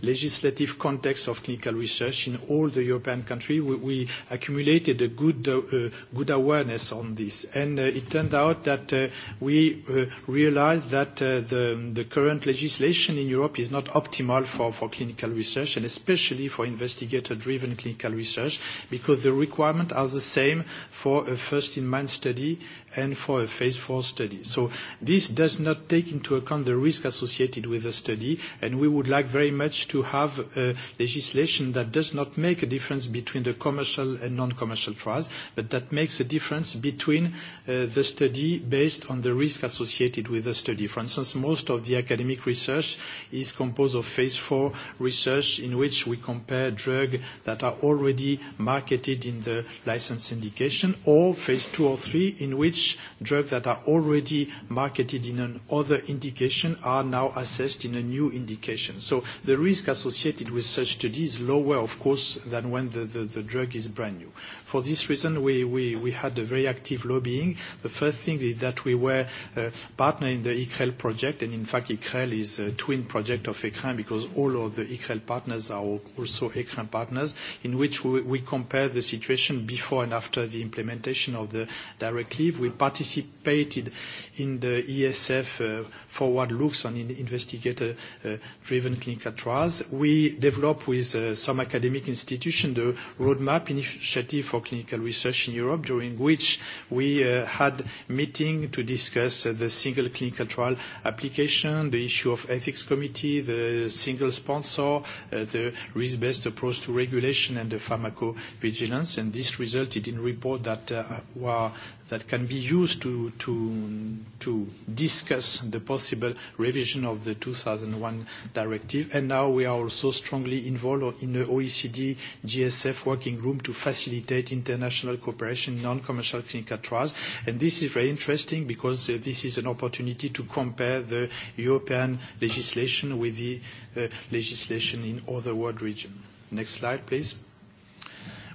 legislative context of clinical research in all the European countries. We accumulated a good awareness on this. and It turned out that we realized that the current legislation in Europe is not optimal for clinical research, and especially for investigator-driven clinical research, because the requirements are the same for a first-in-man study and for a phase four study. So this does not take into account the risk associated with the study, and we would like very much to have a legislation that does not make a difference between the commercial and non-commercial trials, but that makes a difference between uh, the study based on the risk associated with the study. For instance, most of the academic research is composed of phase four research in which we compare drugs that are already marketed in the licensed indication or phase two or three in which which drugs that are already marketed in another indication are now assessed in a new indication. So the risk associated with such study is lower, of course, than when the, the drug is brand new. For this reason, we, we, we had a very active lobbying. The first thing is that we were a partner in the ICREL project, and in fact, ICREL is a twin project of ECRIN because all of the ICREL partners are also ECRIN partners, in which we, we compare the situation before and after the implementation of the directive. We participated in the ESF uh, forward looks on in investigator-driven clinical trials. We developed with uh, some academic institutions the roadmap initiative for clinical research in Europe, during which we had a meeting to discuss the single clinical trial application, the issue of ethics committee, the single sponsor, the risk-based approach to regulation, and the pharmacovigilance. And this resulted in report that were that can be used to, to, to discuss the possible revision of the 2001 directive. And now we are also strongly involved in the OECD GSF working group to facilitate international cooperation in non-commercial clinical trials. And this is very interesting because uh, this is an opportunity to compare the European legislation with the uh, legislation in other world regions. Next slide, please.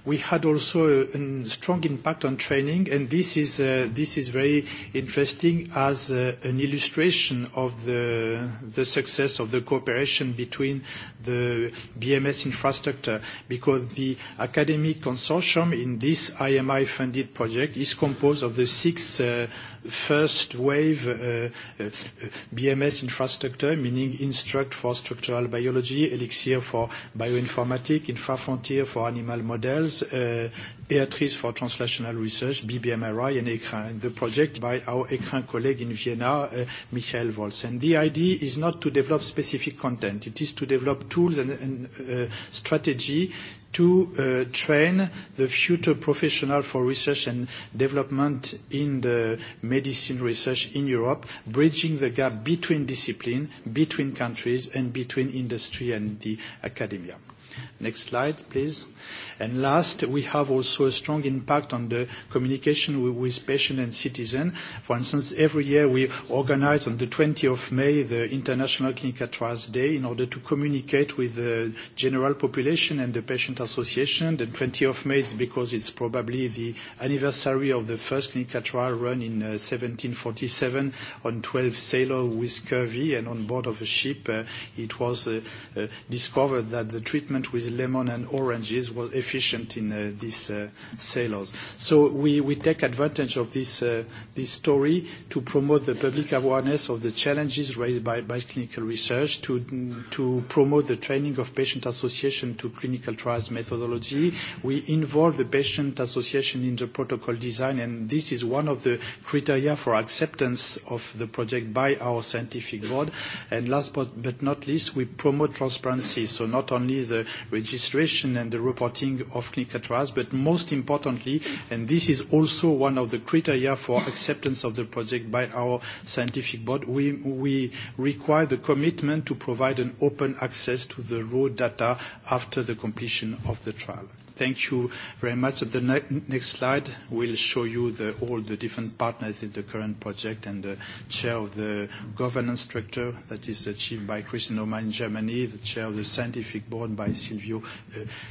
We had also a strong impact on training, and this is very interesting as an illustration of the success of the cooperation between the BMS infrastructure, because the academic consortium in this IMI-funded project is composed of the six first wave BMS infrastructure, meaning Instruct for structural biology, Elixir for bioinformatics, Infrafrontier for animal models, has Beatrice for Translational Research, BBMRI, and ECRIN, and the project by our ECRIN colleague in Vienna, Michael Wolz. And the idea is not to develop specific content. It is to develop tools and, and uh, strategy to train the future professional for research and development in the medicine research in Europe, bridging the gap between discipline, between countries, and between industry and the academia. Next slide, please. And Last, we have also a strong impact on the communication with patient and citizen. For instance, every year we organize on the 20th of May, the International Clinical Trials Day, in order to communicate with the general population and the patient association. The 20th of May is because it's probably the anniversary of the first clinical trial run in 1747 on 12 sailors with scurvy and on board of a ship. It was discovered that the treatment with with lemon and oranges was efficient in these sales. So we take advantage of this story to promote the public awareness of the challenges raised by clinical research, to promote the training of patient association to clinical trials methodology. We involve the patient association in the protocol design, and this is one of the criteria for acceptance of the project by our scientific board. And last but not least, we promote transparency. So not only the registration and the reporting of clinical trials, but most importantly, and this is also one of the criteria for acceptance of the project by our scientific board, we, we require the commitment to provide an open access to the raw data after the completion of the trial. Thank you very much. The next slide will show you the all the different partners in the current project and the chair of the governance structure that is achieved by Christian Oman in Germany, the chair of the scientific board by Silvio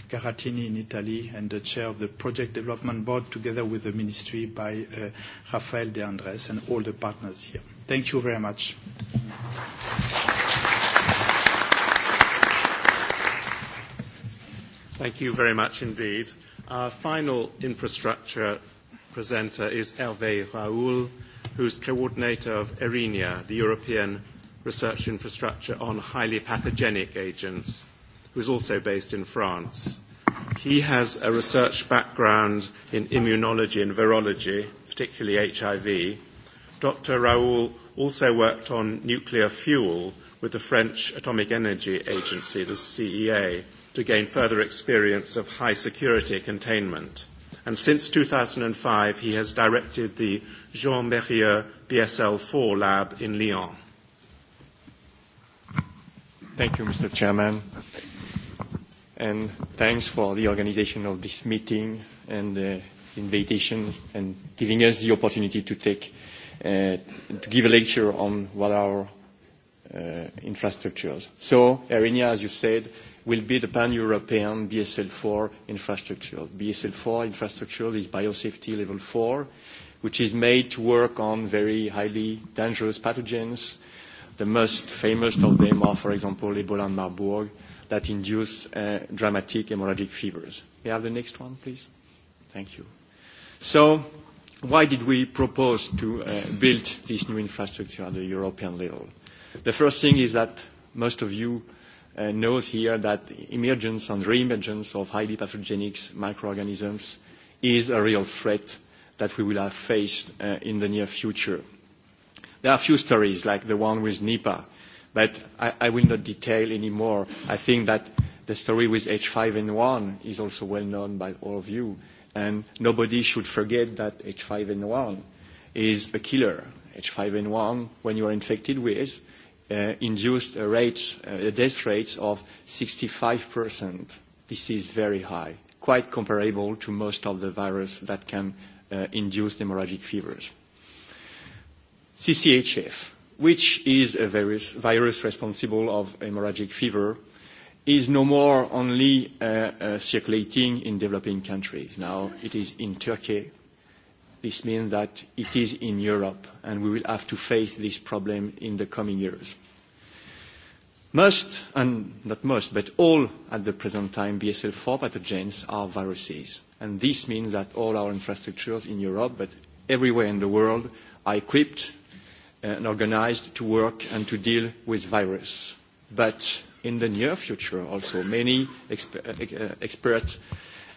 Caratini in Italy, and the chair of the project development board together with the ministry by Rafael De Andres and all the partners here. Thank you very much. Thank you very much indeed. Our final infrastructure presenter is Hervé Raoul, who's coordinator of ERINIA, the European Research Infrastructure on Highly Pathogenic Agents, who's also based in France. He has a research background in immunology and virology, particularly HIV. Dr. Raoul also worked on nuclear fuel with the French Atomic Energy Agency, the CEA, to gain further experience of high security containment. And since 2005, he has directed the Jean Berrieux BSL-4 lab in Lyon. Thank you, Mr. Chairman. And thanks for the organization of this meeting and the invitation and giving us the opportunity to take uh, to give a lecture on what our uh, infrastructures. So, Erinia, as you said, will be the pan-European BSL-4 infrastructure. BSL-4 infrastructure is biosafety level 4, which is made to work on very highly dangerous pathogens. The most famous of them are, for example, Ebola and Marburg, that induce dramatic hemorrhagic fevers. May I have the next one, please? Thank you. So why did we propose to build this new infrastructure at the European level? The first thing is that most of you knows here that emergence and reemergence of highly pathogenic microorganisms is a real threat that we will have faced in the near future. There are a few stories like the one with Nipah, but I, I will not detail any more. I think that the story with H5N1 is also well known by all of you, and nobody should forget that H5N1 is a killer. H5N1, when you are infected with, induced a rate, a death rate of 65%. This is very high, quite comparable to most of the virus that can induce hemorrhagic fevers. CCHF, which is a virus, virus responsible of hemorrhagic fever, is no more only circulating in developing countries. Now it is in Turkey, This means that it is in Europe, and we will have to face this problem in the coming years. Most, and not most, but all at the present time, BSL-4 pathogens are viruses. And this means that all our infrastructures in Europe, but everywhere in the world, are equipped and organized to work and to deal with virus. But in the near future also, many experts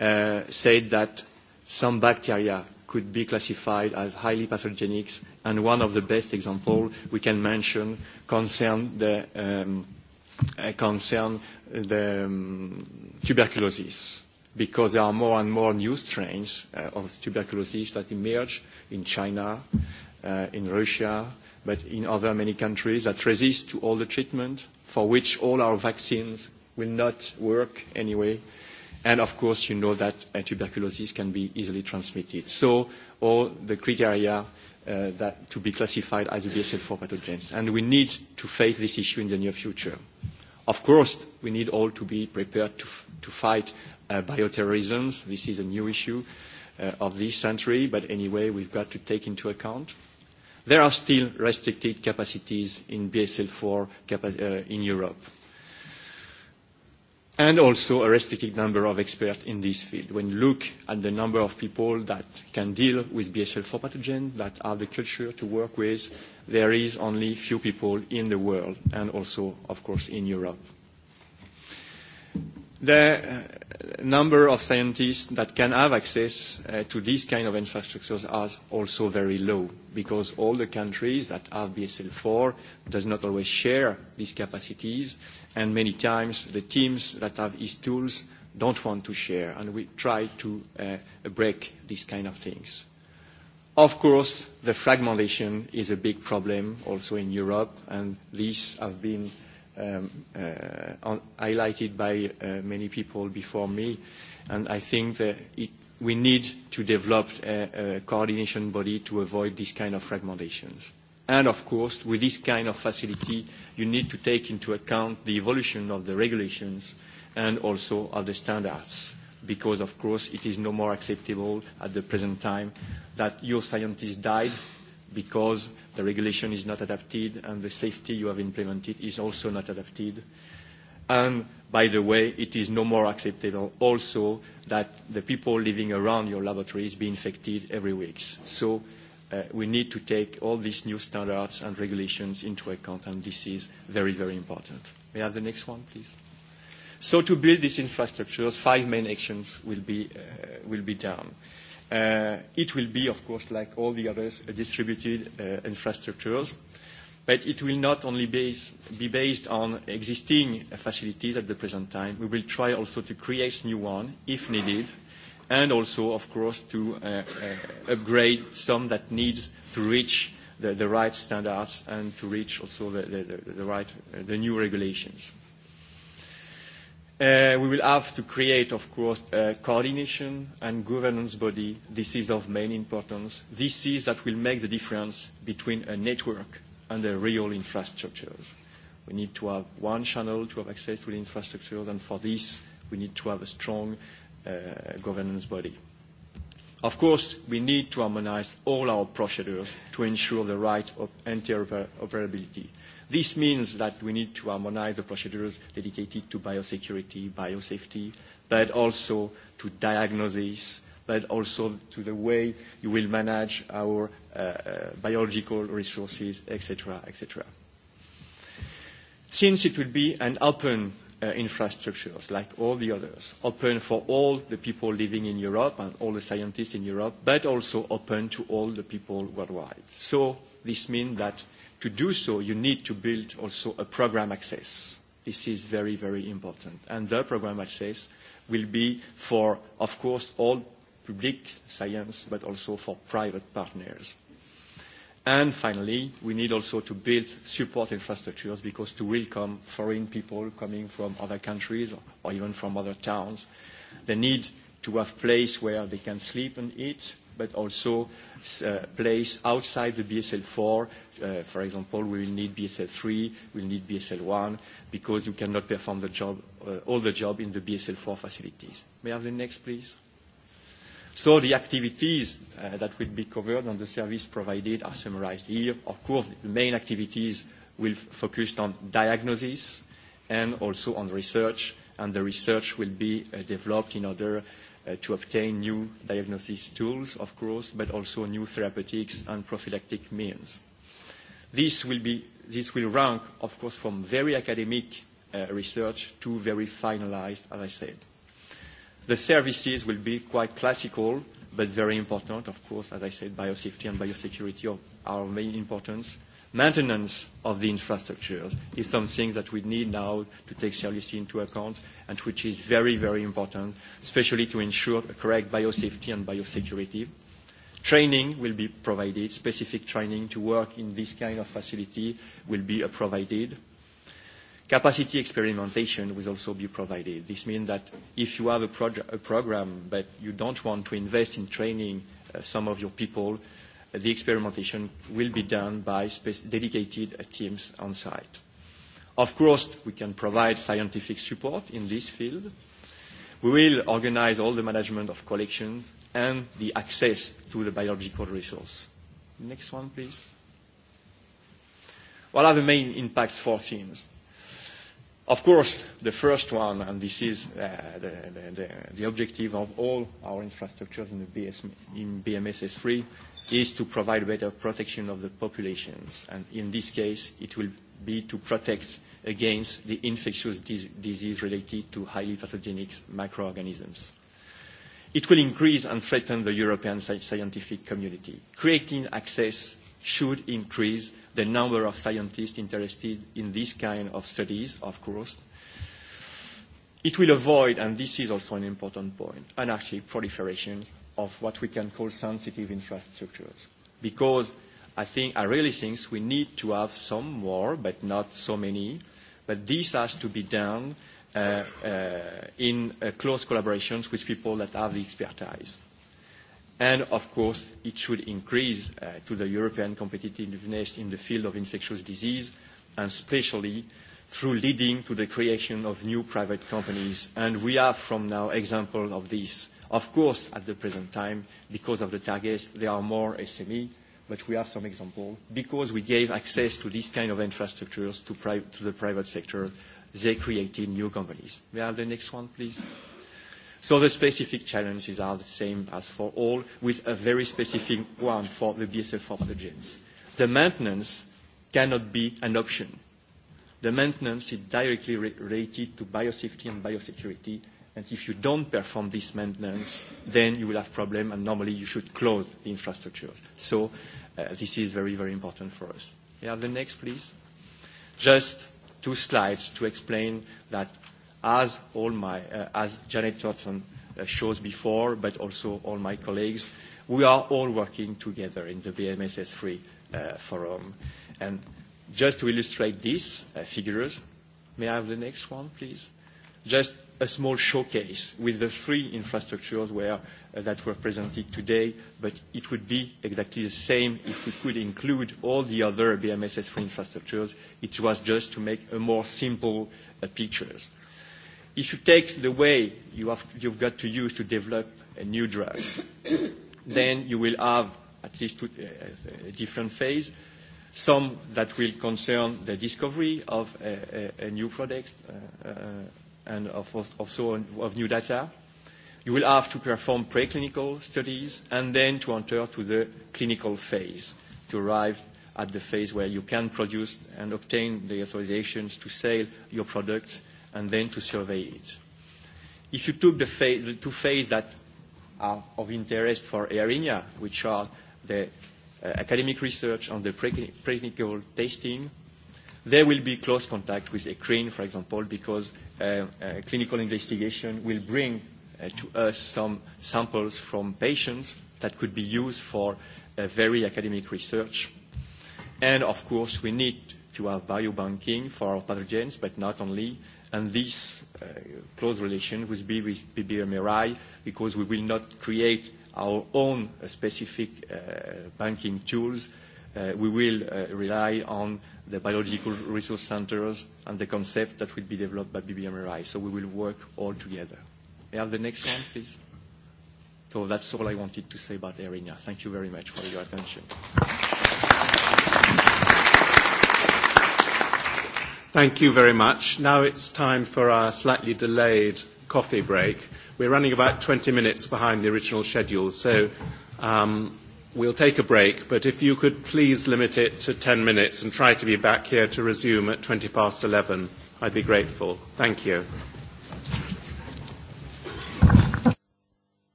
said that some bacteria could be classified as highly pathogenic, and one of the best examples we can mention concern the, um, concern the um, tuberculosis because there are more and more new strains uh, of tuberculosis that emerge in China, uh, in Russia, but in other many countries that resist to all the treatment for which all our vaccines will not work anyway. And of course, you know that uh, tuberculosis can be easily transmitted. So all the criteria uh, that to be classified as a BSL-4 pathogens. And we need to face this issue in the near future. Of course, we need all to be prepared to, to fight uh, bioterrorism. This is a new issue uh, of this century, but anyway, we've got to take into account. There are still restricted capacities in BSL-4 capa- uh, in Europe and also a restricted number of experts in this field. When you look at the number of people that can deal with BSL-4 pathogen, that are the culture to work with, there is only few people in the world and also, of course, in Europe the number of scientists that can have access to these kind of infrastructures are also very low because all the countries that have BSL-4 does not always share these capacities, and many times the teams that have these tools don't want to share, and we try to break these kind of things. Of course, the fragmentation is a big problem also in Europe, and these have been highlighted by many people before me. And I think that it we need to develop a coordination body to avoid this kind of fragmentations. And of course, with this kind of facility, you need to take into account the evolution of the regulations and also of the standards, because of course, it is no more acceptable at the present time that your scientist died because the regulation is not adapted, and the safety you have implemented is also not adapted. And by the way, it is no more acceptable also that the people living around your laboratories be infected every week. So uh, we need to take all these new standards and regulations into account, and this is very, very important. May I have the next one, please? So to build these infrastructures, five main actions will be, uh, will be done. Uh, It will be, of course, like all the others, distributed infrastructures, but it will not only be based on existing facilities at the present time. We will try also to create new one if needed, and also, of course, to upgrade some that needs to reach the right standards and to reach also the right the new regulations. Uh, we will have to create, of course, a coordination and governance body. This is of main importance. This is that will make the difference between a network and the real infrastructures. We need to have one channel to have access to the infrastructure, and for this, we need to have a strong uh, governance body. Of course, we need to harmonize all our procedures to ensure the right of interoperability. This means that we need to harmonize the procedures dedicated to biosecurity, biosafety, but also to diagnosis, but also to the way you will manage our biological resources, etc., etc. Since it will be an open infrastructure like all the others, open for all the people living in Europe and all the scientists in Europe, but also open to all the people worldwide. So this means that to do so, you need to build also a program access. This is very, very important. And the program access will be for, of course, all public science, but also for private partners. And finally, we need also to build support infrastructures because to welcome foreign people coming from other countries or even from other towns, they need to have a place where they can sleep and eat, but also a place outside the BSL-4 uh, for example, we will need BSL-3, will need BSL-1, because you cannot perform the job, uh, all the job in the BSL-4 facilities. May I have the next, please? So the activities uh, that will be covered and the service provided are summarized here. Of course, the main activities will focus on diagnosis and also on research, and the research will be uh, developed in order to obtain new diagnosis tools, of course, but also new therapeutics and prophylactic means. This will, be, this will rank, of course, from very academic uh, research to very finalized, as I said. The services will be quite classical, but very important, of course, as I said, biosafety and biosecurity are of main importance. Maintenance of the infrastructures is something that we need now to take seriously into account and which is very, very important, especially to ensure correct biosafety and biosecurity. Training will be provided, specific training to work in this kind of facility will be provided. Capacity experimentation will also be provided. This means that if you have a, a program but you don't want to invest in training uh, some of your people, the experimentation will be done by dedicated uh, teams on site. Of course, we can provide scientific support in this field. We will organize all the management of collections and the access to the biological resource. Next one, please. What are the main impacts for foreseen? Of course, the first one, and this is uh, the, the, the, the objective of all our infrastructures in, the BS, in BMSS3, is to provide better protection of the populations. And in this case, it will be to protect against the infectious disease related to highly pathogenic microorganisms. It will increase and threaten the European scientific community. Creating access should increase the number of scientists interested in this kind of studies, of course. It will avoid, and this is also an important point, anarchic proliferation of what we can call sensitive infrastructures. Because I think, I really think we need to have some more, but not so many. But this has to be done in close collaborations with people that have the expertise. And of course, it should increase to the European competitiveness in the field of infectious disease, and especially through leading to the creation of new private companies. And we have from now examples of this. Of course, at the present time, because of the targets, there are more SME, but we have some examples because we gave access to these kind of infrastructures to to the private sector they created new companies. May I have the next one, please? So the specific challenges are the same as for all, with a very specific one for the bsl the genes. The maintenance cannot be an option. The maintenance is directly related to biosafety and biosecurity, and if you don't perform this maintenance, then you will have problem, and normally you should close the infrastructure. So, this is very, very important for us. Yeah, the next, please. Just two slides to explain that as all my, uh, as Janet Thornton shows before, but also all my colleagues, we are all working together in the BMSS3 uh, forum. And just to illustrate these uh, figures, may I have the next one, please? Just a small showcase with the three infrastructures where that were presented today, but it would be exactly the same if we could include all the other bmss for infrastructures. It was just to make a more simple picture. If you take the way you have, you've got to use to develop a new drugs, then you will have at least two, uh, a different phase. Some that will concern the discovery of a, a, a new product uh, uh, and of, also of new data You will have to perform preclinical studies and then to enter to the clinical phase, to arrive at the phase where you can produce and obtain the authorizations to sell your product and then to survey it. If you took the, phase, the two phases that are of interest for Aerinia, which are the uh, academic research on the preclinical testing, there will be close contact with ECRIN, for example, because uh, uh, clinical investigation will bring to us some samples from patients that could be used for very academic research. And of course, we need to have biobanking for our pathogens, but not only. And this uh, close relation with BBMRI, because we will not create our own uh, specific uh, banking tools. Uh, we will uh, rely on the biological resource centers and the concept that will be developed by BBMRI. So we will work all together. May I have the next one, please? So that's all I wanted to say about Erinia. Thank you very much for your attention. Thank you very much. Now it's time for our slightly delayed coffee break. We're running about 20 minutes behind the original schedule, so um, we'll take a break. But if you could please limit it to 10 minutes and try to be back here to resume at 20 past 11, I'd be grateful. Thank you.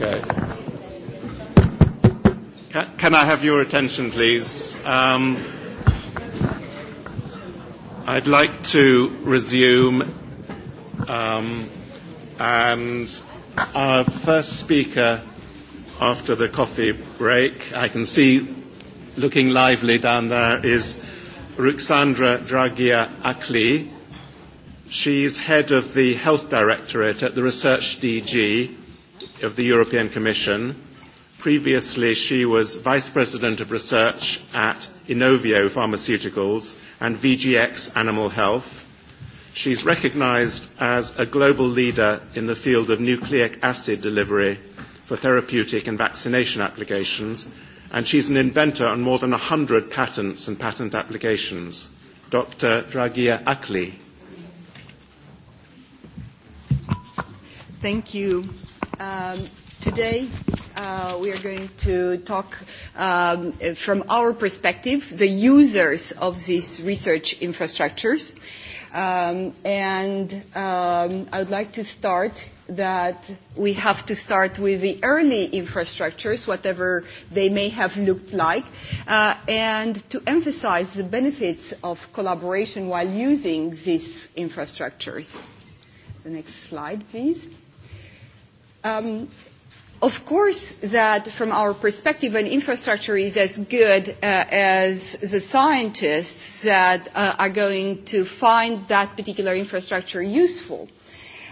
Okay. Can I have your attention, please? Um, I'd like to resume. Um, and our first speaker after the coffee break, I can see looking lively down there, is Ruxandra Dragia Akli. She's head of the Health Directorate at the Research DG of the European Commission. Previously, she was Vice President of Research at Inovio Pharmaceuticals and VGX Animal Health. She's recognised as a global leader in the field of nucleic acid delivery for therapeutic and vaccination applications, and she's an inventor on more than 100 patents and patent applications. Dr. Dragia Akli. Thank you. Um, today, uh, we are going to talk um, from our perspective, the users of these research infrastructures. Um, and um, I would like to start that we have to start with the early infrastructures, whatever they may have looked like, uh, and to emphasize the benefits of collaboration while using these infrastructures. The next slide, please. Um, of course, that from our perspective, an infrastructure is as good uh, as the scientists that uh, are going to find that particular infrastructure useful.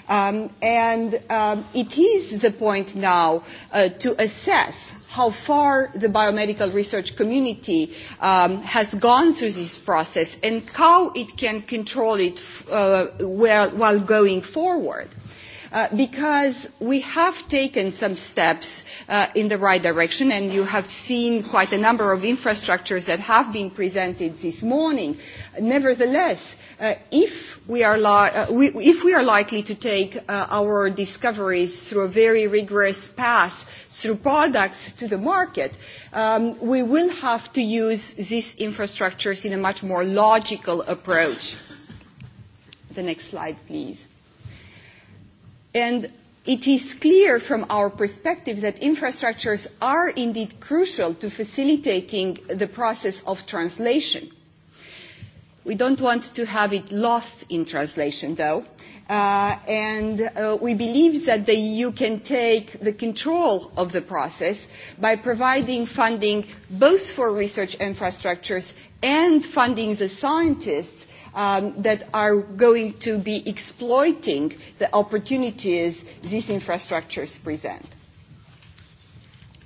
Um, and um, it is the point now uh, to assess how far the biomedical research community um, has gone through this process and how it can control it uh, while going forward because we have taken some steps in the right direction, and you have seen quite a number of infrastructures that have been presented this morning. Nevertheless, if we are likely to take our discoveries through a very rigorous path through products to the market, we will have to use these infrastructures in a much more logical approach. The next slide, please. And it is clear from our perspective that infrastructures are indeed crucial to facilitating the process of translation. We don't want to have it lost in translation, though. and we believe that the EU can take the control of the process by providing funding both for research infrastructures and funding the scientists that are going to be exploiting the opportunities these infrastructures present.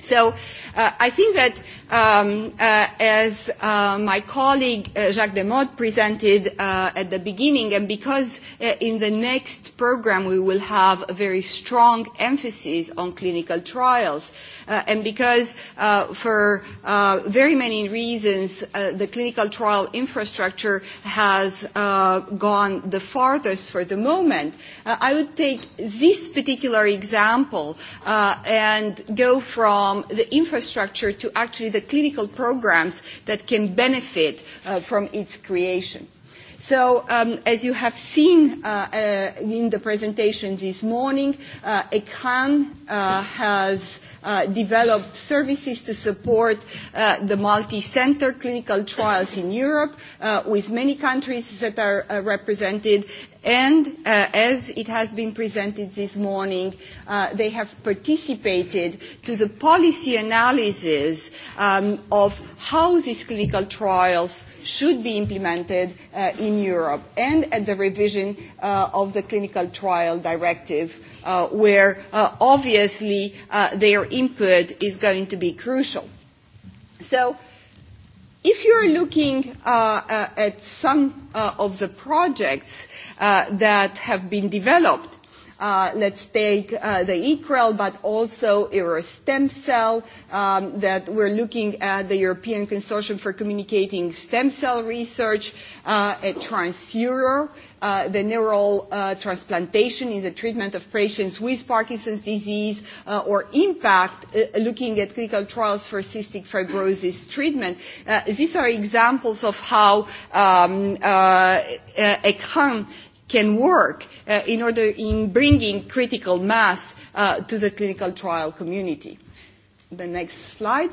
So uh, I think that um, uh, as uh, my colleague uh, Jacques Demotte presented uh, at the beginning, and because uh, in the next program we will have a very strong emphasis on clinical trials, uh, and because uh, for uh, very many reasons uh, the clinical trial infrastructure has uh, gone the farthest for the moment, uh, I would take this particular example uh, and go from the infrastructure to actually the clinical programs that can benefit from its creation. So, as you have seen in the presentation this morning, ECAN has developed services to support uh, the multi-center clinical trials in Europe uh, with many countries that are uh, represented and uh, as it has been presented this morning, uh, they have participated to the policy analysis um, of how these clinical trials should be implemented uh, in Europe and at the revision uh, of the clinical trial directive uh, where uh, obviously uh, their input is going to be crucial. So if you're looking uh, uh, at some uh, of the projects uh, that have been developed, uh, let's take uh, the ECREL, but also Eurostem Cell um, that we're looking at the European Consortium for Communicating Stem Cell Research uh, at TransEuro uh, the neural uh, transplantation in the treatment of patients with Parkinson's disease uh, or impact uh, looking at clinical trials for cystic fibrosis treatment. Uh, these are examples of how um, uh, can work uh, in order in bringing critical mass uh, to the clinical trial community. The next slide.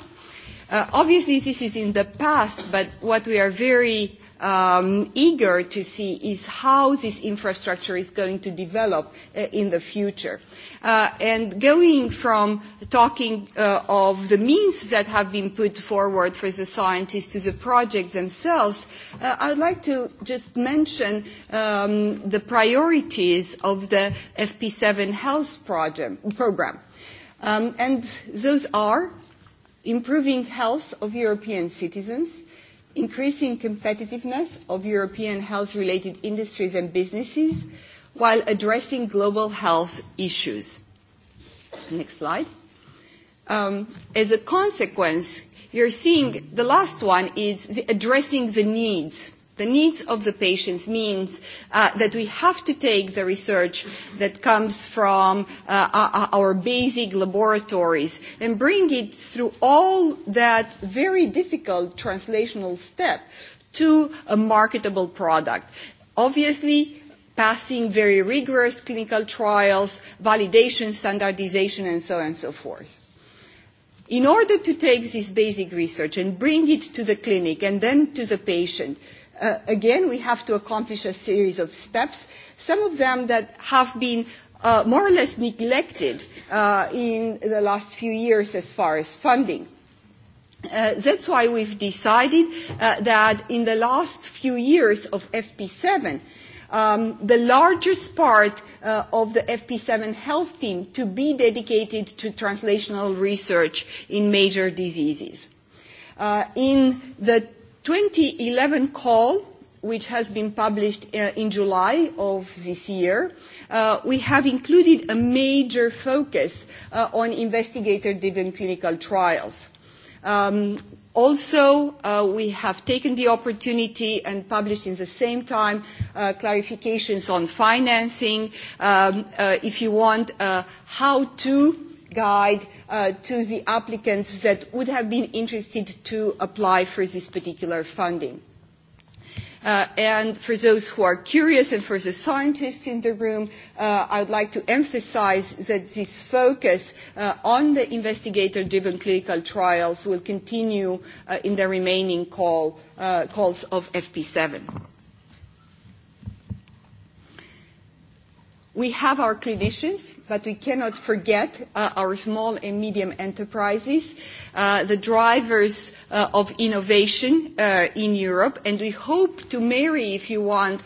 Uh, obviously, this is in the past, but what we are very um, eager to see is how this infrastructure is going to develop uh, in the future. Uh, and going from talking uh, of the means that have been put forward for the scientists to the projects themselves, uh, I'd like to just mention um, the priorities of the FP7 health project, program. Um, and those are improving health of European citizens, increasing competitiveness of European health-related industries and businesses while addressing global health issues. Next slide. as a consequence, you're seeing the last one is addressing the needs The needs of the patients means uh, that we have to take the research that comes from uh, our basic laboratories and bring it through all that very difficult translational step to a marketable product. Obviously, passing very rigorous clinical trials, validation, standardization, and so on and so forth. In order to take this basic research and bring it to the clinic and then to the patient, Uh, again, we have to accomplish a series of steps, some of them that have been uh, more or less neglected uh, in the last few years as far as funding. Uh, that's why we've decided uh, that in the last few years of FP7, um, the largest part uh, of the FP7 health team to be dedicated to translational research in major diseases. Uh, in the 2011 call, which has been published uh, in July of this year, uh, we have included a major focus uh, on investigator-driven clinical trials. Um, Also, we have taken the opportunity and published in the same time clarifications on financing, if you want, how to guide uh, to the applicants that would have been interested to apply for this particular funding. Uh, and for those who are curious and for the scientists in the room, uh, I would like to emphasize that this focus uh, on the investigator-driven clinical trials will continue uh, in the remaining call, uh, calls of FP7. We have our clinicians, but we cannot forget our small and medium enterprises, the drivers of innovation in Europe, and we hope to marry, if you want,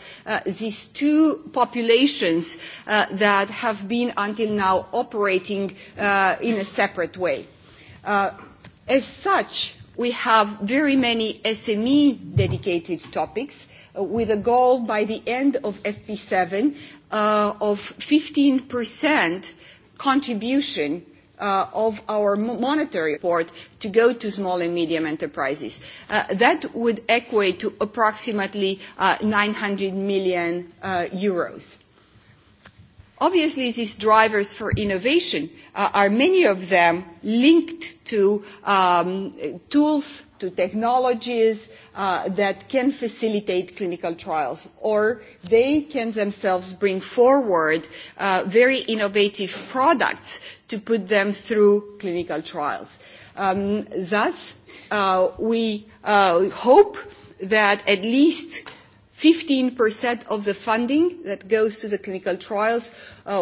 these two populations that have been until now operating in a separate way. as such, we have very many SME dedicated topics with a goal by the end of FP7 of 15% contribution uh, of our monetary report to go to small and medium enterprises. Uh, that would equate to approximately uh, 900 million uh, euros. Obviously, these drivers for innovation uh, are many of them linked to um, tools, to technologies, that can facilitate clinical trials, or they can themselves bring forward very innovative products to put them through clinical trials. thus, we hope that at least 15% of the funding that goes to the clinical trials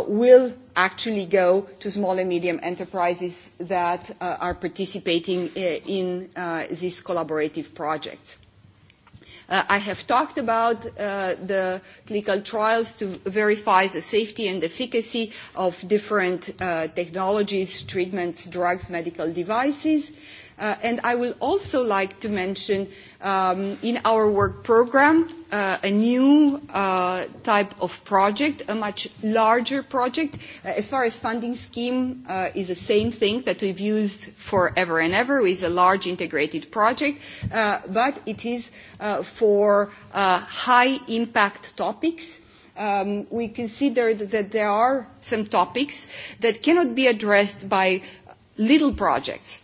will actually go to small and medium enterprises that are participating in these collaborative projects. I have talked about the clinical trials to verify the safety and efficacy of different technologies, treatments, drugs, medical devices and I would also like to mention in our work programme a new type of project, a much larger project. as far as funding scheme is the same thing that we've used forever and ever with a large integrated project, but it is for high impact topics we considered that there are some topics that cannot be addressed by little projects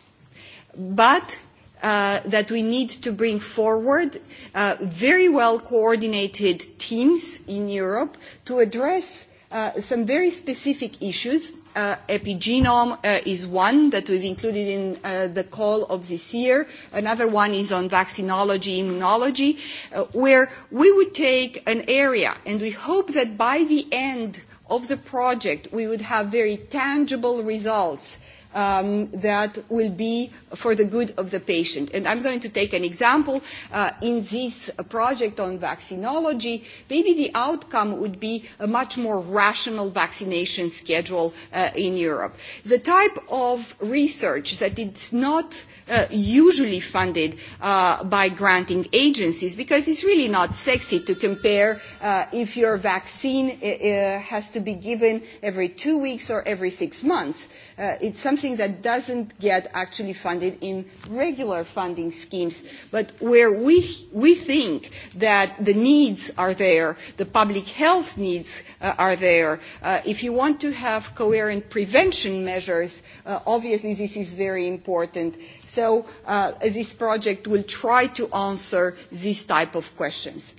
but uh, that we need to bring forward uh, very well coordinated teams in Europe to address uh, some very specific issues. Uh, epigenome uh, is one that we've included in uh, the call of this year. Another one is on vaccinology, immunology, uh, where we would take an area and we hope that by the end of the project we would have very tangible results um, that will be for the good of the patient. And I'm going to take an example. Uh, in this project on vaccinology, maybe the outcome would be a much more rational vaccination schedule uh, in Europe. The type of research that it's not uh, usually funded uh, by granting agencies, because it's really not sexy to compare uh, if your vaccine uh, has to be given every two weeks or every six months. Uh, Uh, it's something that doesn't get actually funded in regular funding schemes, but where we, we think that the needs are there, the public health needs uh, are there. Uh, if you want to have coherent prevention measures, uh, obviously this is very important. So uh, this project will try to answer these type of questions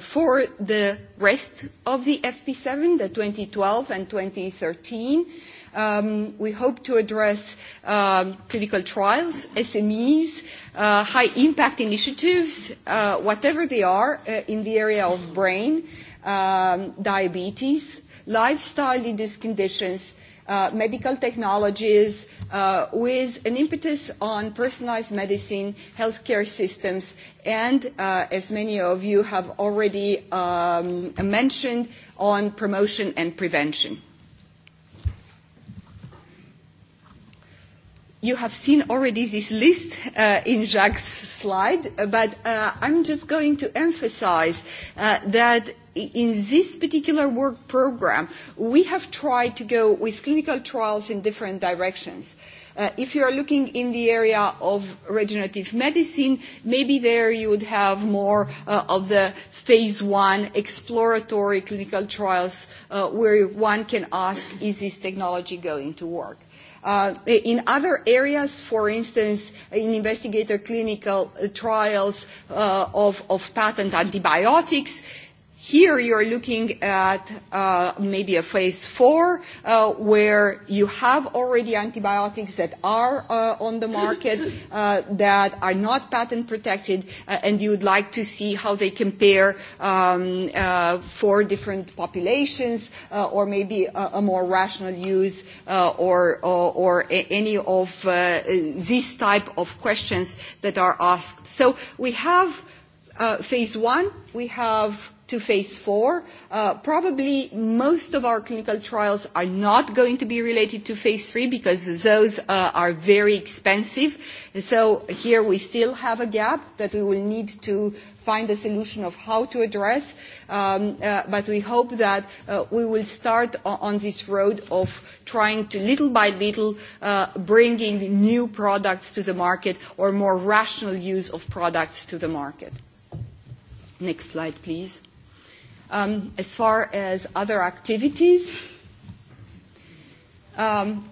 for the rest of the FP7, the 2012 and 2013, we hope to address clinical trials, SMEs, uh, high impact initiatives, uh, whatever they are, uh, in the area of brain, um, diabetes, lifestyle in these conditions, uh, medical technologies, uh, with an impetus on personalized medicine, healthcare systems, and uh, as many of you have already um, mentioned, on promotion and prevention. you have seen already this list uh, in Jacques' slide, but uh, I'm just going to emphasize uh, that in this particular work program, we have tried to go with clinical trials in different directions. Uh, if you are looking in the area of regenerative medicine, maybe there you would have more uh, of the phase one exploratory clinical trials uh, where one can ask, is this technology going to work? Uh, in other areas, for instance, in investigator clinical trials uh, of, of patent antibiotics, Here you're looking at uh, maybe a phase four uh, where you have already antibiotics that are uh, on the market uh, that are not patent protected uh, and you would like to see how they compare um, uh, for different populations uh, or maybe a, a more rational use uh, or, or, or any of uh, these type of questions that are asked. So we have uh, phase one, we have to phase four. Probably most of our clinical trials are not going to be related to phase three because those are very expensive. So here we still have a gap that we will need to find a solution of how to address. But we hope that we will start on this road of trying to, little by little, bringing new products to the market or more rational use of products to the market. Next slide, please. Um, as far as other activities, um,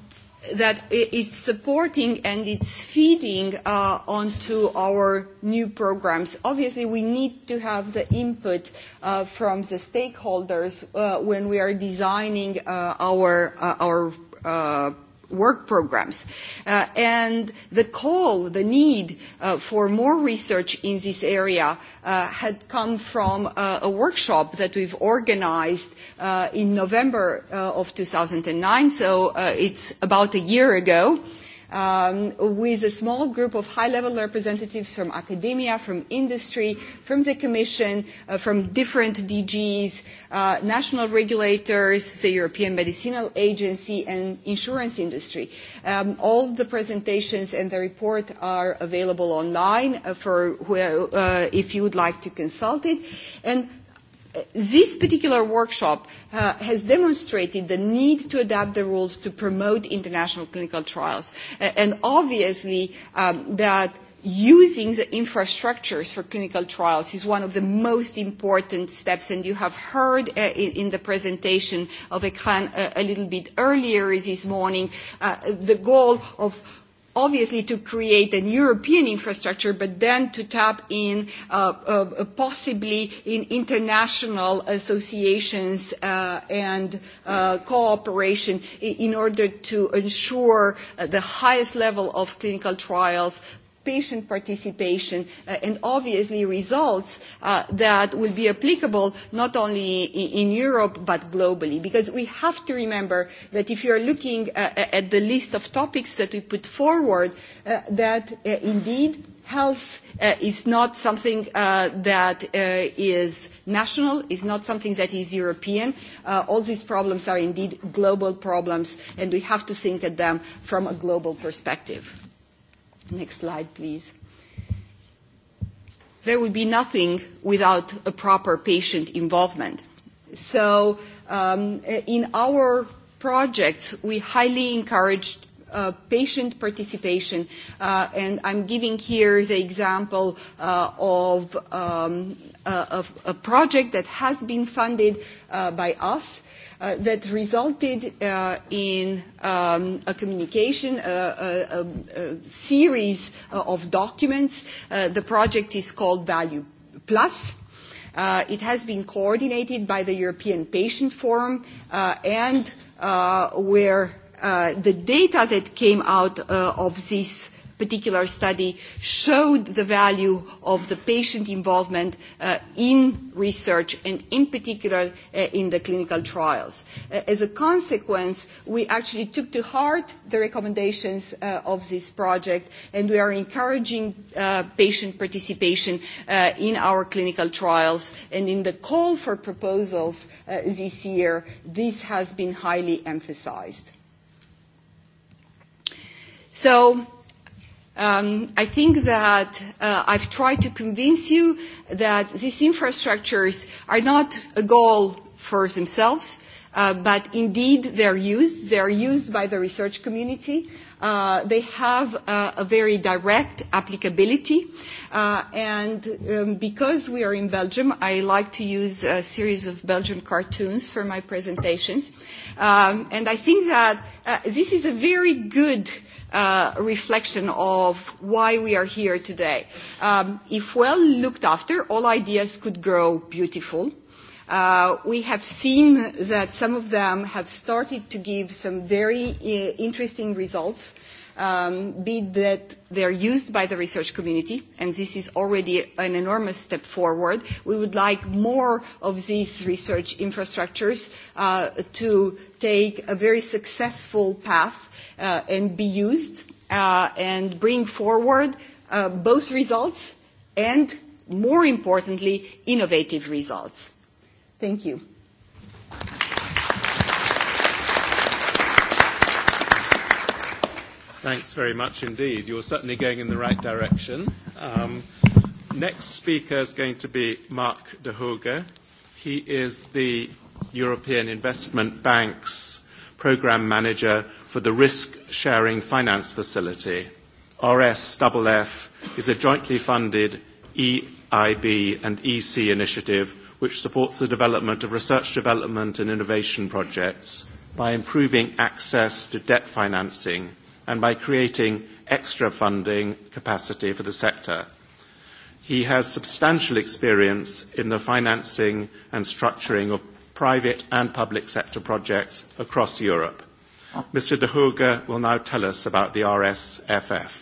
that is supporting and it's feeding uh, onto our new programs. Obviously, we need to have the input uh, from the stakeholders uh, when we are designing uh, our, uh, our uh, work programs. Uh, and the call, the need uh, for more research in this area uh, had come from a workshop that we've organized uh, in November uh, of 2009, so uh, it's about a year ago. Uh, um, with a small group of high-level representatives from academia, from industry, from the Commission, uh, from different DGs, uh, national regulators, the European Medicinal Agency, and insurance industry. Um, all the presentations and the report are available online for who, uh, if you would like to consult it. And this particular workshop – uh, has demonstrated the need to adapt the rules to promote international clinical trials. And obviously um, that using the infrastructures for clinical trials is one of the most important steps and you have heard uh, in, in the presentation of Ekran a, a little bit earlier this morning uh, the goal of obviously to create a European infrastructure, but then to tap in uh, uh, possibly in international associations uh, and uh, cooperation in order to ensure the highest level of clinical trials patient participation uh, and obviously results uh, that will be applicable not only in Europe but globally because we have to remember that if you are looking uh, at the list of topics that we put forward uh, that uh, indeed health uh, is not something uh, that uh, is national, is not something that is European. Uh, all these problems are indeed global problems and we have to think at them from a global perspective. Next slide, please. There would be nothing without a proper patient involvement. So in our projects, we highly encouraged patient participation. and I'm giving here the example of a, a project that has been funded by us that resulted in a communication, a, series of documents. the project is called Value Plus. it has been coordinated by the European Patient Forum and where the data that came out of this particular study showed the value of the patient involvement in research and in particular in the clinical trials. as a consequence, we actually took to heart the recommendations of this project and we are encouraging patient participation in our clinical trials and in the call for proposals this year, this has been highly emphasised. So um, I think that uh, I've tried to convince you that these infrastructures are not a goal for themselves, uh, but indeed they're used. They're used by the research community. Uh, they have uh, a very direct applicability. Uh, and um, because we are in Belgium, I like to use a series of Belgian cartoons for my presentations. Um, and I think that uh, this is a very good uh, uh, reflection of why we are here today. Um, if well looked after, all ideas could grow beautiful. Uh, we have seen that some of them have started to give some very uh, interesting results um, be that they're used by the research community, and this is already an enormous step forward. We would like more of these research infrastructures uh, to take a very successful path uh, and be used uh, and bring forward uh, both results and, more importantly, innovative results. Thank you. Thanks very much indeed. You're certainly going in the right direction. Um, next speaker is going to be Mark de Hooge. He is the European Investment Bank's program manager for the Risk Sharing Finance Facility. RSFF is a jointly funded EIB and EC initiative which supports the development of research development and innovation projects by improving access to debt financing and by creating extra funding capacity for the sector. He has substantial experience in the financing and structuring of private and public sector projects across Europe Mr. De Hooge will now tell us about the RSFF.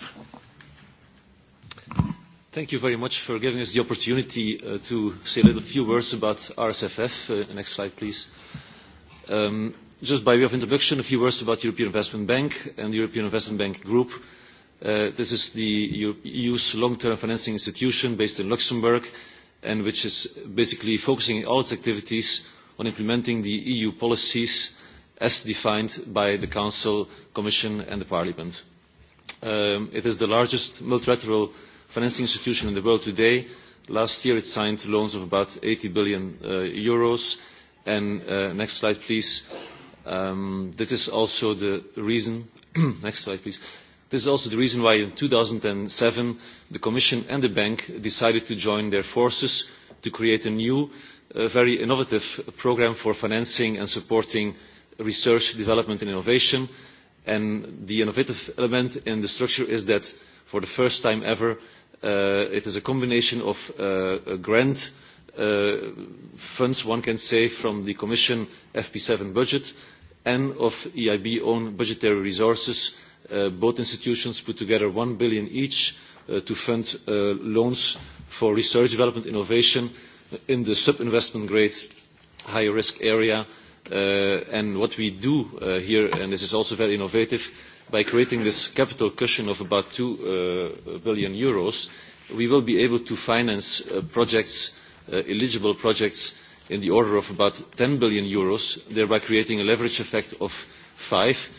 Thank you very much for giving us the opportunity to say a little few words about RSFF. next slide, please. just by way of introduction, a few words about the European Investment Bank and the European Investment Bank Group. this is the EU's long-term financing institution based in Luxembourg and which is basically focusing all its activities on implementing the EU policies as defined by the Council, Commission and Parliament. it is the largest multilateral financing institution in the world today. Last year it signed loans of about EUR eighty billion And next slide, please. this is also the reason. next slide, please. This is also the reason why in two thousand seven the Commission and the Bank decided to join their forces to create a new, very innovative programme for financing and supporting research, development and innovation. And the innovative element in the structure is that for the first time ever, it is a combination of grant funds, one can say, from the Commission fp seven budget and of EIB own budgetary resources. both institutions put together one billion each to fund loans for research, development, innovation in the sub-investment grade high risk area and what we do here, and this is also very innovative, by creating this capital cushion of about 2 billion euros, we will be able to finance projects, eligible projects in the order of about 10 billion euros, thereby creating a leverage effect of 5,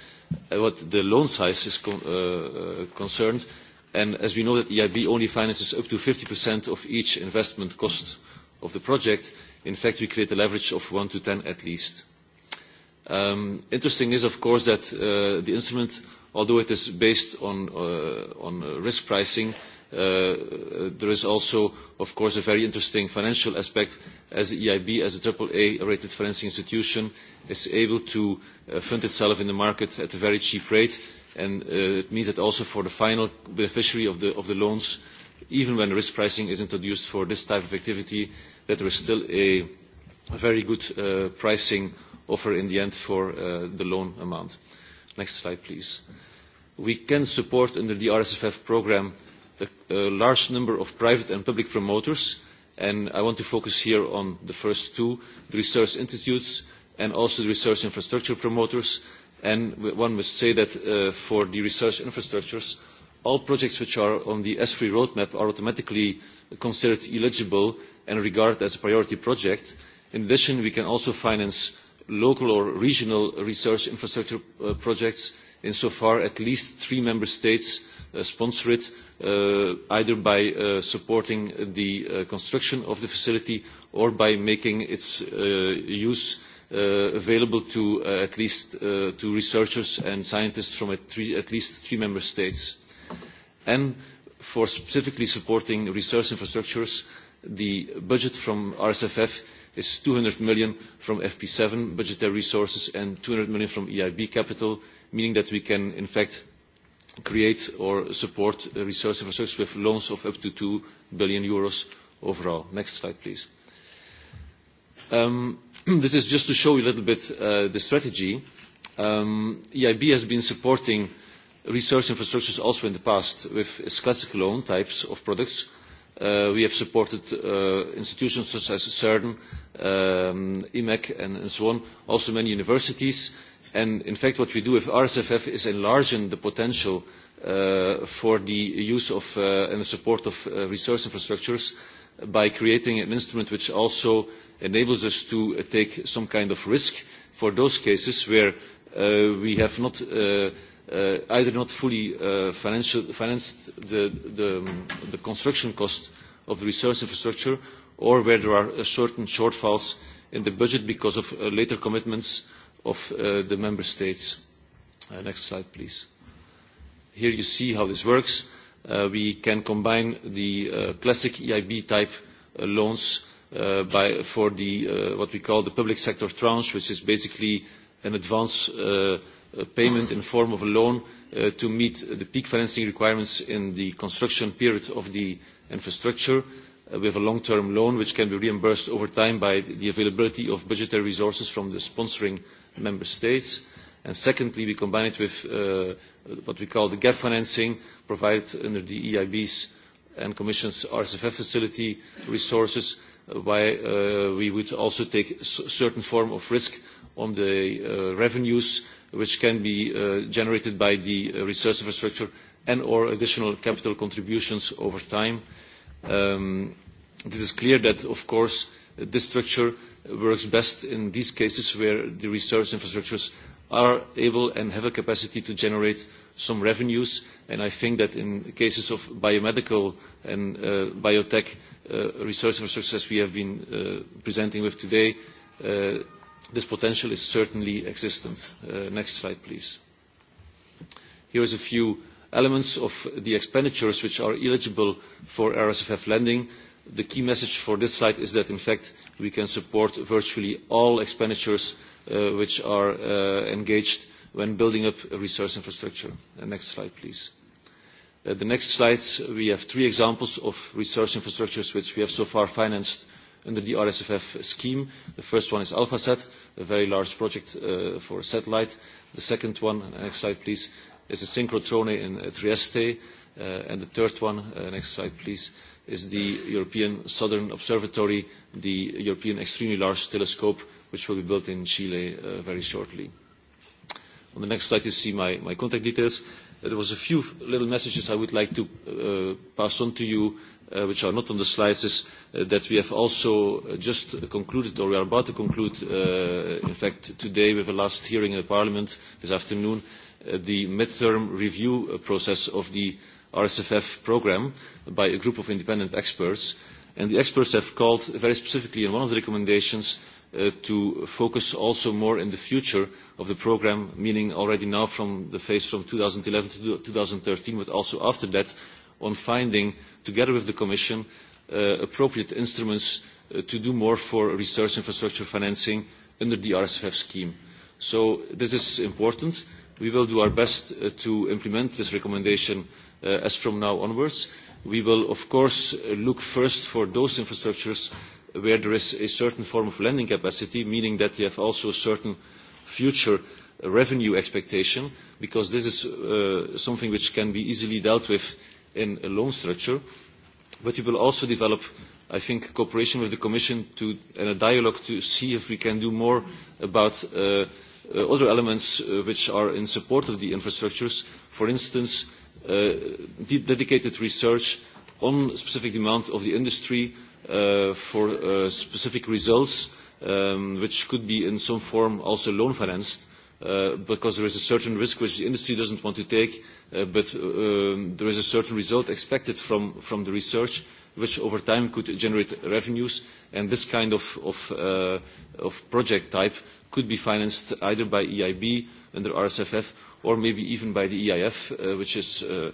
what the loan size is concerned. And as we know that EIB only finances up to 50% of each investment cost of the project, in fact, we create a leverage of 1 to 10 at least interesting is, of course, that the instrument, although it is based on, risk pricing, there is also, of course, a very interesting financial aspect as the EIB, as a AAA-rated financing institution, is able to fund itself in the market at a very cheap rate. And it means that also for the final beneficiary of the, loans, even when risk pricing is introduced for this type of activity, that there is still a very good pricing offer in the end for the loan amount. Next slide, please. We can support under the RSFF programme a large number of private and public promoters, and I want to focus here on the first two, the research institutes and also the research infrastructure promoters. And one must say that for the research infrastructures, all projects which are on the S3 roadmap are automatically considered eligible and regarded as a priority project. In addition, we can also finance local or regional research infrastructure projects insofar at least three member states sponsor it either by supporting the construction of the facility or by making its use available to at least to researchers and scientists from at least three member states. And for specifically supporting research infrastructures, the budget from RSFF is 200 million from FP7 budgetary resources and 200 million from EIB capital, meaning that we can, in fact, create or support research infrastructure with loans of up to 2 billion euros overall. Next slide, please. This is just to show you a little bit the strategy. EIB has been supporting research infrastructures also in the past with its classic loan types of products, we have supported institutions such as CERN, IMEC, and, so on, also many universities. And in fact, what we do with RSFF is enlarging the potential for the use of and the support of resource infrastructures by creating an instrument which also enables us to take some kind of risk for those cases where we have not either not fully financed the, construction cost of the resource infrastructure or where there are certain shortfalls in the budget because of later commitments of the member states. next slide, please. Here you see how this works. we can combine the classic EIB type loans for the, what we call the public sector tranche, which is basically an advance uh, payment in the form of a loan to meet the peak financing requirements in the construction period of the infrastructure. We have a long-term loan which can be reimbursed over time by the availability of budgetary resources from the sponsoring member states. And secondly, we combine it with what we call the gap financing provided under the EIB's and Commission's RCF facility resources, why we would also take a certain form of risk on the revenues which can be generated by the research infrastructure and/or additional capital contributions over time. This is clear that, of course, this structure works best in these cases where the research infrastructures are able and have a capacity to generate some revenues. and I think that in cases of biomedical and biotech research infrastructures we have been presenting with today, This potential is certainly existent. next slide, please. Here is a few elements of the expenditures which are eligible for RSFF lending. The key message for this slide is that, in fact, we can support virtually all expenditures which are engaged when building up a resource infrastructure. next slide, please. the next slides, we have three examples of resource infrastructures which we have so far financed under the RSFF scheme. The first one is AlphaSat, a very large project for a satellite. The second one, next slide please, is a Synchrotrone in Trieste. and the third one, next slide please, is the European Southern Observatory, the European Extremely Large Telescope, which will be built in Chile very shortly. On the next slide, you see my, my contact details. There was a few little messages I would like to pass on to you which are not on the slides, is that we have also just concluded, or we are about to conclude, in fact, today with the last hearing in the Parliament this afternoon, the mid-term review process of the RSFF programme by a group of independent experts. And the experts have called very specifically in one of the recommendations to focus also more in the future of the programme, meaning already now from the phase from eleven to thirteen, but also after that, on finding, together with the Commission, appropriate instruments to do more for research infrastructure financing under the RSFF scheme. So this is important. We will do our best to implement this recommendation as from now onwards. We will, of course, look first for those infrastructures where there is a certain form of lending capacity, meaning that you have also a certain future revenue expectation, because this is something which can be easily dealt with in a loan structure. But we will also develop, I think, cooperation with the Commission to, and a dialogue to see if we can do more about uh, other elements which are in support of the infrastructures. For instance, dedicated research on specific demand of the industry for specific results, which could be in some form also loan financed, because there is a certain risk which the industry does not want to take but there is a certain result expected from, the research which over time could generate revenues and this kind of, project type could be financed either by EIB under RSFF or maybe even by the EIF which is an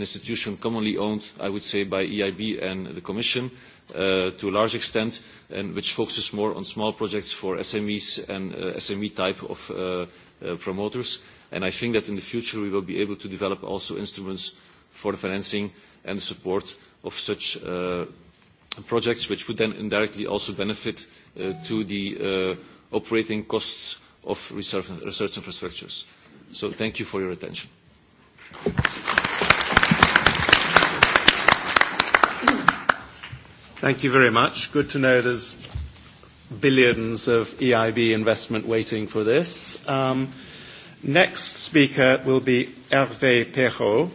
institution commonly owned I would say by EIB and the Commission to a large extent and which focuses more on small projects for SMEs and SME type of promoters And I think that in the future we will be able to develop also instruments for the financing and support of such projects, which would then indirectly also benefit to the operating costs of research infrastructures. So thank you for your attention. Thank you very much. Good to know there's billions of EIB investment waiting for this. Next speaker will be Hervé Perrault.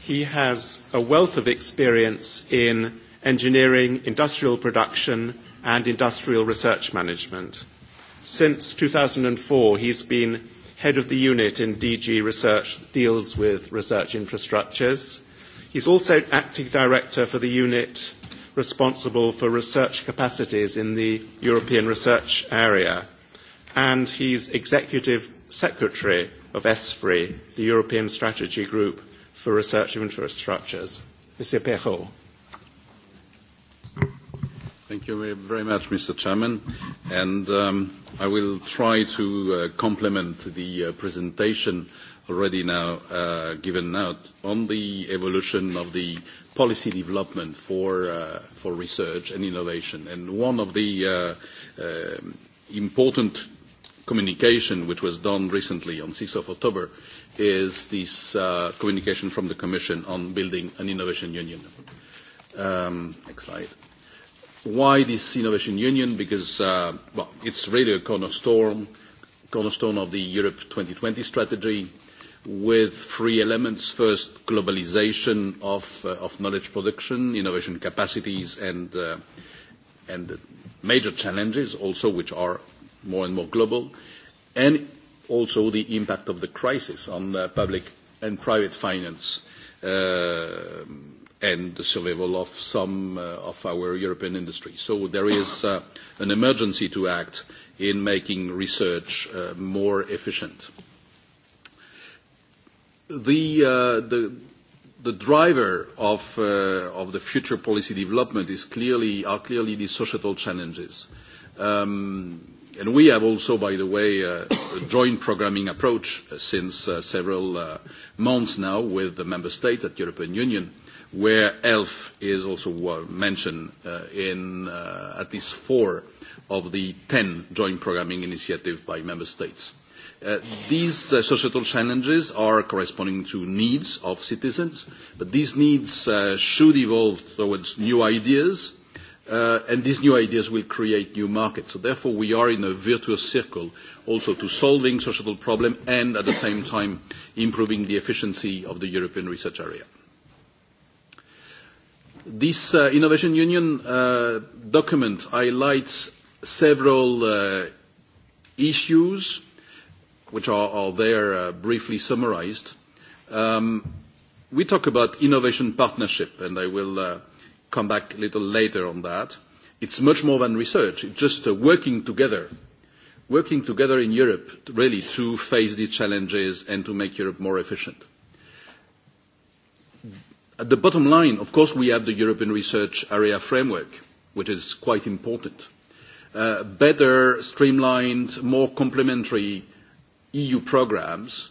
He has a wealth of experience in engineering, industrial production, and industrial research management. Since 2004, he's been head of the unit in DG Research that deals with research infrastructures. He's also acting director for the unit responsible for research capacities in the European research area. And he's executive Secretary of ESFRI, the European Strategy Group for Research of Infrastructures. Mr. Perrault. Thank you very much, Mr. Chairman. And um, I will try to uh, complement the uh, presentation already now uh, given out on the evolution of the policy development for, uh, for research and innovation. And one of the uh, uh, important communication which was done recently on 6th of October is this uh, communication from the Commission on building an innovation union. Um, next slide. Why this innovation union? Because uh, well, it's really a cornerstone, cornerstone of the Europe 2020 strategy with three elements. First, globalization of, uh, of knowledge production, innovation capacities, and, uh, and major challenges also which are more and more global, and also the impact of the crisis on public and private finance and the survival of some of our European industries. So there is an emergency to act in making research more efficient. The driver of the future policy development is clearly are clearly the societal challenges. Um And we have also, by the way, a joint programming approach since several months now with the member states at European Union, where health is also mentioned in at least four of the ten joint programming initiatives by member states. These societal challenges are corresponding to needs of citizens, but these needs should evolve towards new ideas, and these new ideas will create new markets. So therefore, we are in a virtuous circle also to solving societal problem and at the same time improving the efficiency of the European research area. This Innovation Union document highlights several issues which are there briefly summarized. We talk about innovation partnership, and I will come back a little later on that. It's much more than research. It's just working together, working together in Europe, really, to face these challenges and to make Europe more efficient. At the bottom line, of course, we have the European Research Area Framework, which is quite important. Better, streamlined, more complementary EU programs,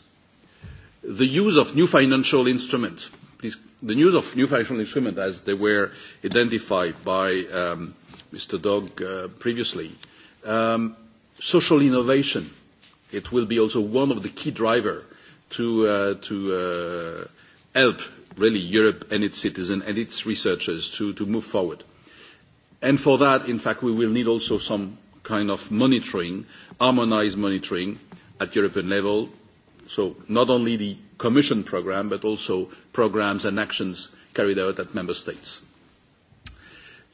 the use of new financial instruments. Please the news of new financial instruments as they were identified by um, Mr. Dog uh, previously. Um, social innovation, it will be also one of the key drivers to, uh, to uh, help really Europe and its citizens and its researchers to, to move forward. And for that, in fact, we will need also some kind of monitoring, harmonised monitoring at European level. So not only the Commission programme, but also programmes and actions carried out at member states.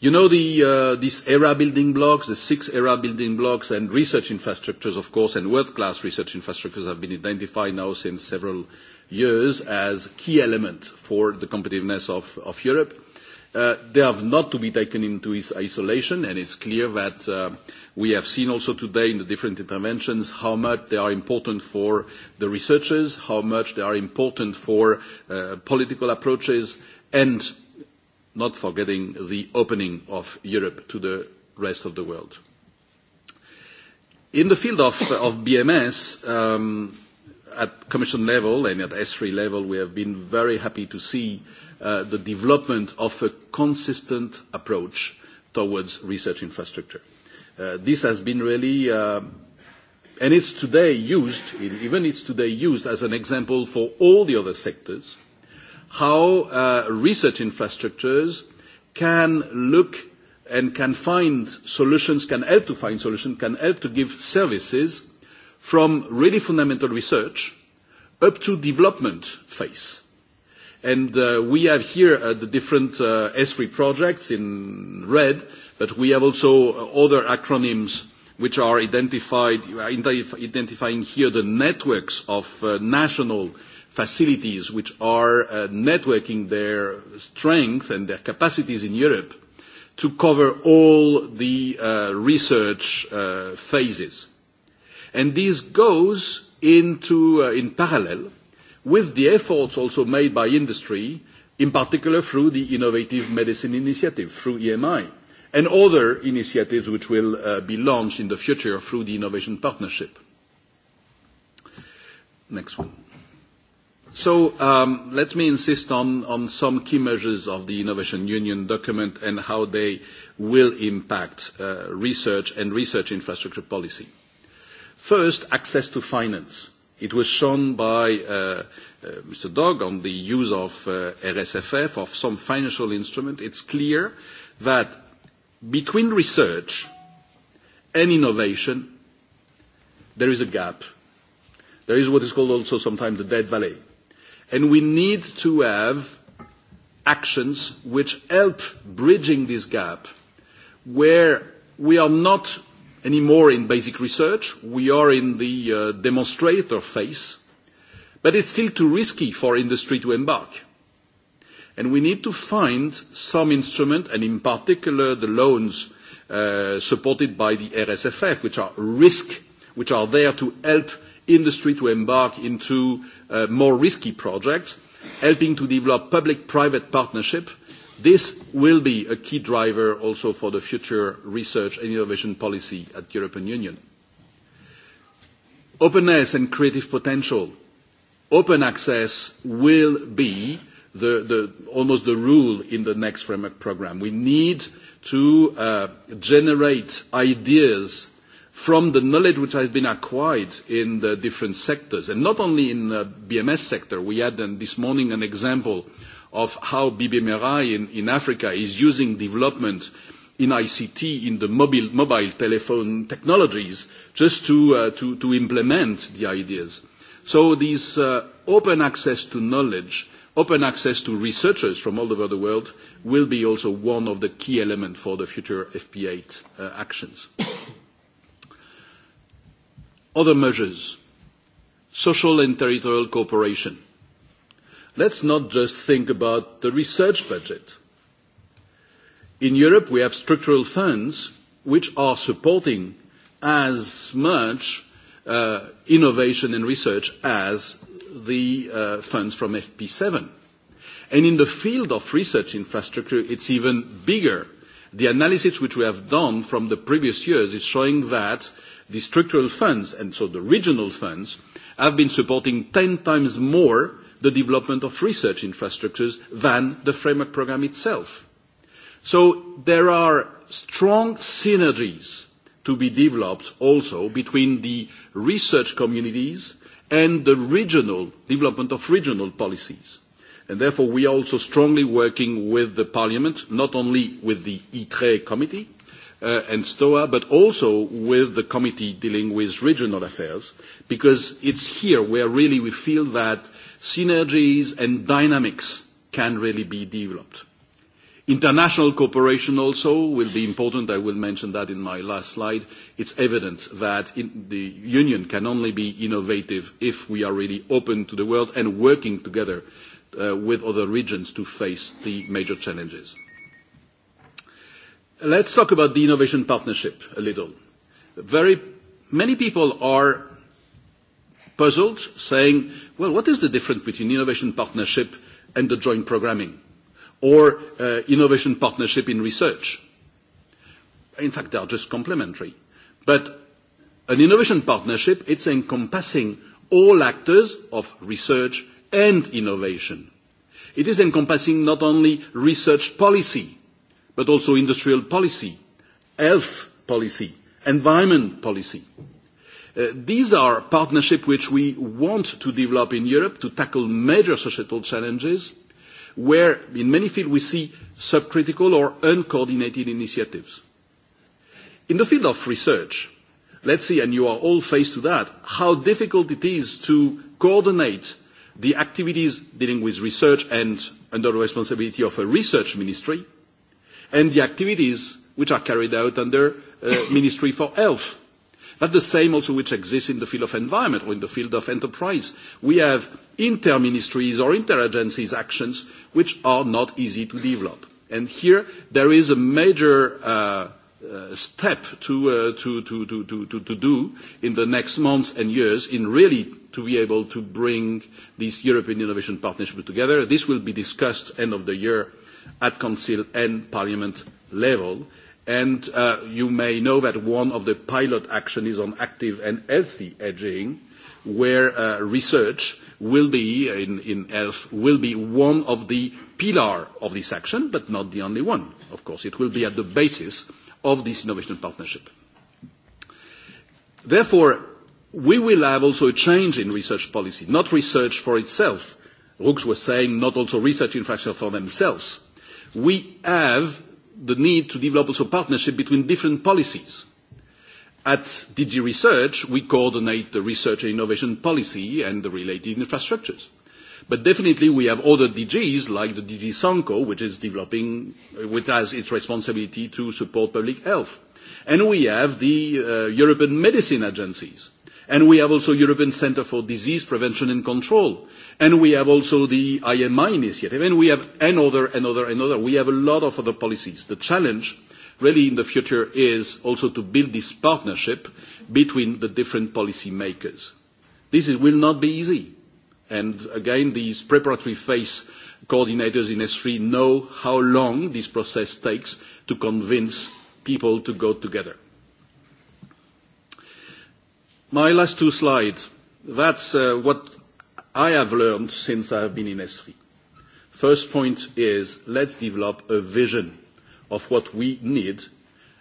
You know the, uh, these era building blocks, the six era building blocks and research infrastructures, of course, and world-class research infrastructures have been identified now since several years as key element for the competitiveness of, of Europe They have not to be taken into isolation, and it's clear that we have seen also today in the different interventions how much they are important for the researchers, how much they are important for political approaches, and not forgetting the opening of Europe to the rest of the world. In the field of BMS, at commission level and at S3 level, we have been very happy to see the development of a consistent approach towards research infrastructure. This has been really, and it's today used, even it's today used as an example for all the other sectors, how research infrastructures can look and can find solutions, can help to find solutions, can help to give services from really fundamental research up to development phase And we have here the different S3 projects in red, but we have also other acronyms which are identified, identifying here the networks of national facilities which are networking their strength and their capacities in Europe to cover all the research phases. And this goes into in parallel with the efforts also made by industry, in particular through the Innovative Medicine Initiative, through EMI, and other initiatives which will be launched in the future through the Innovation Partnership. Next one. So Let me insist on some key measures of the Innovation Union document and how they will impact research and research infrastructure policy. First, access to finance It was shown by Mr. Dog on the use of RSFF, of some financial instrument. It's clear that between research and innovation, there is a gap. There is what is called also sometimes the dead valley. And we need to have actions which help bridging this gap where we are not anymore in basic research. We are in the uh, demonstrator phase, but it's still too risky for industry to embark. And we need to find some instrument, and in particular the loans uh, supported by the RSFF, which are risk, which are there to help industry to embark into uh, more risky projects, helping to develop public-private partnerships. This will be a key driver also for the future research and innovation policy at European Union. Openness and creative potential. Open access will be almost the rule in the next framework programme. We need to generate ideas from the knowledge which has been acquired in the different sectors, and not only in the BMS sector. We had this morning an example of how BBMRI in, in Africa is using development in ICT, in the mobile, mobile telephone technologies, just to, uh, to, to implement the ideas. So this uh, open access to knowledge, open access to researchers from all over the world will be also one of the key elements for the future FP8 uh, actions. Other measures, social and territorial cooperation – Let's not just think about the research budget. In Europe, we have structural funds which are supporting as much uh, innovation and research as the uh, funds from FP7. And in the field of research infrastructure, it's even bigger. The analysis which we have done from the previous years is showing that the structural funds, and so the regional funds, have been supporting 10 times more the development of research infrastructures than the framework programme itself. So there are strong synergies to be developed also between the research communities and the regional development of regional policies. And therefore, we are also strongly working with the Parliament, not only with the ITRE committee and STOA, but also with the committee dealing with regional affairs, because it's here where really we feel that synergies and dynamics can really be developed. International cooperation also will be important. I will mention that in my last slide. It's evident that the Union can only be innovative if we are really open to the world and working together with other regions to face the major challenges. Let's talk about the innovation partnership a little. Very many people are puzzled, saying, well, what is the difference between innovation partnership and the joint programming? Or uh, innovation partnership in research? In fact, they are just complementary. But an innovation partnership, it's encompassing all actors of research and innovation. It is encompassing not only research policy, but also industrial policy, health policy, environment policy these are partnerships which we want to develop in Europe to tackle major societal challenges, where in many fields we see subcritical or uncoordinated initiatives. In the field of research, let's see, and you are all faced to that, how difficult it is to coordinate the activities dealing with research and under the responsibility of a research ministry, and the activities which are carried out under the Ministry for Health But the same also which exists in the field of environment or in the field of enterprise. We have inter-ministries or agencies actions which are not easy to develop. And here there is a major uh, step to, to, to, to, to, to do in the next months and years in really to be able to bring this European Innovation Partnership together. This will be discussed end of the year at Council and Parliament level, And you may know that one of the pilot actions is on active and healthy aging, where research will be in health will be one of the pillars of this action, but not the only one. Of course, it will be at the basis of this innovation partnership. Therefore, we will have also a change in research policy, not research for itself. Rooks was saying not also research infrastructure for themselves. We have the need to develop also partnership between different policies. At DG Research, we coordinate the research and innovation policy and the related infrastructures. But definitely we have other DGs like the DG Sanko, which is developing, which has its responsibility to support public health. And we have the uh, European medicine agencies And we have also European Centre for Disease Prevention and Control. And we have also the IMI initiative. And we have another, another, another. We have a lot of other policies. The challenge really in the future is also to build this partnership between the different policy makers. This will not be easy. And again, these preparatory phase coordinators in S3 know how long this process takes to convince people to go together. My last two slides, that's what I have learned since I have been in ESRI. First point is let's develop a vision of what we need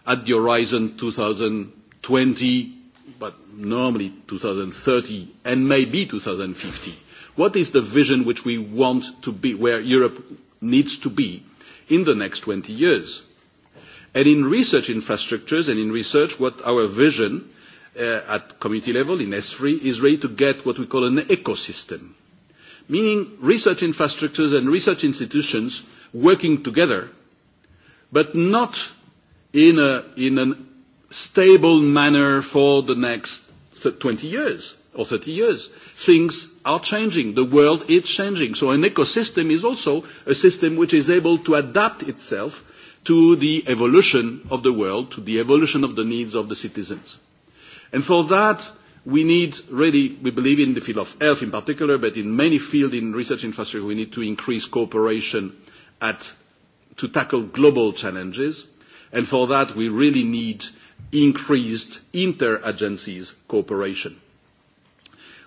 at the horizon 2020, but normally 2030 and maybe 2050. What is the vision which we want to be, where Europe needs to be in the next 20 years? And in research infrastructures and in research, what our vision at community level in S3 is ready to get what we call an ecosystem, meaning research infrastructures and research institutions working together, but not in a, in stable manner for the next 20 years or 30 years. Things are changing. The world is changing. So an ecosystem is also a system which is able to adapt itself to the evolution of the world, to the evolution of the needs of the citizens. And for that, we need really, we believe in the field of health in particular, but in many fields in research infrastructure, we need to increase cooperation at, to tackle global challenges. And for that, we really need increased inter agencies cooperation.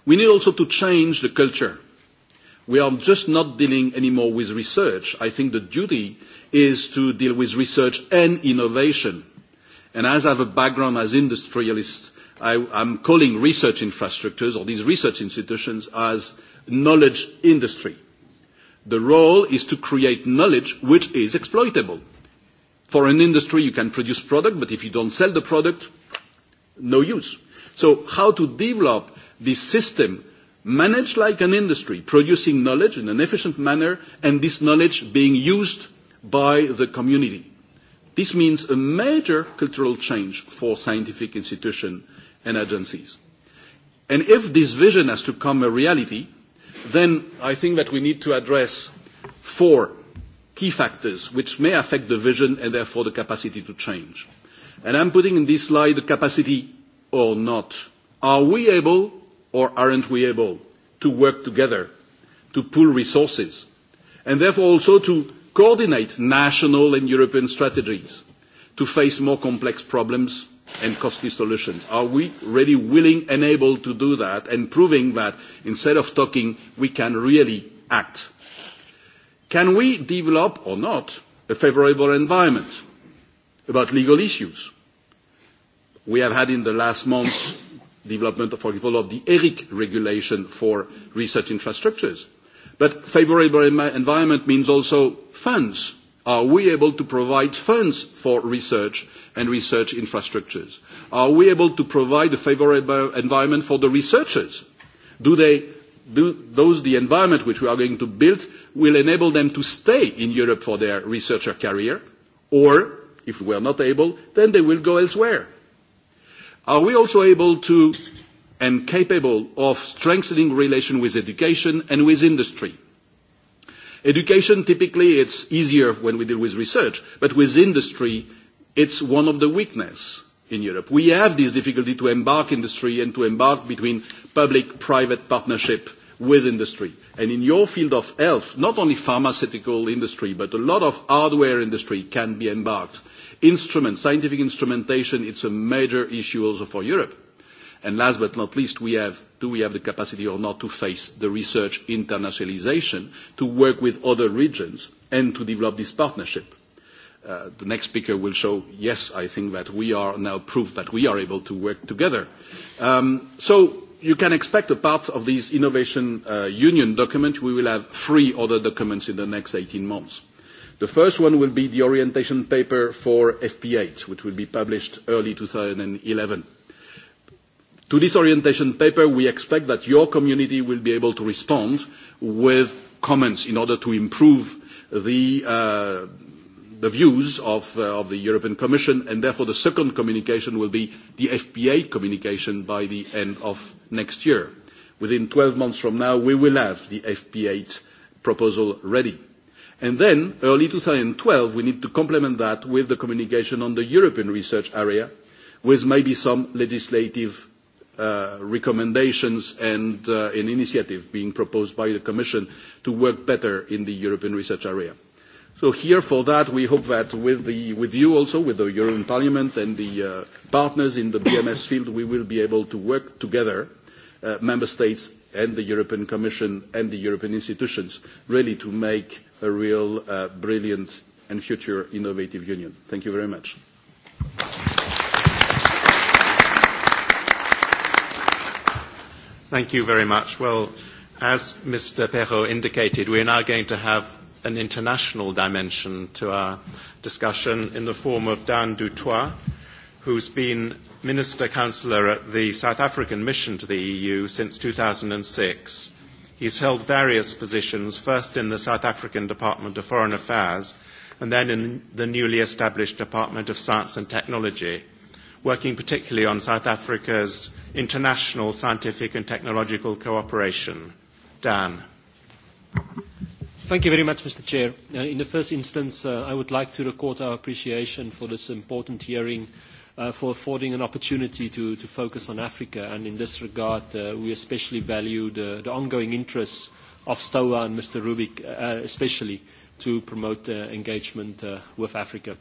We need also to change the culture. We are just not dealing anymore with research. I think the duty is to deal with research and innovation. And as I have a background as industrialist, I, I'm calling research infrastructures or these research institutions as knowledge industry. The role is to create knowledge which is exploitable. For an industry, you can produce product, but if you don't sell the product, no use. So how to develop this system managed like an industry, producing knowledge in an efficient manner, and this knowledge being used by the community. This means a major cultural change for scientific institutions and agencies. And if this vision has to come a reality, then I think that we need to address four key factors which may affect the vision and therefore the capacity to change. And I'm putting in this slide the capacity or not. Are we able or aren't we able to work together, to pool resources, and therefore also to coordinate national and European strategies to face more complex problems and costly solutions. Are we really willing and able to do that and proving that instead of talking, we can really act? Can we develop or not a favourable environment about legal issues? We have had in the last months development, for example, of the ERIC regulation for research infrastructures. But favourable environment means also funds Are we able to provide funds for research and research infrastructures? Are we able to provide a favorable environment for the researchers? Do they, do those, the environment which we are going to build will enable them to stay in Europe for their researcher career? Or, if we are not able, then they will go elsewhere. Are we also able to and capable of strengthening relations with education and with industry? Education, typically, it's easier when we deal with research, but with industry, it's one of the weaknesses in Europe. We have this difficulty to embark industry and to embark between public-private partnership with industry. And in your field of health, not only pharmaceutical industry, but a lot of hardware industry can be embarked. Instruments, scientific instrumentation, it's a major issue also for Europe And last but not least, we have, do we have the capacity or not to face the research internationalization, to work with other regions, and to develop this partnership? the next speaker will show, yes, I think that we are now proof that we are able to work together. so you can expect a part of this Innovation Union document. We will have three other documents in the next eighteen months. The first one will be the orientation paper for FP8, which will be published early eleven To this orientation paper, we expect that your community will be able to respond with comments in order to improve the, views of, the European Commission, and therefore the second communication will be the FPA communication by the end of next year. Within twelve months from now, we will have the FP8 proposal ready. And then, early twelve we need to complement that with the communication on the European research area, with maybe some legislative recommendations and an initiative being proposed by the Commission to work better in the European research area. So here for that, we hope that with, the, with you also, with the European Parliament and the partners in the BMS field, we will be able to work together, Member States and the European Commission and the European institutions, really to make a real brilliant and future innovative union. Thank you very much. Thank you very much. Well, as Mr. Perrault indicated, we are now going to have an international dimension to our discussion in the form of Dan Dutoit, who's been Minister Councillor at the South African Mission to the EU since 2006. He's held various positions, first in the South African Department of Foreign Affairs and then in the newly established Department of Science and Technology working particularly on South Africa's international scientific and technological cooperation. Dan. Thank you very much, Mr. Chair. Uh, in the first instance, uh, I would like to record our appreciation for this important hearing uh, for affording an opportunity to, to focus on Africa. And in this regard, uh, we especially value the, the ongoing interests of STOA and Mr. Rubik, uh, especially to promote uh, engagement uh, with Africa.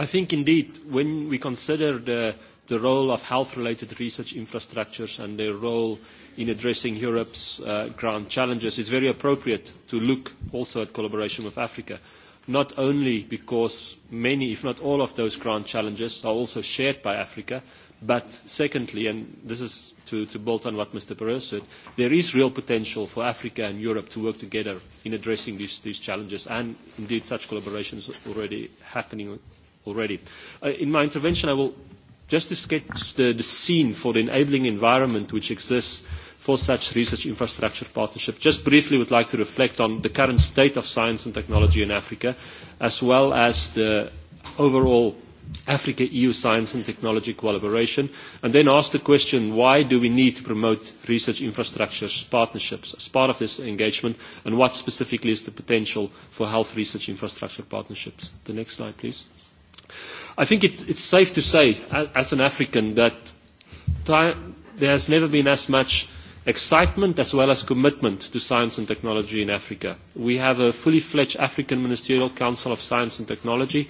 I think indeed when we consider the, the role of health-related research infrastructures and their role in addressing Europe's uh, grand challenges, it's very appropriate to look also at collaboration with Africa, not only because many, if not all of those grand challenges are also shared by Africa, but secondly, and this is to, to bolt on what Mr. Perez said, there is real potential for Africa and Europe to work together in addressing these, these challenges, and indeed such collaboration is already happening already. in my intervention, I will just to sketch the, the scene for the enabling environment which exists for such research infrastructure partnership. Just briefly would like to reflect on the current state of science and technology in Africa, as well as the overall Africa-EU science and technology collaboration, and then ask the question, why do we need to promote research infrastructure partnerships as part of this engagement, and what specifically is the potential for health research infrastructure partnerships? The next slide, please. I think it's, it's safe to say, as an African, that time, there has never been as much excitement as well as commitment to science and technology in Africa. We have a fully fledged African Ministerial Council of Science and Technology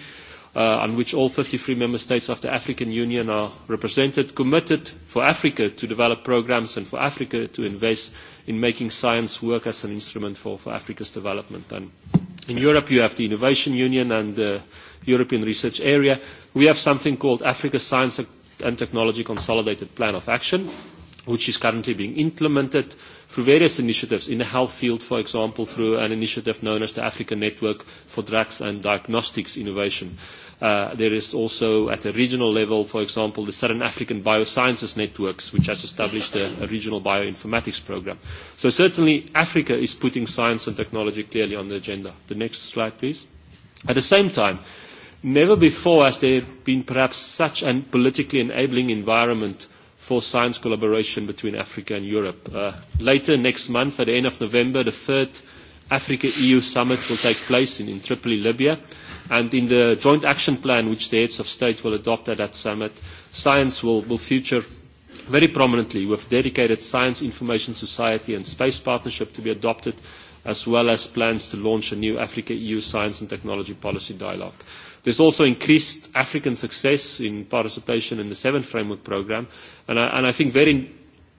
on which all fifty three member states of the African Union are represented, committed for Africa to develop programmes and for Africa to invest in making science work as an instrument for, Africa's development. in Europe, you have the Innovation Union and the European Research Area. We have something called Africa Science and Technology Consolidated Plan of Action which is currently being implemented through various initiatives in the health field, for example, through an initiative known as the African Network for Drugs and Diagnostics Innovation. Uh, there is also at a regional level, for example, the Southern African Biosciences Networks, which has established a, a regional bioinformatics program. So certainly Africa is putting science and technology clearly on the agenda. The next slide, please. At the same time, never before has there been perhaps such a politically enabling environment – for science collaboration between Africa and Europe. Uh, later next month, at the end of November, the third Africa-EU summit will take place in, in Tripoli, Libya. And in the joint action plan which the heads of state will adopt at that summit, science will, will feature very prominently with dedicated science information society and space partnership to be adopted, as well as plans to launch a new Africa-EU science and technology policy dialogue. There is also increased African success in participation in the seventh framework Programme, and I think very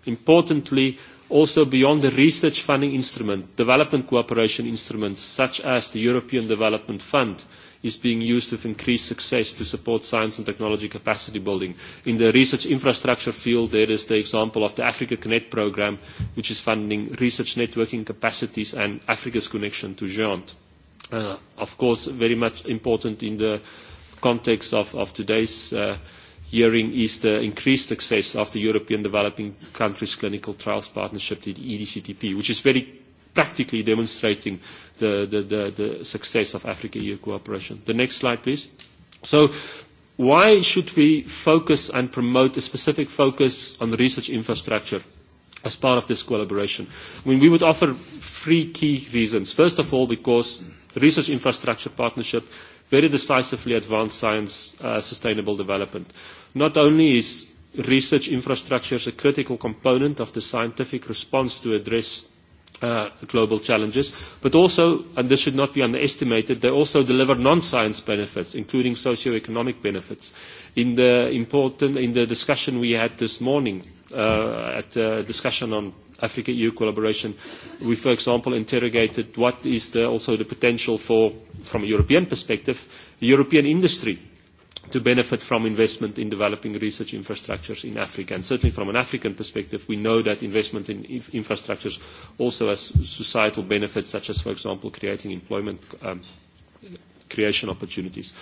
importantly, also beyond the research funding instrument, development cooperation instruments such as the European Development Fund is being used with increased success to support science and technology capacity building. In the research infrastructure field, there is the example of the Africa Connect programme, which is funding research networking capacities and Africa's connection to GEANT of course, very much important in the context of today's hearing is the increased access of the European Developing Countries Clinical Trials Partnership, the EDCTP, which is very practically demonstrating the success of Africa-EU cooperation. The next slide, please. So why should we focus and promote a specific focus on research infrastructure as part of this collaboration? I mean, we would offer three key reasons. First of all, because research infrastructure partnership, very decisively advanced science uh, sustainable development. Not only is research infrastructure a critical component of the scientific response to address uh, global challenges, but also, and this should not be underestimated, they also deliver non-science benefits, including socio-economic benefits. In the, important, in the discussion we had this morning, uh, at the discussion on Africa-EU collaboration, we, for example, interrogated what is the, also the potential for, from a European perspective, the European industry to benefit from investment in developing research infrastructures in Africa. And certainly from an African perspective, we know that investment in infrastructures also has societal benefits, such as, for example, creating employment um, creation opportunities.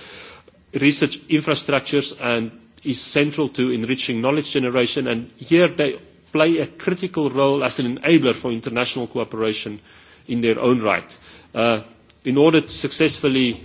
Research infrastructures and is central to enriching knowledge generation, and here they play a critical role as an enabler for international cooperation in their own right uh, in order to successfully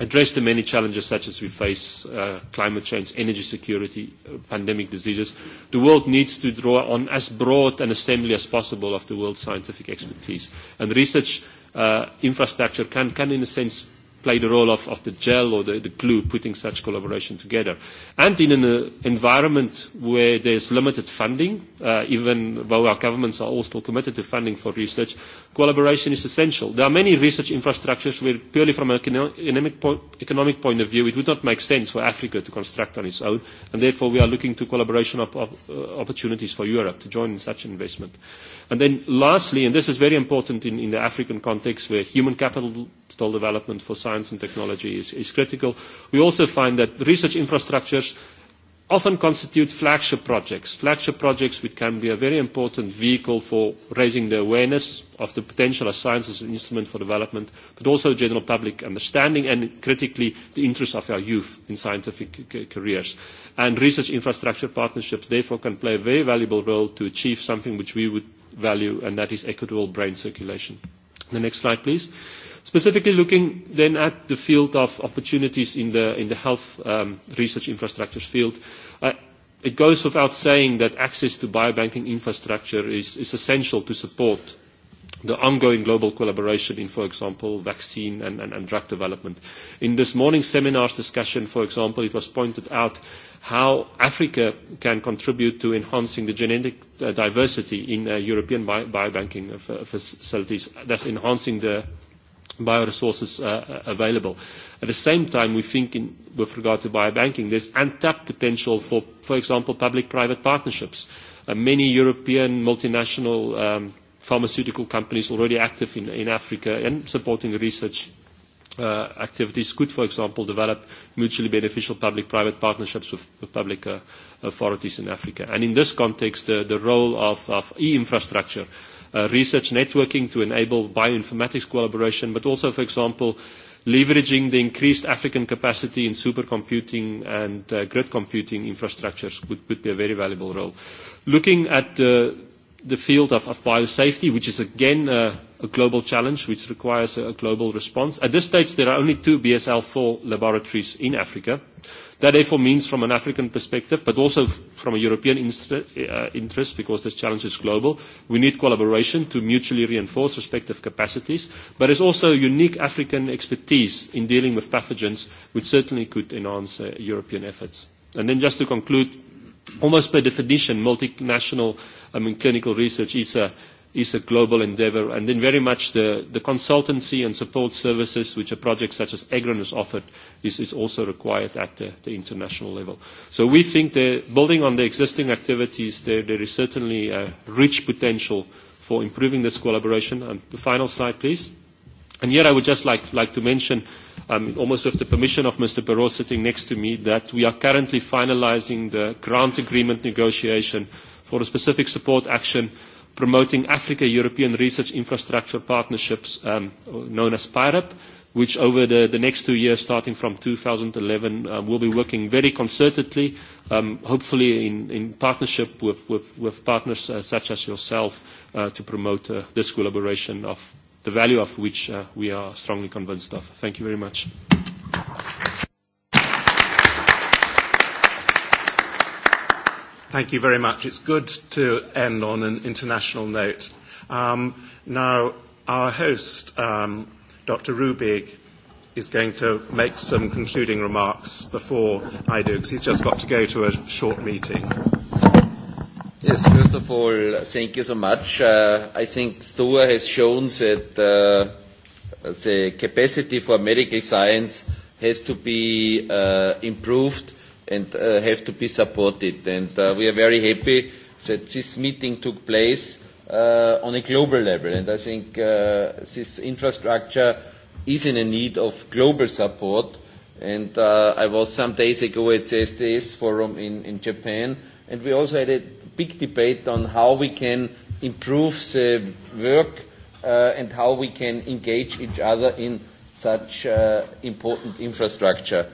address the many challenges such as we face, uh, climate change, energy security, uh, pandemic diseases, the world needs to draw on as broad an assembly as possible of the world's scientific expertise. And research uh, infrastructure can, can, in a sense, play the role of, of the gel or the, the glue putting such collaboration together. And in an environment where there's limited funding, uh, even though our governments are all still committed to funding for research, collaboration is essential. There are many research infrastructures where purely from an economic, po- economic point of view, it would not make sense for Africa to construct on its own, and therefore we are looking to collaboration op- op- opportunities for Europe to join in such investment. And then lastly, and this is very important in, in the African context where human capital development for science science and technology is, is critical. We also find that research infrastructures often constitute flagship projects. Flagship projects which can be a very important vehicle for raising the awareness of the potential of science as an instrument for development, but also general public understanding and critically the interests of our youth in scientific careers. And research infrastructure partnerships therefore can play a very valuable role to achieve something which we would value, and that is equitable brain circulation. The next slide, please Specifically looking then at the field of opportunities in the, in the health um, research infrastructures field, uh, it goes without saying that access to biobanking infrastructure is, is essential to support the ongoing global collaboration in, for example, vaccine and, and, and drug development. In this morning's seminar's discussion, for example, it was pointed out how Africa can contribute to enhancing the genetic diversity in uh, European biobanking facilities, thus enhancing the bioresources uh, available. At the same time, we think in, with regard to biobanking, there's untapped potential for, for example, public-private partnerships. Uh, many European multinational um, pharmaceutical companies already active in, in Africa and supporting research uh, activities could, for example, develop mutually beneficial public-private partnerships with, with public uh, authorities in Africa. And in this context, uh, the role of, of e-infrastructure uh, research networking to enable bioinformatics collaboration, but also, for example, leveraging the increased African capacity in supercomputing and uh, grid computing infrastructures would, would be a very valuable role. Looking at the, the field of, of biosafety, which is again a, a global challenge, which requires a, a global response. At this stage, there are only two BSL-4 laboratories in Africa. Uh, That therefore means from an African perspective, but also from a European interest, because this challenge is global, we need collaboration to mutually reinforce respective capacities, but is also unique African expertise in dealing with pathogens, which certainly could enhance European efforts. And then just to conclude, almost by definition, multinational clinical research is a is a global endeavour. And then very much the, the consultancy and support services, which a project such as EGRIN has offered, is, is also required at the, the international level. So we think that building on the existing activities, there, there is certainly a rich potential for improving this collaboration. And the final slide, please. And here I would just like, like to mention, um, almost with the permission of Mr. Barroso sitting next to me, that we are currently finalizing the grant agreement negotiation for a specific support action promoting Africa-European research infrastructure partnerships, um, known as PIREP, which over the, the next two years, starting from 2011, um, will be working very concertedly, um, hopefully in, in partnership with, with, with partners uh, such as yourself, uh, to promote uh, this collaboration of the value of which uh, we are strongly convinced of. Thank you very much. Thank you very much. It's good to end on an international note. Um, now, our host, um, Dr. Rubig, is going to make some concluding remarks before I do, because he's just got to go to a short meeting. Yes, first of all, thank you so much. Uh, I think STOA has shown that uh, the capacity for medical science has to be uh, improved and uh, have to be supported. And uh, we are very happy that this meeting took place uh, on a global level. And I think uh, this infrastructure is in a need of global support. And uh, I was some days ago at the SDS forum in, in Japan, and we also had a big debate on how we can improve the work uh, and how we can engage each other in such uh, important infrastructure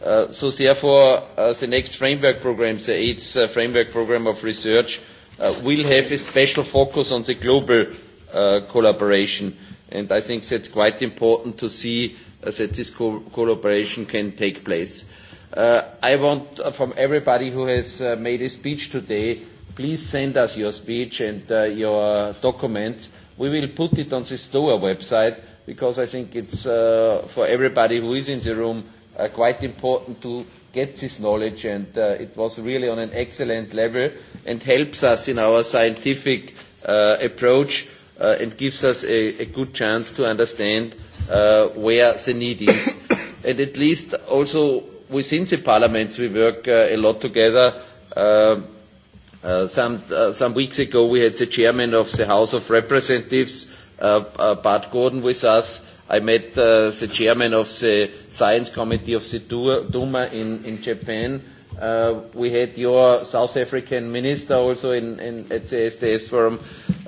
so therefore, uh, the next framework program, the AIDS uh, framework program of research, uh, will have a special focus on the global uh, collaboration. And I think that's quite important to see uh, that this co- collaboration can take place. Uh, I want uh, from everybody who has uh, made a speech today, please send us your speech and uh, your documents. We will put it on the STOA website because I think it's uh, for everybody who is in the room uh, quite important to get this knowledge and uh, it was really on an excellent level and helps us in our scientific uh, approach uh, and gives us a, a good chance to understand uh, where the need is. and at least also within the parliaments we work uh, a lot together. Uh, uh, some, uh, some weeks ago we had the chairman of the House of Representatives, uh, uh, Bart Gordon, with us I met uh, the chairman of the science committee of the Duma in, in Japan. Uh, we had your South African minister also in, in, at the SDS forum.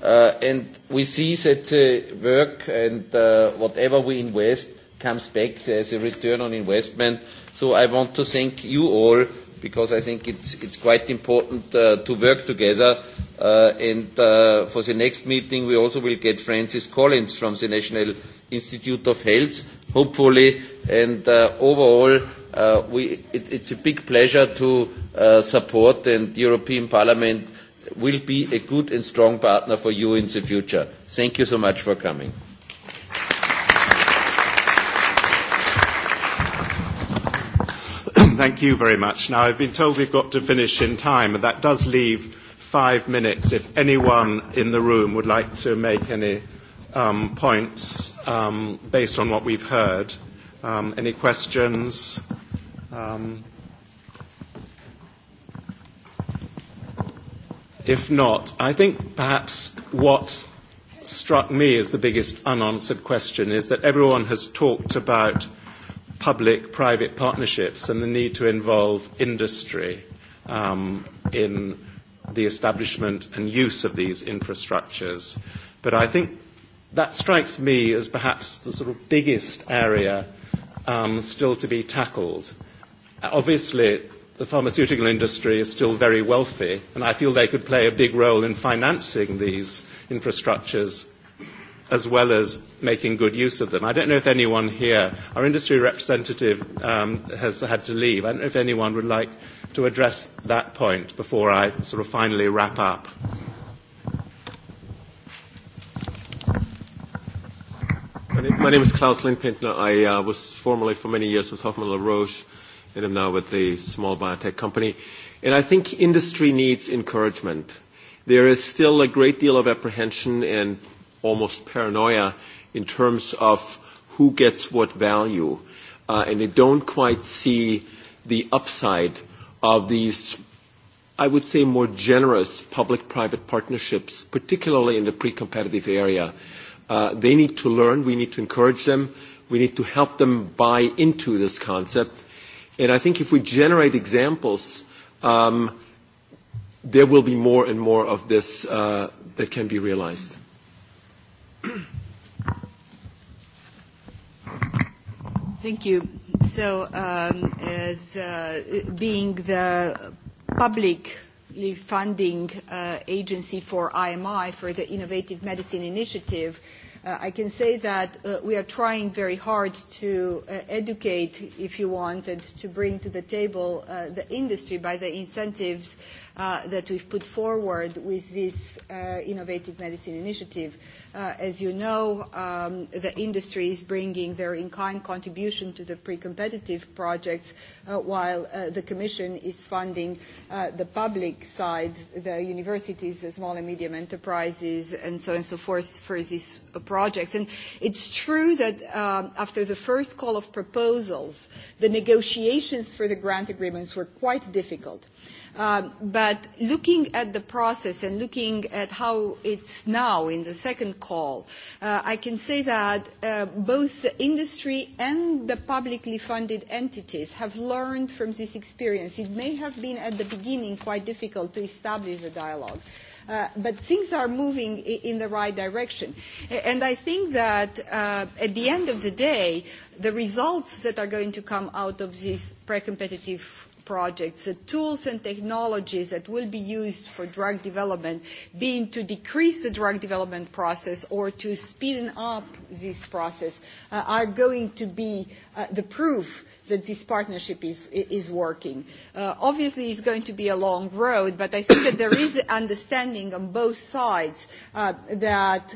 Uh, and we see that the work and uh, whatever we invest comes back as a return on investment. So I want to thank you all because I think it's, it's quite important uh, to work together. Uh, and uh, for the next meeting, we also will get Francis Collins from the National Institute of Health, hopefully. And uh, overall, uh, we, it, it's a big pleasure to uh, support, and the European Parliament will be a good and strong partner for you in the future. Thank you so much for coming. Thank you very much. Now, I've been told we've got to finish in time, and that does leave five minutes if anyone in the room would like to make any points based on what we've heard. any questions? if not, I think perhaps what struck me as the biggest unanswered question is that everyone has talked about – public-private partnerships and the need to involve industry in the establishment and use of these infrastructures. But I think that strikes me as perhaps the sort of biggest area still to be tackled. Obviously, the pharmaceutical industry is still very wealthy, and I feel they could play a big role in financing these infrastructures as well as making good use of them. I don't know if anyone here, our industry representative um, has had to leave. I don't know if anyone would like to address that point before I sort of finally wrap up. My name is Klaus Lindpintner. I uh, was formerly for many years with Hoffman LaRoche and am now with the small biotech company. And I think industry needs encouragement. There is still a great deal of apprehension and almost paranoia in terms of who gets what value, uh, and they don't quite see the upside of these, I would say, more generous public-private partnerships, particularly in the pre-competitive area. Uh, they need to learn. We need to encourage them. We need to help them buy into this concept. And I think if we generate examples, um, there will be more and more of this uh, that can be realized. Thank you. So, as being the publicly funding agency for IMI, for the Innovative Medicine Initiative, I can say that we are trying very hard to educate, if you want, and to bring to the table the industry by the incentives that we've put forward with this Innovative Medicine Initiative as you know, the industry is bringing their in-kind contribution to the pre-competitive projects while the Commission is funding the public side, the universities, the small and medium enterprises, and so on and so forth for these projects. And it's true that after the first call of proposals, the negotiations for the grant agreements were quite difficult. But looking at the process and looking at how it's now in the second call, I can say that both the industry and the publicly funded entities have learned learned from this experience? It may have been at the beginning quite difficult to establish a dialogue. Uh, but things are moving in the right direction. And I think that uh, at the end of the day, the results that are going to come out of this pre-competitive projects, the tools and technologies that will be used for drug development, being to decrease the drug development process or to speed up this process, are going to be the proof that this partnership is, is working. obviously, it's going to be a long road, but I think that there is understanding on both sides that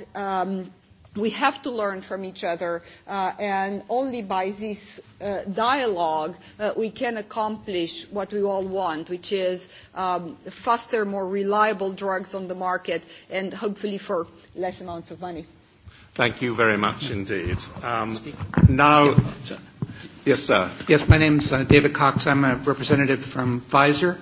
we have to learn from each other, uh, and only by this uh, dialogue uh, we can accomplish what we all want, which is um, faster, more reliable drugs on the market, and hopefully for less amounts of money. Thank you very much indeed. Um, now, yes, sir. Yes, my name is uh, David Cox. I'm a representative from Pfizer.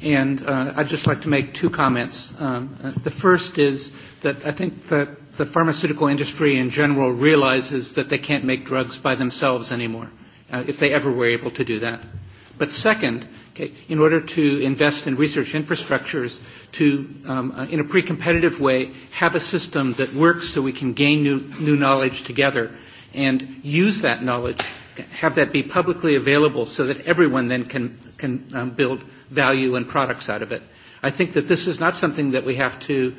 And uh, I'd just like to make two comments. Um, the first is that I think that the pharmaceutical industry in general realizes that they can't make drugs by themselves anymore, uh, if they ever were able to do that. But second, okay, in order to invest in research infrastructures to, um, uh, in a pre-competitive way, have a system that works so we can gain new, new knowledge together and use that knowledge, have that be publicly available so that everyone then can, can um, build value and products out of it. I think that this is not something that we have to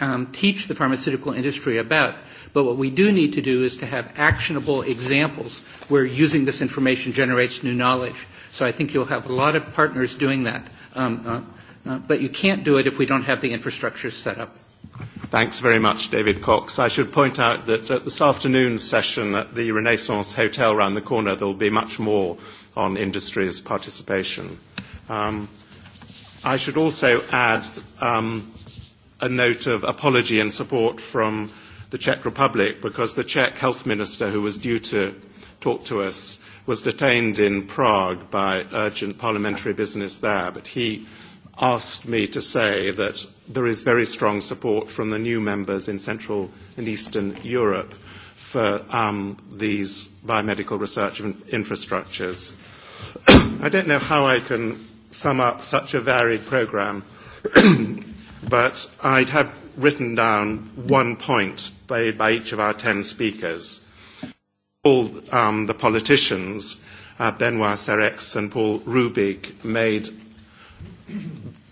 um, teach the pharmaceutical industry about. But what we do need to do is to have actionable examples where using this information generates new knowledge. So I think you'll have a lot of partners doing that. Um, uh, uh, but you can't do it if we don't have the infrastructure set up. Thanks very much, David Cox. I should point out that at this afternoon's session at the Renaissance Hotel round the corner, there will be much more on industry's participation. Um, I should also add um, a note of apology and support from the Czech Republic because the Czech health minister who was due to talk to us was detained in Prague by urgent parliamentary business there, but he asked me to say that there is very strong support from the new members in Central and Eastern Europe for um, these biomedical research infrastructures. I don't know how I can sum up such a varied programme but I'd have written down one point made by each of our ten speakers. All um, the politicians, uh, Benoit Serex and Paul Rubig, made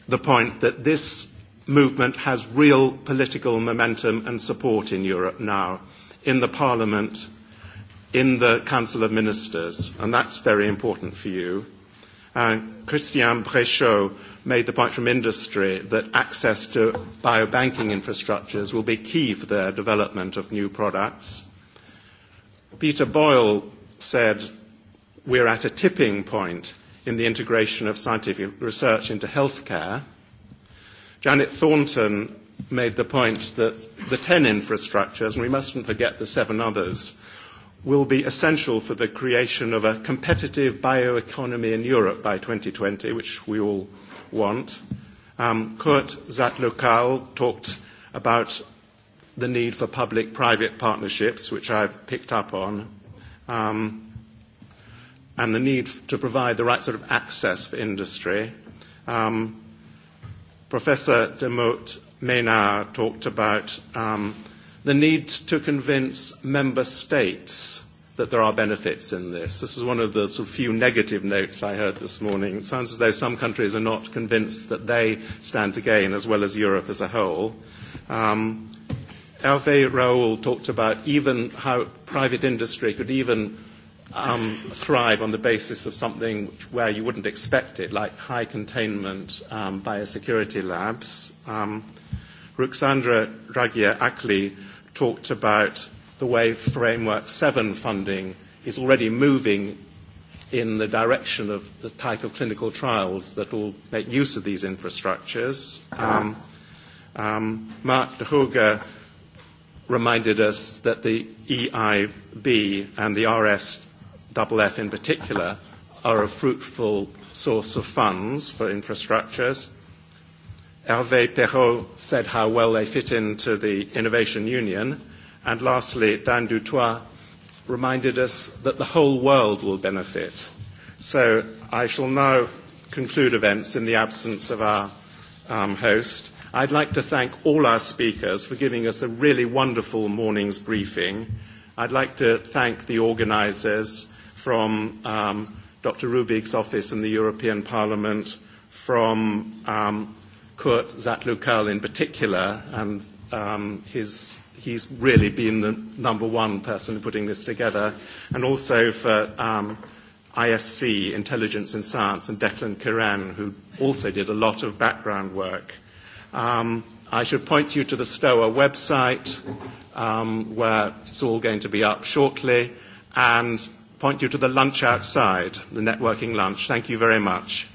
the point that this movement has real political momentum and support in Europe now, in the Parliament, in the Council of Ministers, and that's very important for you. And Christian Bréchot made the point from industry that access to biobanking infrastructures will be key for the development of new products. Peter Boyle said, we're at a tipping point in the integration of scientific research into healthcare. Janet Thornton made the point that the 10 infrastructures, and we mustn't forget the seven others, will be essential for the creation of a competitive bioeconomy in Europe by 2020, which we all want. Um, Kurt Zatlokal talked about the need for public-private partnerships, which I've picked up on, um, and the need to provide the right sort of access for industry. Um, Professor Demote Maynard talked about um, – the need to convince member states that there are benefits in this. This is one of the sort of few negative notes I heard this morning. It sounds as though some countries are not convinced that they stand to gain as well as Europe as a whole. Um, Hervé Raoul talked about even how private industry could even um, thrive on the basis of something where you wouldn't expect it, like high containment um, biosecurity labs. Um, Ruxandra dragia Akli talked about the way Framework 7 funding is already moving in the direction of the type of clinical trials that will make use of these infrastructures. Um, um, Mark de Hooge reminded us that the EIB and the RSFF in particular are a fruitful source of funds for infrastructures. Hervé Perrault said how well they fit into the Innovation Union. And lastly, Dan Dutoit reminded us that the whole world will benefit. So I shall now conclude events in the absence of our um, host. I'd like to thank all our speakers for giving us a really wonderful morning's briefing. I'd like to thank the organisers from um, Dr. Rubig's office in the European Parliament, from um, Kurt Zatlukal in particular, and um, his, he's really been the number one person putting this together, and also for um, ISC, Intelligence and Science, and Declan Kiran, who also did a lot of background work. Um, I should point you to the STOA website, um, where it's all going to be up shortly, and point you to the lunch outside, the networking lunch. Thank you very much.